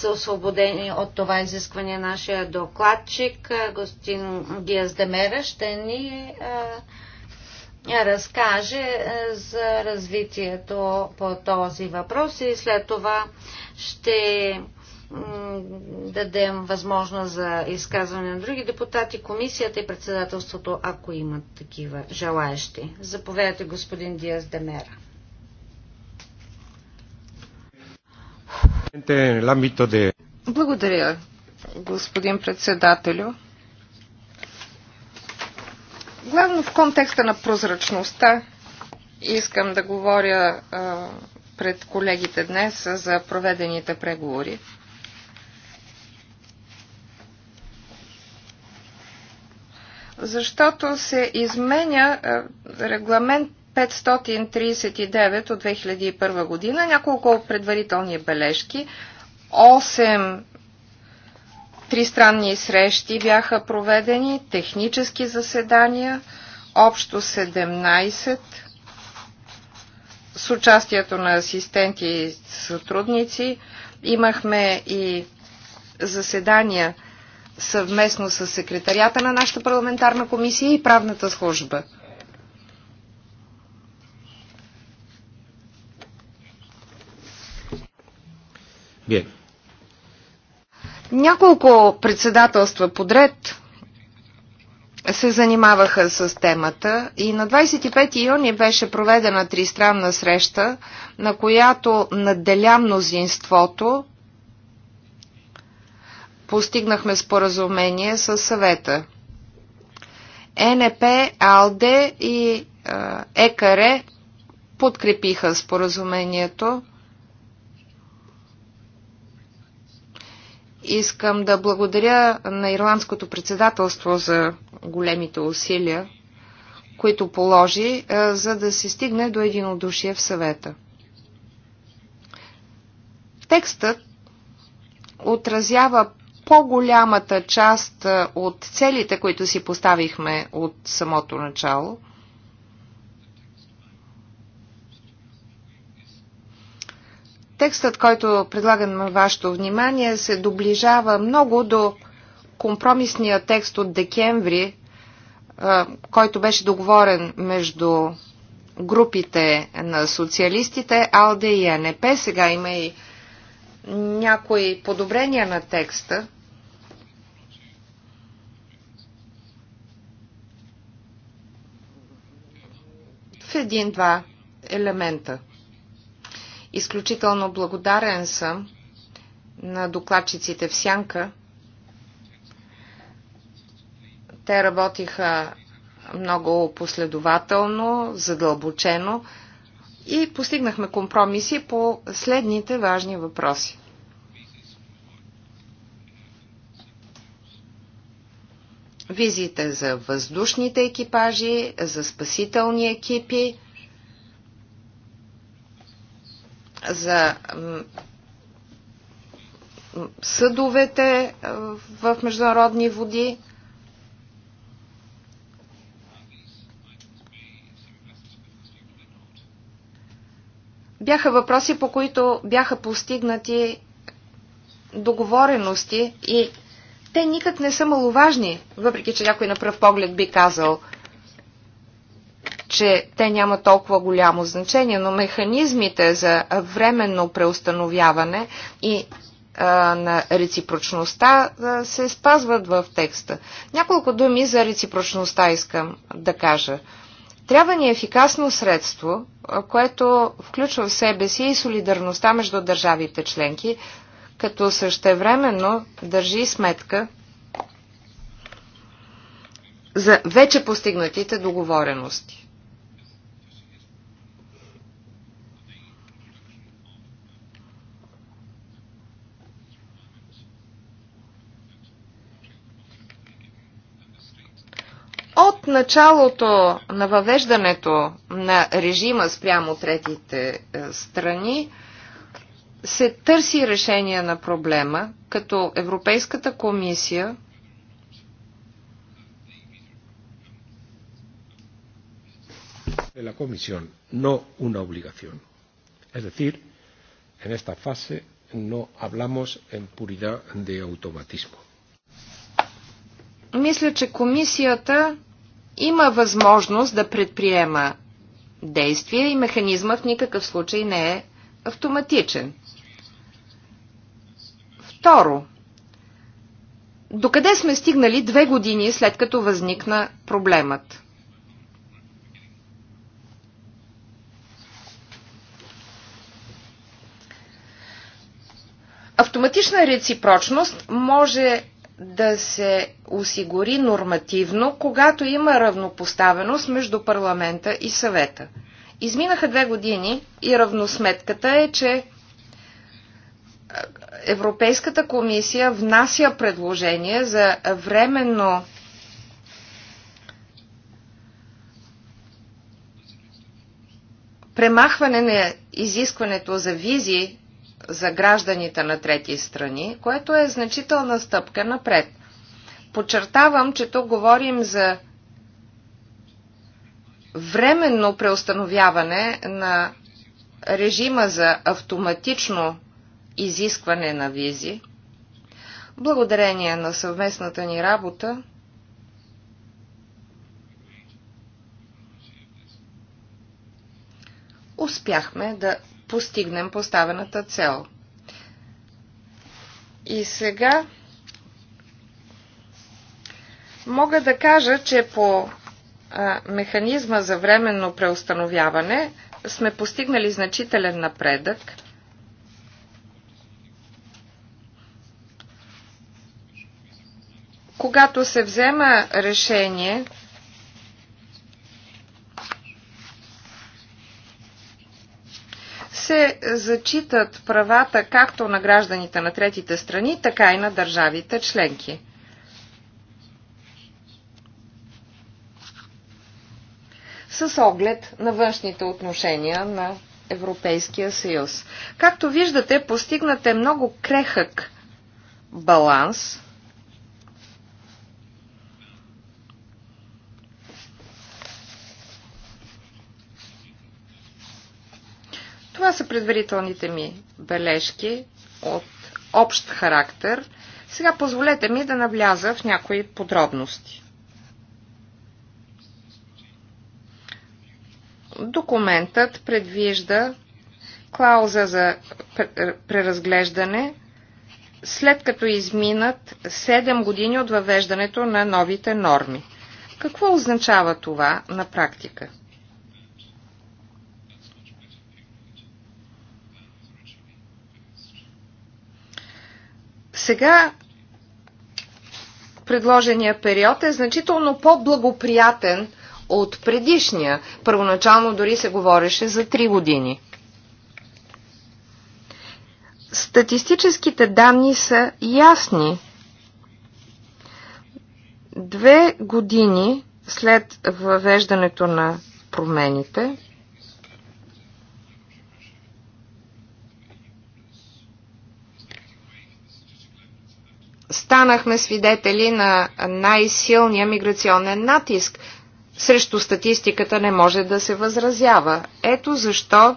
са освободени от това изискване нашия докладчик, Гостин Диас Демера, ще ни разкаже за развитието по този въпрос и след това ще дадем възможност за изказване на други депутати, комисията и председателството, ако имат такива желаящи. Заповядайте, господин Диас Демера. Благодаря, господин председателю. Главно в контекста на прозрачността искам да говоря а, пред колегите днес за проведените преговори. Защото се изменя регламент 539 от 2001 година, няколко предварителни бележки, 8 тристранни срещи бяха проведени, технически заседания, общо 17 с участието на асистенти и сътрудници. Имахме и заседания съвместно с секретарията на нашата парламентарна комисия и правната служба. Bien. Няколко председателства подред се занимаваха с темата и на 25 юни беше проведена тристранна среща, на която наделя мнозинството постигнахме споразумение с съвета. НП, АЛДЕ и ЕКАРЕ подкрепиха споразумението. Искам да благодаря на Ирландското председателство за големите усилия, които положи, е, за да се стигне до единодушие в съвета. Текстът отразява по-голямата част е, от целите, които си поставихме от самото начало – Текстът, който предлагам на вашето внимание, се доближава много до компромисния текст от декември, който беше договорен между групите на социалистите, АЛДЕ и НП. Сега има и някои подобрения на текста. В един-два елемента. Изключително благодарен съм на докладчиците в Сянка. Те работиха много последователно, задълбочено и постигнахме компромиси по следните важни въпроси. Визите за въздушните екипажи, за спасителни екипи, за съдовете е, в международни води. Бяха въпроси, по които бяха постигнати договорености и те никак не са маловажни, въпреки че някой на пръв поглед би казал – че те нямат толкова голямо значение, но механизмите за временно преустановяване и на реципрочността се спазват в текста. Няколко думи за реципрочността искам да кажа. Трябва ни ефикасно средство, което включва в себе си и солидарността между държавите членки, като същевременно държи сметка за вече постигнатите договорености. От началото на въвеждането на режима спрямо третите е, страни се търси решение на проблема, като Европейската комисия la Comisión, no una obligación. Es decir, en esta fase no hablamos en puridad de automatismo. Мисля, че комисията има възможност да предприема действия и механизма в никакъв случай не е автоматичен. Второ, докъде сме стигнали две години след като възникна проблемът? Автоматична реципрочност може да се осигури нормативно, когато има равнопоставеност между парламента и съвета. Изминаха две години и равносметката е, че Европейската комисия внася предложение за временно премахване на изискването за визи за гражданите на трети страни, което е значителна стъпка напред. Подчертавам, че тук говорим за временно преустановяване на режима за автоматично изискване на визи, благодарение на съвместната ни работа, успяхме да постигнем поставената цел. И сега мога да кажа, че по механизма за временно преустановяване сме постигнали значителен напредък. Когато се взема решение се зачитат правата както на гражданите на третите страни, така и на държавите членки. С оглед на външните отношения на Европейския съюз. Както виждате, постигнат е много крехък баланс Това са предварителните ми бележки от общ характер. Сега позволете ми да навляза в някои подробности. Документът предвижда клауза за преразглеждане след като изминат 7 години от въвеждането на новите норми. Какво означава това на практика? Сега предложения период е значително по-благоприятен от предишния. Първоначално дори се говореше за 3 години. Статистическите данни са ясни. Две години след въвеждането на промените, станахме свидетели на най-силния миграционен натиск. Срещу статистиката не може да се възразява. Ето защо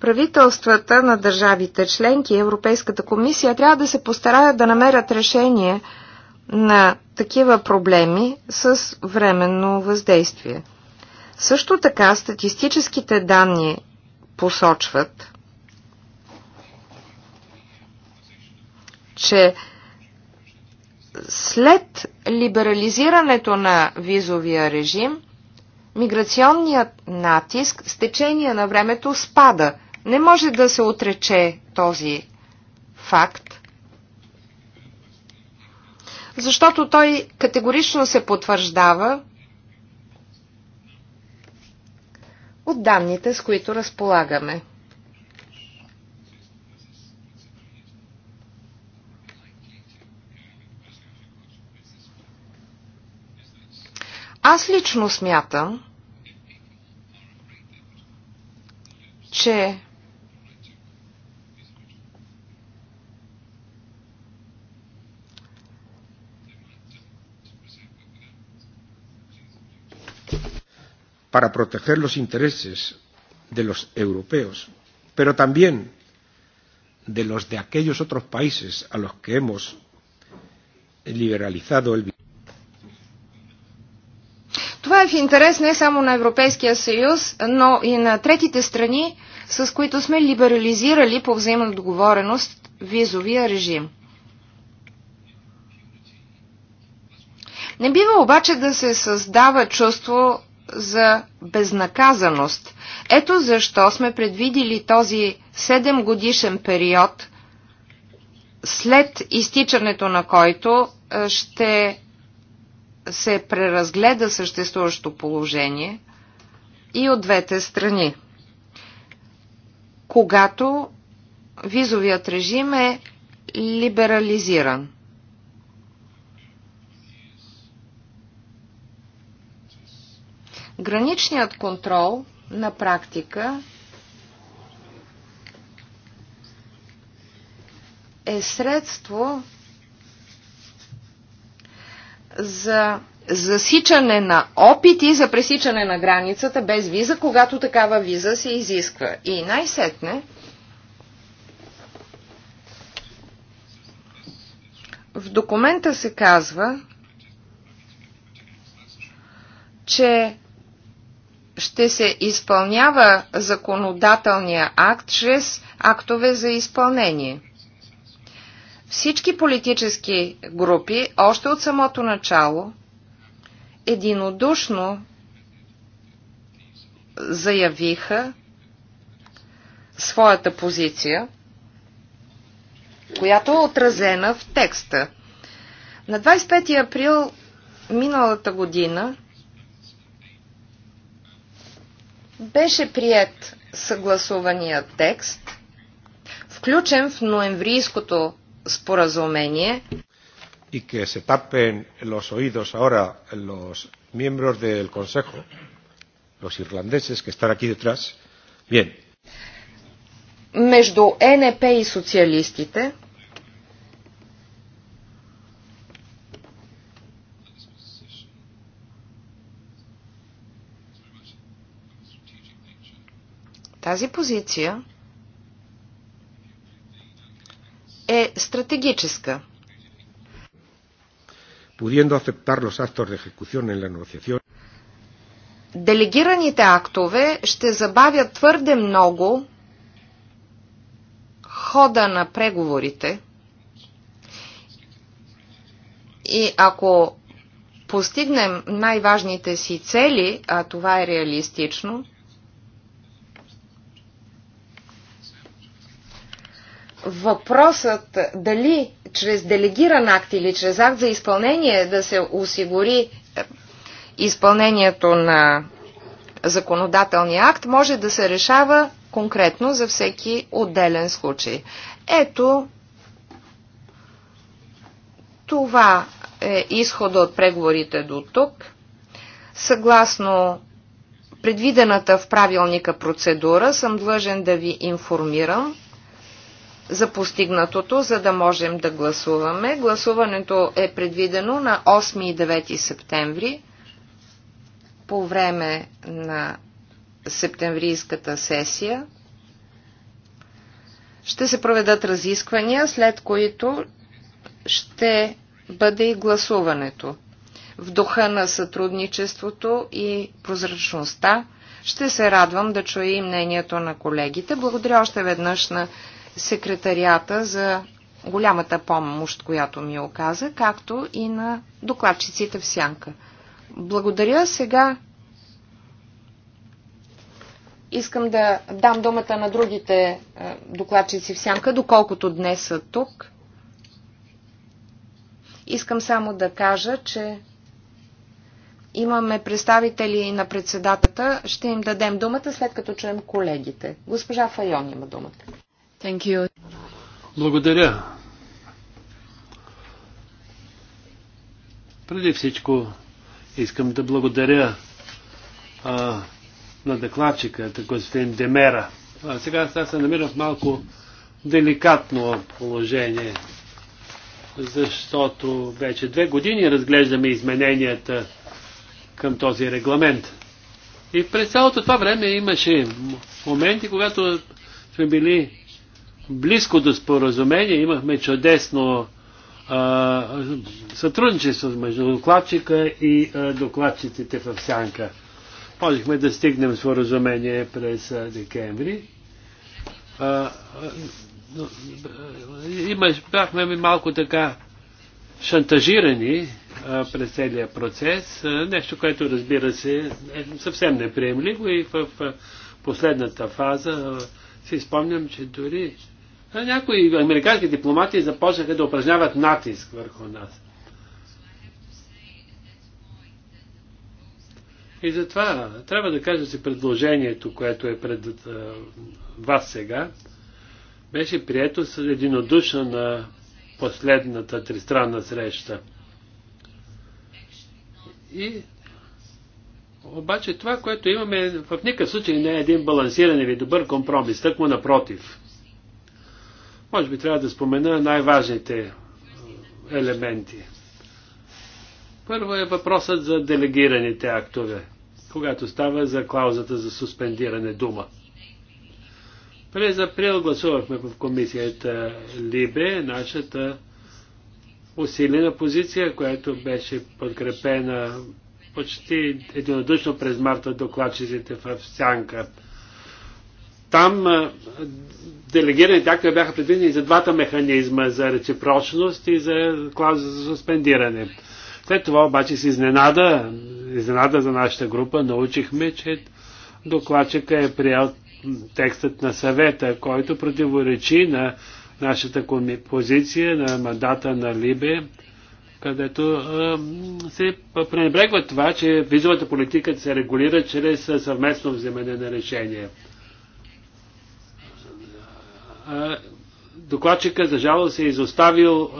правителствата на държавите членки и Европейската комисия трябва да се постараят да намерят решение на такива проблеми с временно въздействие. Също така статистическите данни посочват, че след либерализирането на визовия режим, миграционният натиск с течение на времето спада. Не може да се отрече този факт, защото той категорично се потвърждава от данните, с които разполагаме. Аз лично смятам, че para proteger los intereses de los europeos, pero también de los de aquellos otros países a los que hemos liberalizado el е в интерес не само на Европейския съюз, но и на третите страни, с които сме либерализирали по взаимна договореност визовия режим. Не бива обаче да се създава чувство за безнаказаност. Ето защо сме предвидили този 7 годишен период, след изтичането на който е, ще се преразгледа съществуващото положение и от двете страни, когато визовият режим е либерализиран. Граничният контрол на практика е средство за засичане на опити за пресичане на границата без виза, когато такава виза се изисква. И най-сетне в документа се казва, че ще се изпълнява законодателния акт чрез актове за изпълнение – всички политически групи, още от самото начало, единодушно заявиха своята позиция, която е отразена в текста. На 25 април миналата година беше прият съгласувания текст, включен в ноемврийското споразумение. И que se tapen los oídos ahora los miembros del Consejo, los irlandeses que están aquí detrás. Bien. Между НП и социалистите тази позиция е стратегическа. Pudiendo aceptar los actos de ejecución en la negociación. Делегираните актове ще забавят твърде много хода на преговорите. И ако постигнем най-важните си цели, а това е реалистично, въпросът дали чрез делегиран акт или чрез акт за изпълнение да се осигури е, изпълнението на законодателния акт може да се решава конкретно за всеки отделен случай. Ето това е изхода от преговорите до тук. Съгласно предвидената в правилника процедура съм длъжен да ви информирам за постигнатото, за да можем да гласуваме. Гласуването е предвидено на 8 и 9 септември по време на септемврийската сесия. Ще се проведат разисквания, след които ще бъде и гласуването. В духа на сътрудничеството и прозрачността ще се радвам да чуя и мнението на колегите. Благодаря още веднъж на секретарията за голямата помощ, която ми оказа, както и на докладчиците в сянка. Благодаря сега. Искам да дам думата на другите е, докладчици в сянка, доколкото днес са тук. Искам само да кажа, че имаме представители на председателята. Ще им дадем думата, след като чуем колегите. Госпожа Файон има думата. Thank you. Благодаря. Преди всичко искам да благодаря а, на докладчика, господин Демера. А сега аз се намирам в малко деликатно положение, защото вече две години разглеждаме измененията към този регламент. И през цялото това време имаше моменти, когато сме били Близкото споразумение. Имахме чудесно сътрудничество между докладчика и а, докладчиците в Сянка. Можехме да стигнем споразумение през а, декември. А, но, бяхме ми малко така шантажирани а, през целия процес. А, нещо, което разбира се е съвсем неприемливо и в, в последната фаза а, си спомням, че дори някои американски дипломати започнаха да упражняват натиск върху нас. И затова трябва да кажа, че предложението, което е пред вас сега, беше прието с единодушно на последната тристранна среща. И обаче това, което имаме, в никакъв случай не е един балансиран или добър компромис, тъкмо напротив. Може би трябва да спомена най-важните елементи. Първо е въпросът за делегираните актове, когато става за клаузата за суспендиране дума. През април гласувахме в комисията Либе нашата усилена позиция, която беше подкрепена почти единодушно през марта докладчиците в Сянка – там делегираните актове бяха предвидени за двата механизма, за реципрочност и за клауза за суспендиране. След това обаче с изненада, изненада за нашата група, научихме, че докладчика е приел текстът на съвета, който противоречи на нашата позиция, на мандата на Либе, където а, се пренебрегва това, че визовата политика се регулира чрез съвместно вземане на решение докладчика, за жалост, е изоставил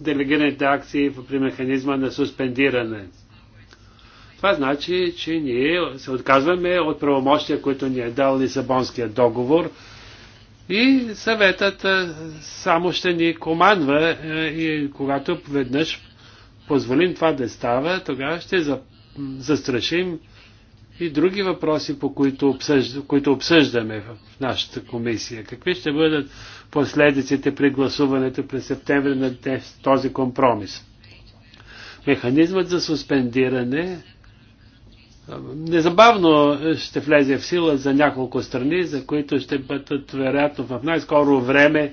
делегираните акции при механизма на суспендиране. Това значи, че ние се отказваме от правомощия, които ни е дал Лисабонския договор и съветът само ще ни командва и когато веднъж позволим това да става, тогава ще застрашим и други въпроси, по които, обсъжда, които обсъждаме в нашата комисия. Какви ще бъдат последиците при гласуването през септември на този компромис? Механизмът за суспендиране незабавно ще влезе в сила за няколко страни, за които ще бъдат вероятно в най-скоро време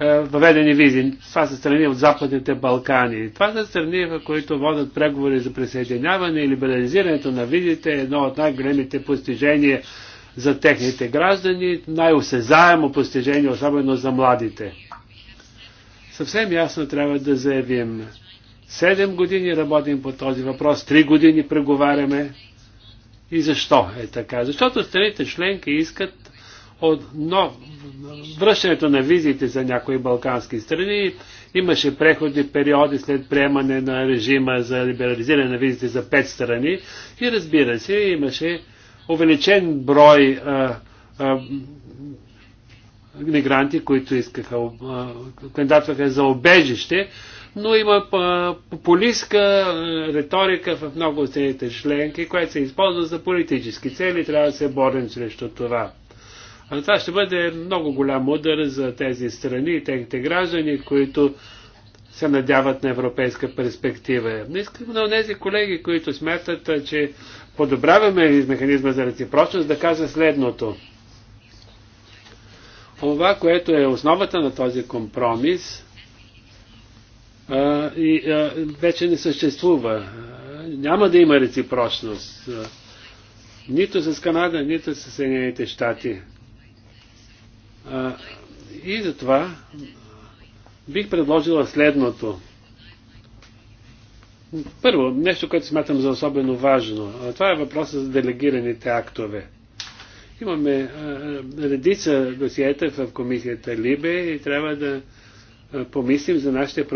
е, въведени визи. Това са страни от Западните Балкани. Това са страни, в които водят преговори за присъединяване и либерализирането на визите е едно от най-големите постижения за техните граждани, най-осезаемо постижение, особено за младите. Съвсем ясно трябва да заявим. Седем години работим по този въпрос, три години преговаряме. И защо е така? Защото страните членки искат от нов, връщането на визите за някои балкански страни. Имаше преходни периоди след приемане на режима за либерализиране на визите за пет страни и разбира се, имаше увеличен брой а, а, мигранти, които искаха, а, кандидатваха за обежище, но има популистка риторика в много от страните членки, която се използва за политически цели и трябва да се борим срещу това. Това ще бъде много голям удар за тези страни и техните граждани, които се надяват на европейска перспектива. Не искам на тези колеги, които смятат, че подобряваме механизма за реципрочност, да кажа следното. Това, което е основата на този компромис, а, и, а, вече не съществува. Няма да има реципрочност. Нито с Канада, нито с Съединените щати. И затова бих предложила следното. Първо, нещо, което смятам за особено важно. Това е въпросът за делегираните актове. Имаме редица досиета в комисията Либе и трябва да помислим за нашите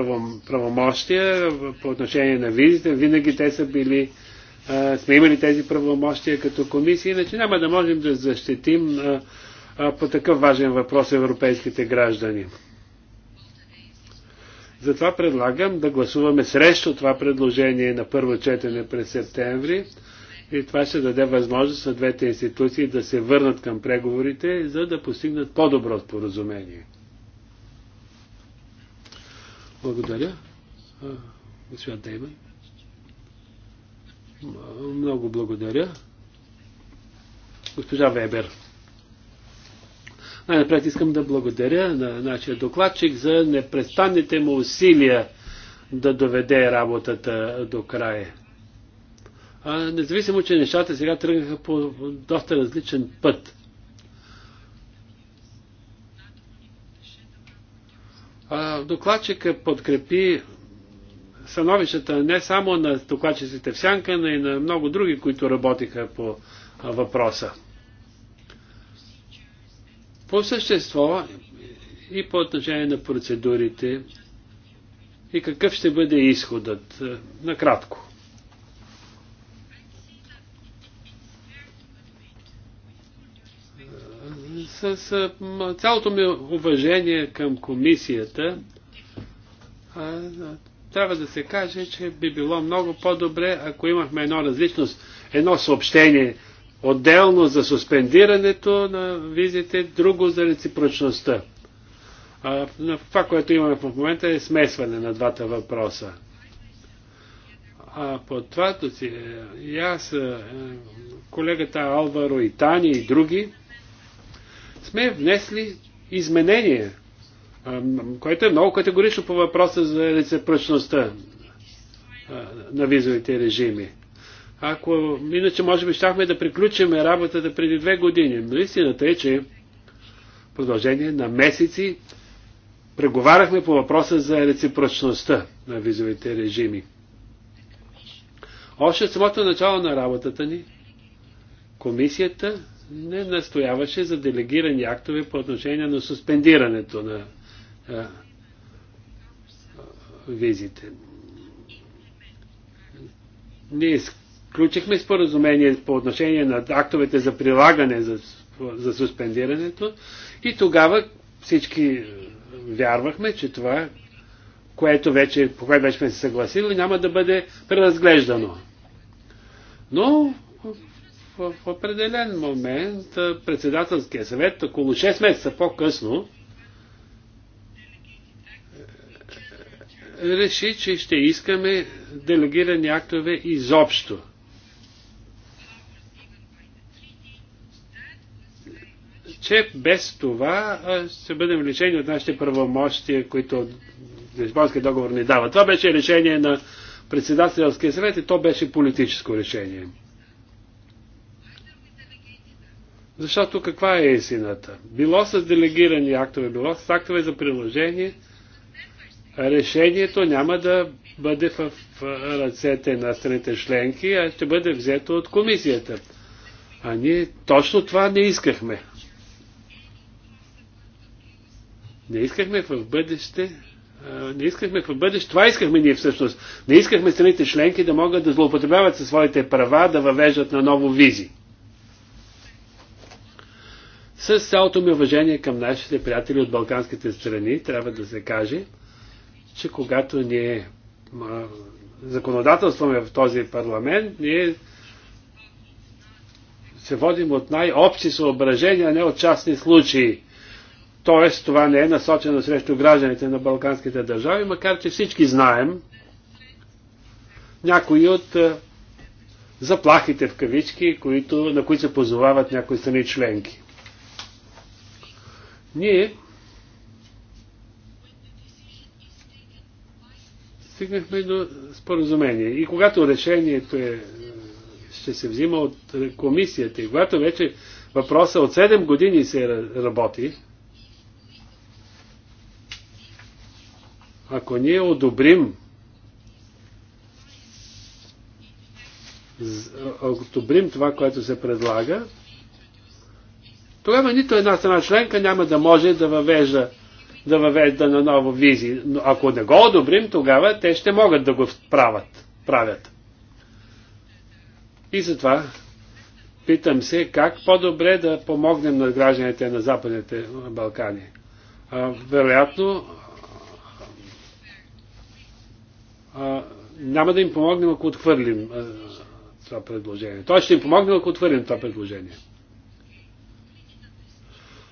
правомощия по отношение на визите. Винаги те са били, сме имали тези правомощия като комисия, иначе няма да можем да защитим по такъв важен въпрос европейските граждани. Затова предлагам да гласуваме срещу това предложение на първо четене през септември и това ще даде възможност на двете институции да се върнат към преговорите, за да постигнат по-добро споразумение. Благодаря. Господин Дейман. Много благодаря. Госпожа Вебер. Най-напред искам да благодаря на нашия докладчик за непрестанните му усилия да доведе работата до края. А, независимо, че нещата сега тръгнаха по доста различен път. А, докладчика подкрепи становищата не само на докладчиците в Сянка, но и на много други, които работиха по въпроса. По същество и по отношение на процедурите и какъв ще бъде изходът, е, накратко. С цялото ми уважение към комисията, трябва да се каже, че би било много по-добре, ако имахме едно различно, едно съобщение Отделно за суспендирането на визите, друго за реципрочността. А, това, което имаме в момента е смесване на двата въпроса. А по това си, е, и аз, е, колегата Алваро и Тани и други, сме внесли изменение, което е много категорично по въпроса за реципрочността на визовите режими. Ако, иначе, може би, щяхме да приключим работата преди две години. Но истината е, че в продължение на месеци преговаряхме по въпроса за реципрочността на визовите режими. Още от самото начало на работата ни, комисията не настояваше за делегирани актове по отношение на суспендирането на а, визите. Ние Включихме споразумение по отношение на актовете за прилагане за, за суспендирането и тогава всички е, вярвахме, че това, което вече, по което вече сме се съгласили, няма да бъде преразглеждано. Но в, в определен момент е, председателския съвет, около 6 месеца по-късно, е, реши, че ще искаме делегирани актове изобщо. че без това ще бъдем лишени от нашите правомощия, които Лисбонския договор ни дава. Това беше решение на председателския съвет и то беше политическо решение. Защото каква е истината? Било с делегирани актове, било с актове за приложение, решението няма да бъде в ръцете на страните членки, а ще бъде взето от комисията. А ние точно това не искахме. Не искахме в бъдеще не искахме в бъдеще, това искахме ние всъщност. Не искахме страните членки да могат да злоупотребяват със своите права, да въвеждат на ново визи. С цялото ми уважение към нашите приятели от балканските страни, трябва да се каже, че когато ние законодателстваме в този парламент, ние се водим от най-общи съображения, а не от частни случаи. Тоест, това не е насочено срещу гражданите на балканските държави, макар че всички знаем някои от е, заплахите в кавички, които, на които се позовават някои страни членки. Ние стигнахме до споразумение. И когато решението е, е ще се взима от е, комисията и когато вече въпроса от 7 години се работи, Ако ние одобрим одобрим това, което се предлага, тогава нито една страна членка няма да може да въвежда, да въвежда на ново визи. Но ако не го одобрим, тогава те ще могат да го правят. правят. И затова питам се как по-добре да помогнем на гражданите на Западните Балкани. А, вероятно, няма да им помогнем, ако отхвърлим а, това предложение. Той ще им помогне, ако отхвърлим това предложение.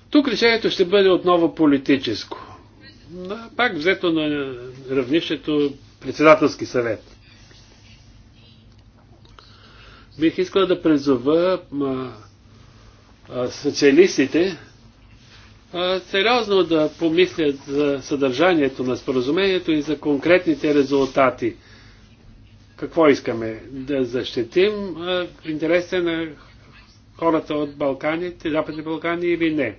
Тук решението ще бъде отново политическо. Пак взето на равнището председателски съвет. Бих искал да призова социалистите сериозно да помислят за съдържанието на споразумението и за конкретните резултати. Какво искаме? Да защитим интересите на хората от Балканите, Западни Балкани или не?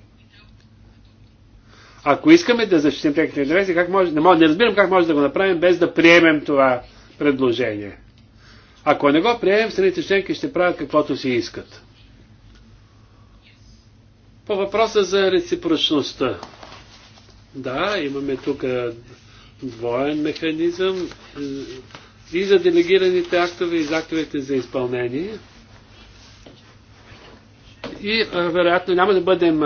Ако искаме да защитим техните интереси, как може, не, може, не разбирам как може да го направим без да приемем това предложение. Ако не го приемем, страните членки ще правят каквото си искат. По въпроса за реципрочността. Да, имаме тук двоен механизъм и за делегираните актове, и за актовете за изпълнение. И вероятно няма да бъдем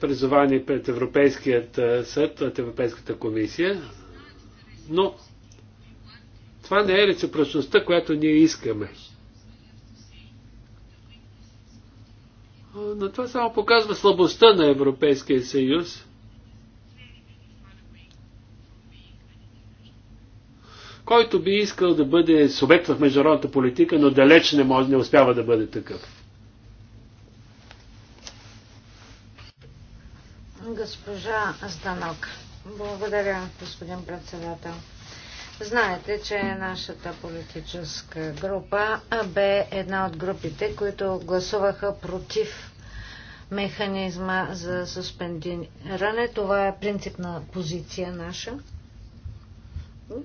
призовани пред Европейският съд, от Европейската комисия, но това не е реципрочността, която ние искаме. Но това само показва слабостта на Европейския съюз. който би искал да бъде субект в международната политика, но далеч не, може, не успява да бъде такъв. Госпожа Станок. Благодаря, господин председател. Знаете, че нашата политическа група бе една от групите, които гласуваха против механизма за суспендиране. Това е принципна позиция наша.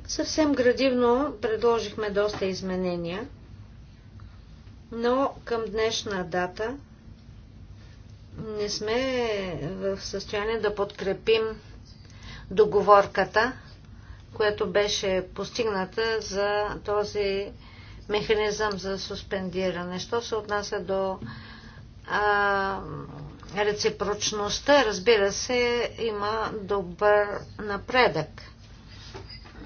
Съвсем градивно предложихме доста изменения, но към днешна дата не сме в състояние да подкрепим договорката която беше постигната за този механизъм за суспендиране. Що се отнася до а, реципрочността, разбира се, има добър напредък.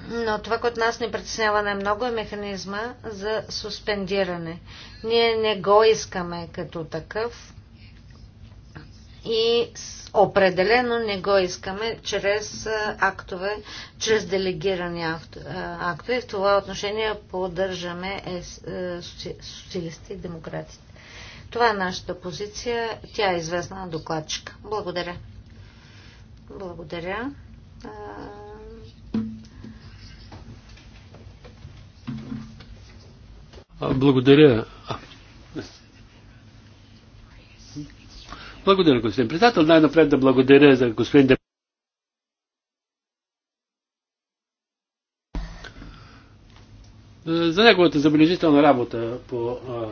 Но това, което нас не притеснява най-много е механизма за суспендиране. Ние не го искаме като такъв, и определено не го искаме чрез актове, чрез делегирани актове. В това отношение поддържаме е, е, социалистите и демократите. Това е нашата позиция. Тя е известна на докладчика. Благодаря. Благодаря. Благодаря Благодаря, господин председател. Най-напред да благодаря за господин Деп... за неговата забележителна работа по а,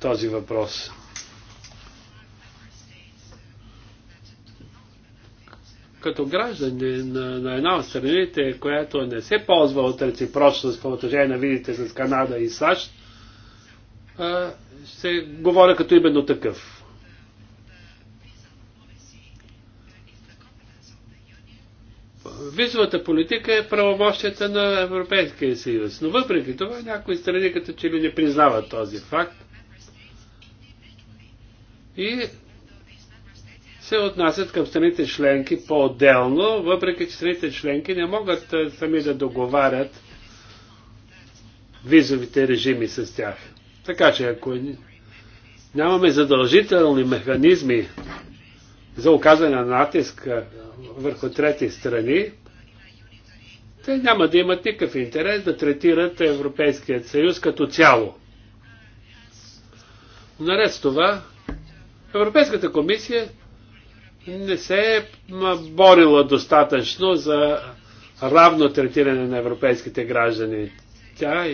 този въпрос. Като граждани на, на една от страните, която не се ползва от реципрочност по отношение на видите с Канада и САЩ, се говоря като именно такъв. Визовата политика е правомощията на Европейския съюз, но въпреки това някои страни като че ли не признават този факт и се отнасят към страните членки по-отделно, въпреки че страните членки не могат сами да договарят визовите режими с тях. Така че ако нямаме задължителни механизми за оказване на натиск върху трети страни, те няма да имат никакъв интерес да третират Европейският съюз като цяло. Наред с това, Европейската комисия не се е борила достатъчно за равно третиране на европейските граждани. Тя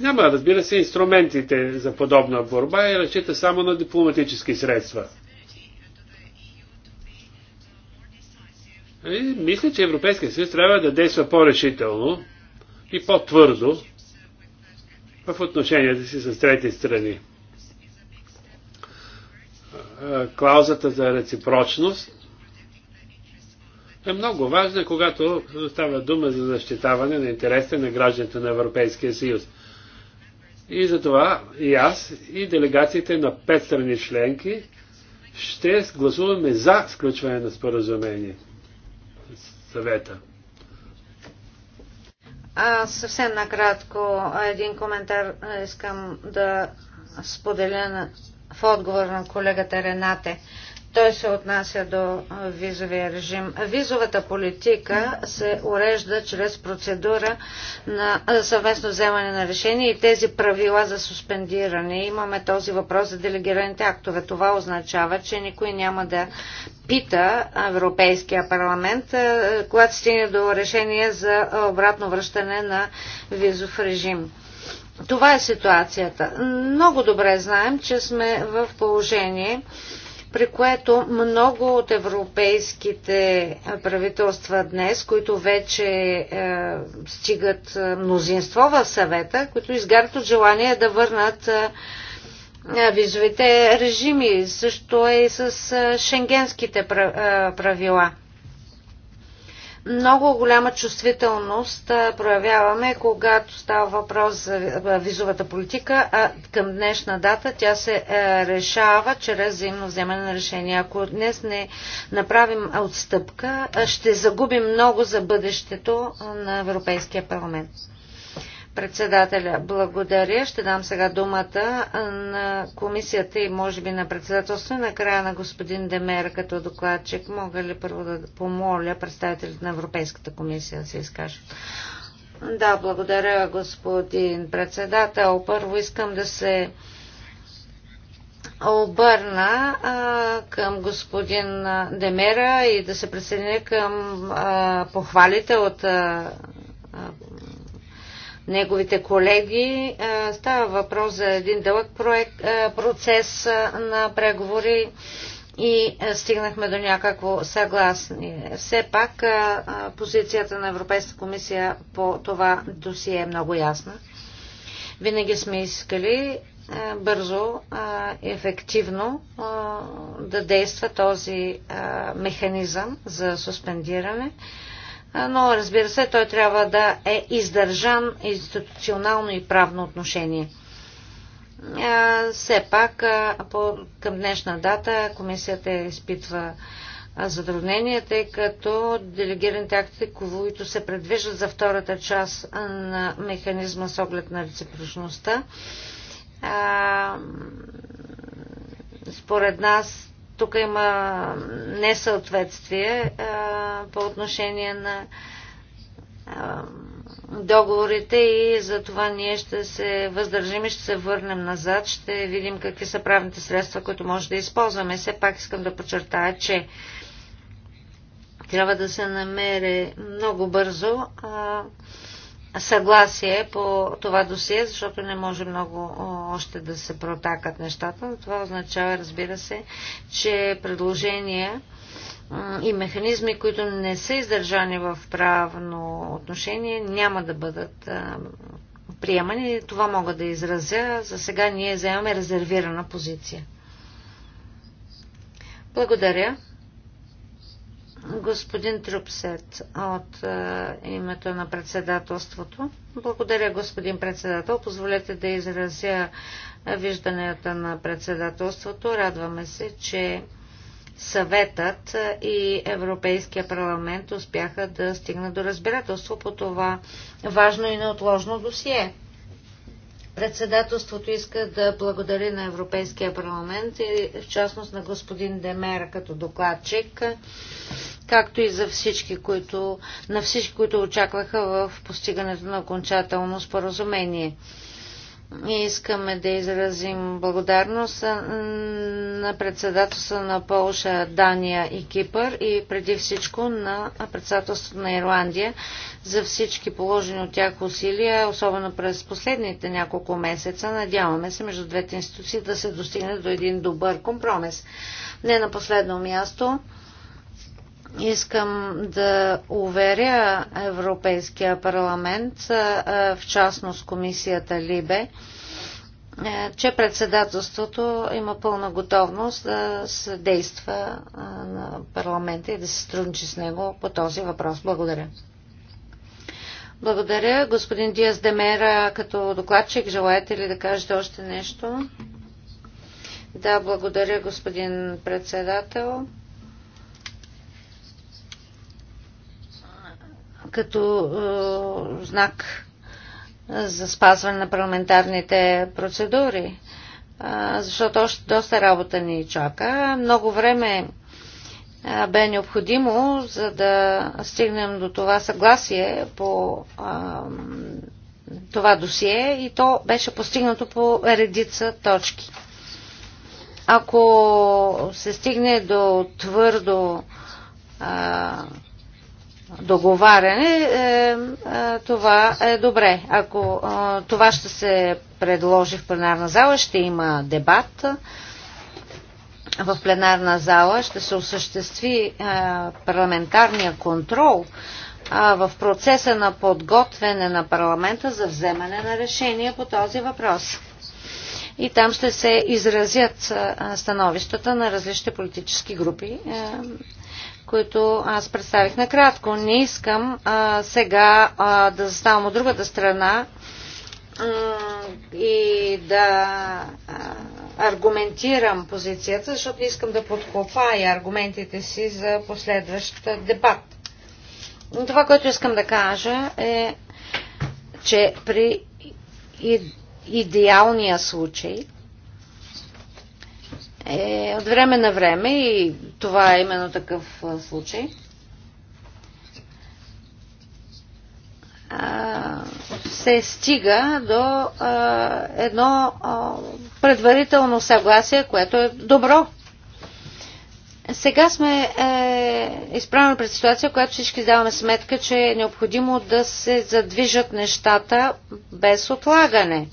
няма, разбира се, инструментите за подобна борба и разчита само на дипломатически средства. И мисля, че Европейския съюз трябва да действа по-решително и по-твърдо в отношенията си с трети страни. Клаузата за реципрочност е много важна, когато става дума за защитаване на интересите на гражданите на Европейския съюз. И затова и аз, и делегациите на пет страни членки ще гласуваме за сключване на споразумение съвета. А, съвсем накратко един коментар искам да споделя на, в отговор на колегата Ренате. Той се отнася до визовия режим. Визовата политика се урежда чрез процедура на съвместно вземане на решение и тези правила за суспендиране. Имаме този въпрос за делегираните актове. Това означава, че никой няма да пита Европейския парламент, когато стигне до решение за обратно връщане на визов режим. Това е ситуацията. Много добре знаем, че сме в положение, при което много от европейските правителства днес, които вече е, стигат е, мнозинство в съвета, които изгарят от желание да върнат е, е визовите режими. Също е и с е, шенгенските правила много голяма чувствителност проявяваме, когато става въпрос за визовата политика, а към днешна дата тя се решава чрез взаимно вземане на решение. Ако днес не направим отстъпка, ще загубим много за бъдещето на Европейския парламент. Председателя, благодаря. Ще дам сега думата на комисията и може би на председателство и накрая на господин Демер като докладчик. Мога ли първо да помоля представителите на Европейската комисия да се изкажат? Да, благодаря, господин председател. Първо искам да се обърна а, към господин Демера и да се присъединя към а, похвалите от а, неговите колеги. Става въпрос за един дълъг проект, процес на преговори и стигнахме до някакво съгласие. Все пак позицията на Европейската комисия по това досие е много ясна. Винаги сме искали бързо, ефективно да действа този механизъм за суспендиране но разбира се, той трябва да е издържан институционално и правно отношение. Все пак, към днешна дата, комисията изпитва затруднения, тъй като делегираните акти, които се предвиждат за втората част на механизма с оглед на реципрочността, според нас тук има несъответствие а, по отношение на а, договорите и за това ние ще се въздържим и ще се върнем назад. Ще видим какви са правните средства, които може да използваме. Все пак искам да подчертая, че трябва да се намери много бързо а, съгласие по това досие, защото не може много още да се протакат нещата. Това означава, разбира се, че предложения и механизми, които не са издържани в правно отношение, няма да бъдат приемани. Това мога да изразя. За сега ние вземаме резервирана позиция. Благодаря господин Трупсет от а, е, името на председателството. Благодаря, господин председател. Позволете да изразя вижданията на председателството. Радваме се, че съветът и Европейския парламент успяха да стигнат до разбирателство по това важно и неотложно досие. Председателството иска да благодари на Европейския парламент и в частност на господин Демера като докладчик, както и за всички, които, на всички, които очакваха в постигането на окончателно споразумение. Искаме да изразим благодарност на председателство на Полша, Дания и Кипър и преди всичко на председателството на Ирландия за всички положени от тях усилия, особено през последните няколко месеца. Надяваме се между двете институции да се достигне до един добър компромис. Не на последно място Искам да уверя Европейския парламент, в частност комисията Либе, че председателството има пълна готовност да се действа на парламента и да се сътрудничи с него по този въпрос. Благодаря. Благодаря. Господин Диас Демера, като докладчик, желаете ли да кажете още нещо? Да, благодаря, господин председател. като е, знак е, за спазване на парламентарните процедури, е, защото още доста работа ни чака. Много време е, бе необходимо, за да стигнем до това съгласие по е, това досие и то беше постигнато по редица точки. Ако се стигне до твърдо е, договаряне, е, е, това е добре. Ако е, това ще се предложи в пленарна зала, ще има дебат. В пленарна зала ще се осъществи е, парламентарния контрол е, в процеса на подготвяне на парламента за вземане на решение по този въпрос. И там ще се изразят е, становищата на различните политически групи които аз представих накратко. Не искам а, сега а, да заставам от другата страна и да аргументирам позицията, защото искам да подкопая аргументите си за последващ дебат. Това, което искам да кажа е, че при идеалния случай е от време на време и това е именно такъв случай. се стига до а, едно а, предварително съгласие, което е добро. Сега сме е, изправени пред ситуация, която всички даваме сметка, че е необходимо да се задвижат нещата без отлагане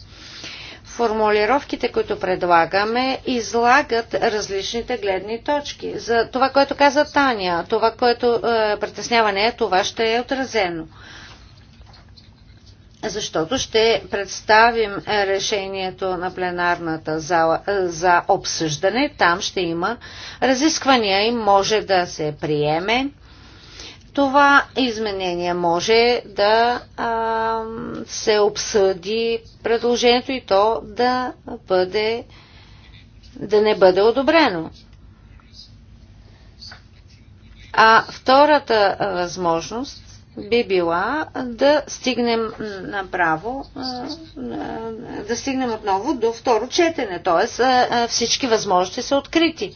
формулировките, които предлагаме, излагат различните гледни точки. За това, което каза Таня, това, което е, притеснява нея, това ще е отразено. Защото ще представим решението на пленарната зала е, за обсъждане. Там ще има разисквания и може да се приеме това изменение може да а, се обсъди предложението и то да бъде да не бъде одобрено. А втората възможност би била да стигнем направо, да стигнем отново до второ четене, т.е. всички възможности са открити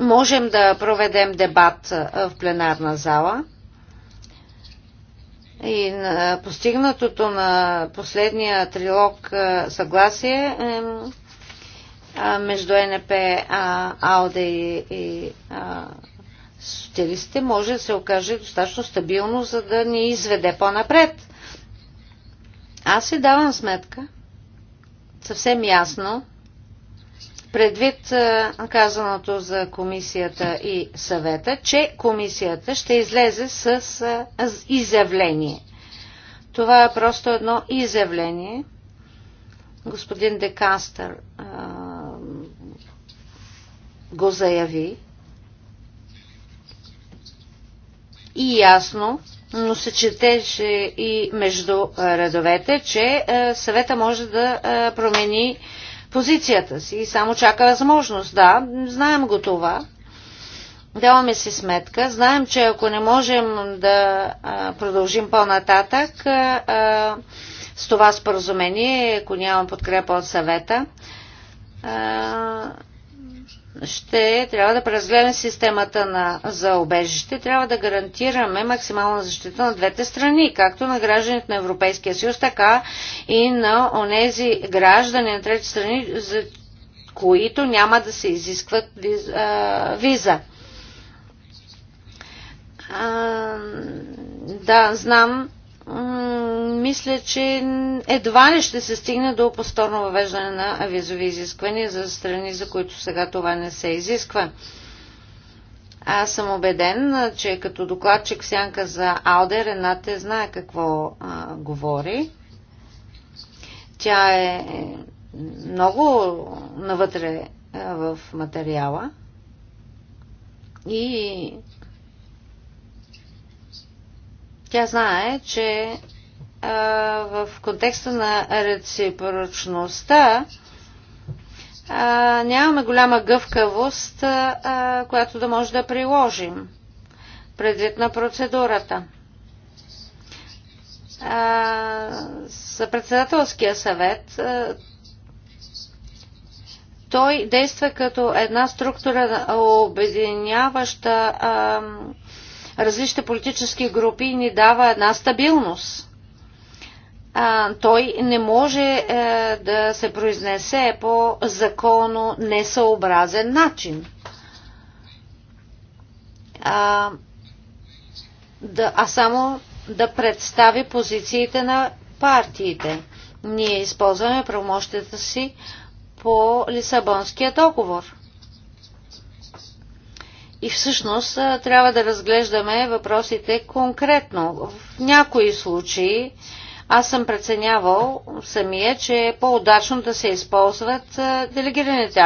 можем да проведем дебат в пленарна зала. И на постигнатото на последния трилог съгласие между НП, АОДА и, и социалистите може да се окаже достатъчно стабилно, за да ни изведе по-напред. Аз си давам сметка съвсем ясно, предвид е, казаното за комисията и съвета, че комисията ще излезе с е, изявление. Това е просто едно изявление. Господин Декастър е, го заяви. И ясно, но се четеше и между редовете, че съвета може да промени позицията си и само чака възможност. Да, знаем го това. Даваме си сметка. Знаем, че ако не можем да продължим по-нататък с това споразумение, ако нямам подкрепа от съвета, ще трябва да преразгледаме системата на, за обежище. Трябва да гарантираме максимална защита на двете страни, както на гражданите на Европейския съюз, така и на онези граждани на трети страни, за които няма да се изискват виза. А, да, знам, мисля, че едва ли ще се стигне до повторно въвеждане на визови изисквания за страни, за които сега това не се изисква. Аз съм убеден, че като докладчик сянка за Алде, Рената знае какво а, говори. Тя е много навътре а, в материала и тя знае, че в контекста на реципрочността нямаме голяма гъвкавост, която да може да приложим предвид на процедурата. За председателския съвет той действа като една структура, обединяваща различните политически групи ни дава една стабилност. А, той не може е, да се произнесе по законно несъобразен начин. А, да, а само да представи позициите на партиите. Ние използваме правомощията си по Лисабонския договор. И всъщност трябва да разглеждаме въпросите конкретно. В някои случаи аз съм преценявал самия, че е по-удачно да се използват делегираните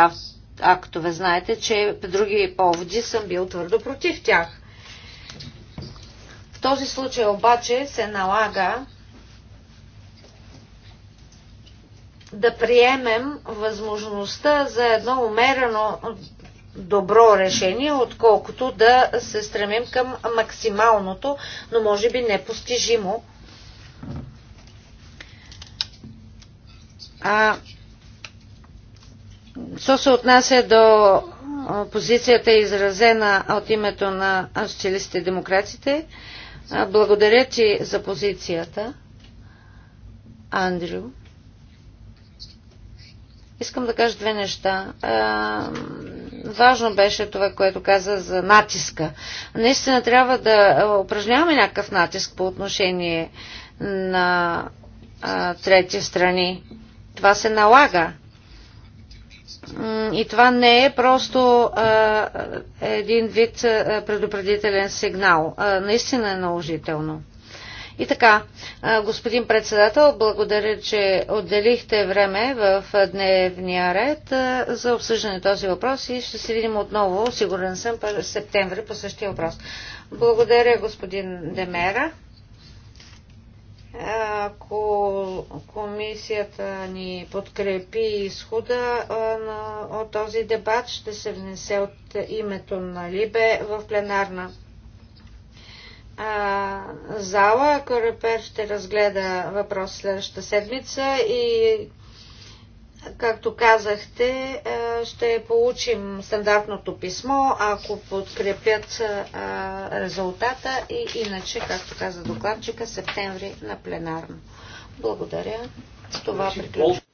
актове. Знаете, че по други поводи съм бил твърдо против тях. В този случай обаче се налага да приемем възможността за едно умерено добро решение, отколкото да се стремим към максималното, но може би непостижимо. А, що се отнася до позицията изразена от името на социалистите демократите, благодаря ти за позицията, Андрю. Искам да кажа две неща важно беше това, което каза за натиска. Наистина трябва да упражняваме някакъв натиск по отношение на а, трети страни. Това се налага. И това не е просто а, един вид предупредителен сигнал. А, наистина е наложително. И така, господин председател, благодаря, че отделихте време в дневния ред за обсъждане този въпрос и ще се видим отново, сигурен съм, през септември по същия въпрос. Благодаря, господин Демера. Ако комисията ни подкрепи изхода от този дебат, ще се внесе от името на Либе в пленарна а, зала. Корепер ще разгледа въпрос следващата седмица и както казахте, ще получим стандартното писмо, ако подкрепят резултата и иначе, както каза докладчика, септември на пленарно. Благодаря. С това значи, приключвам.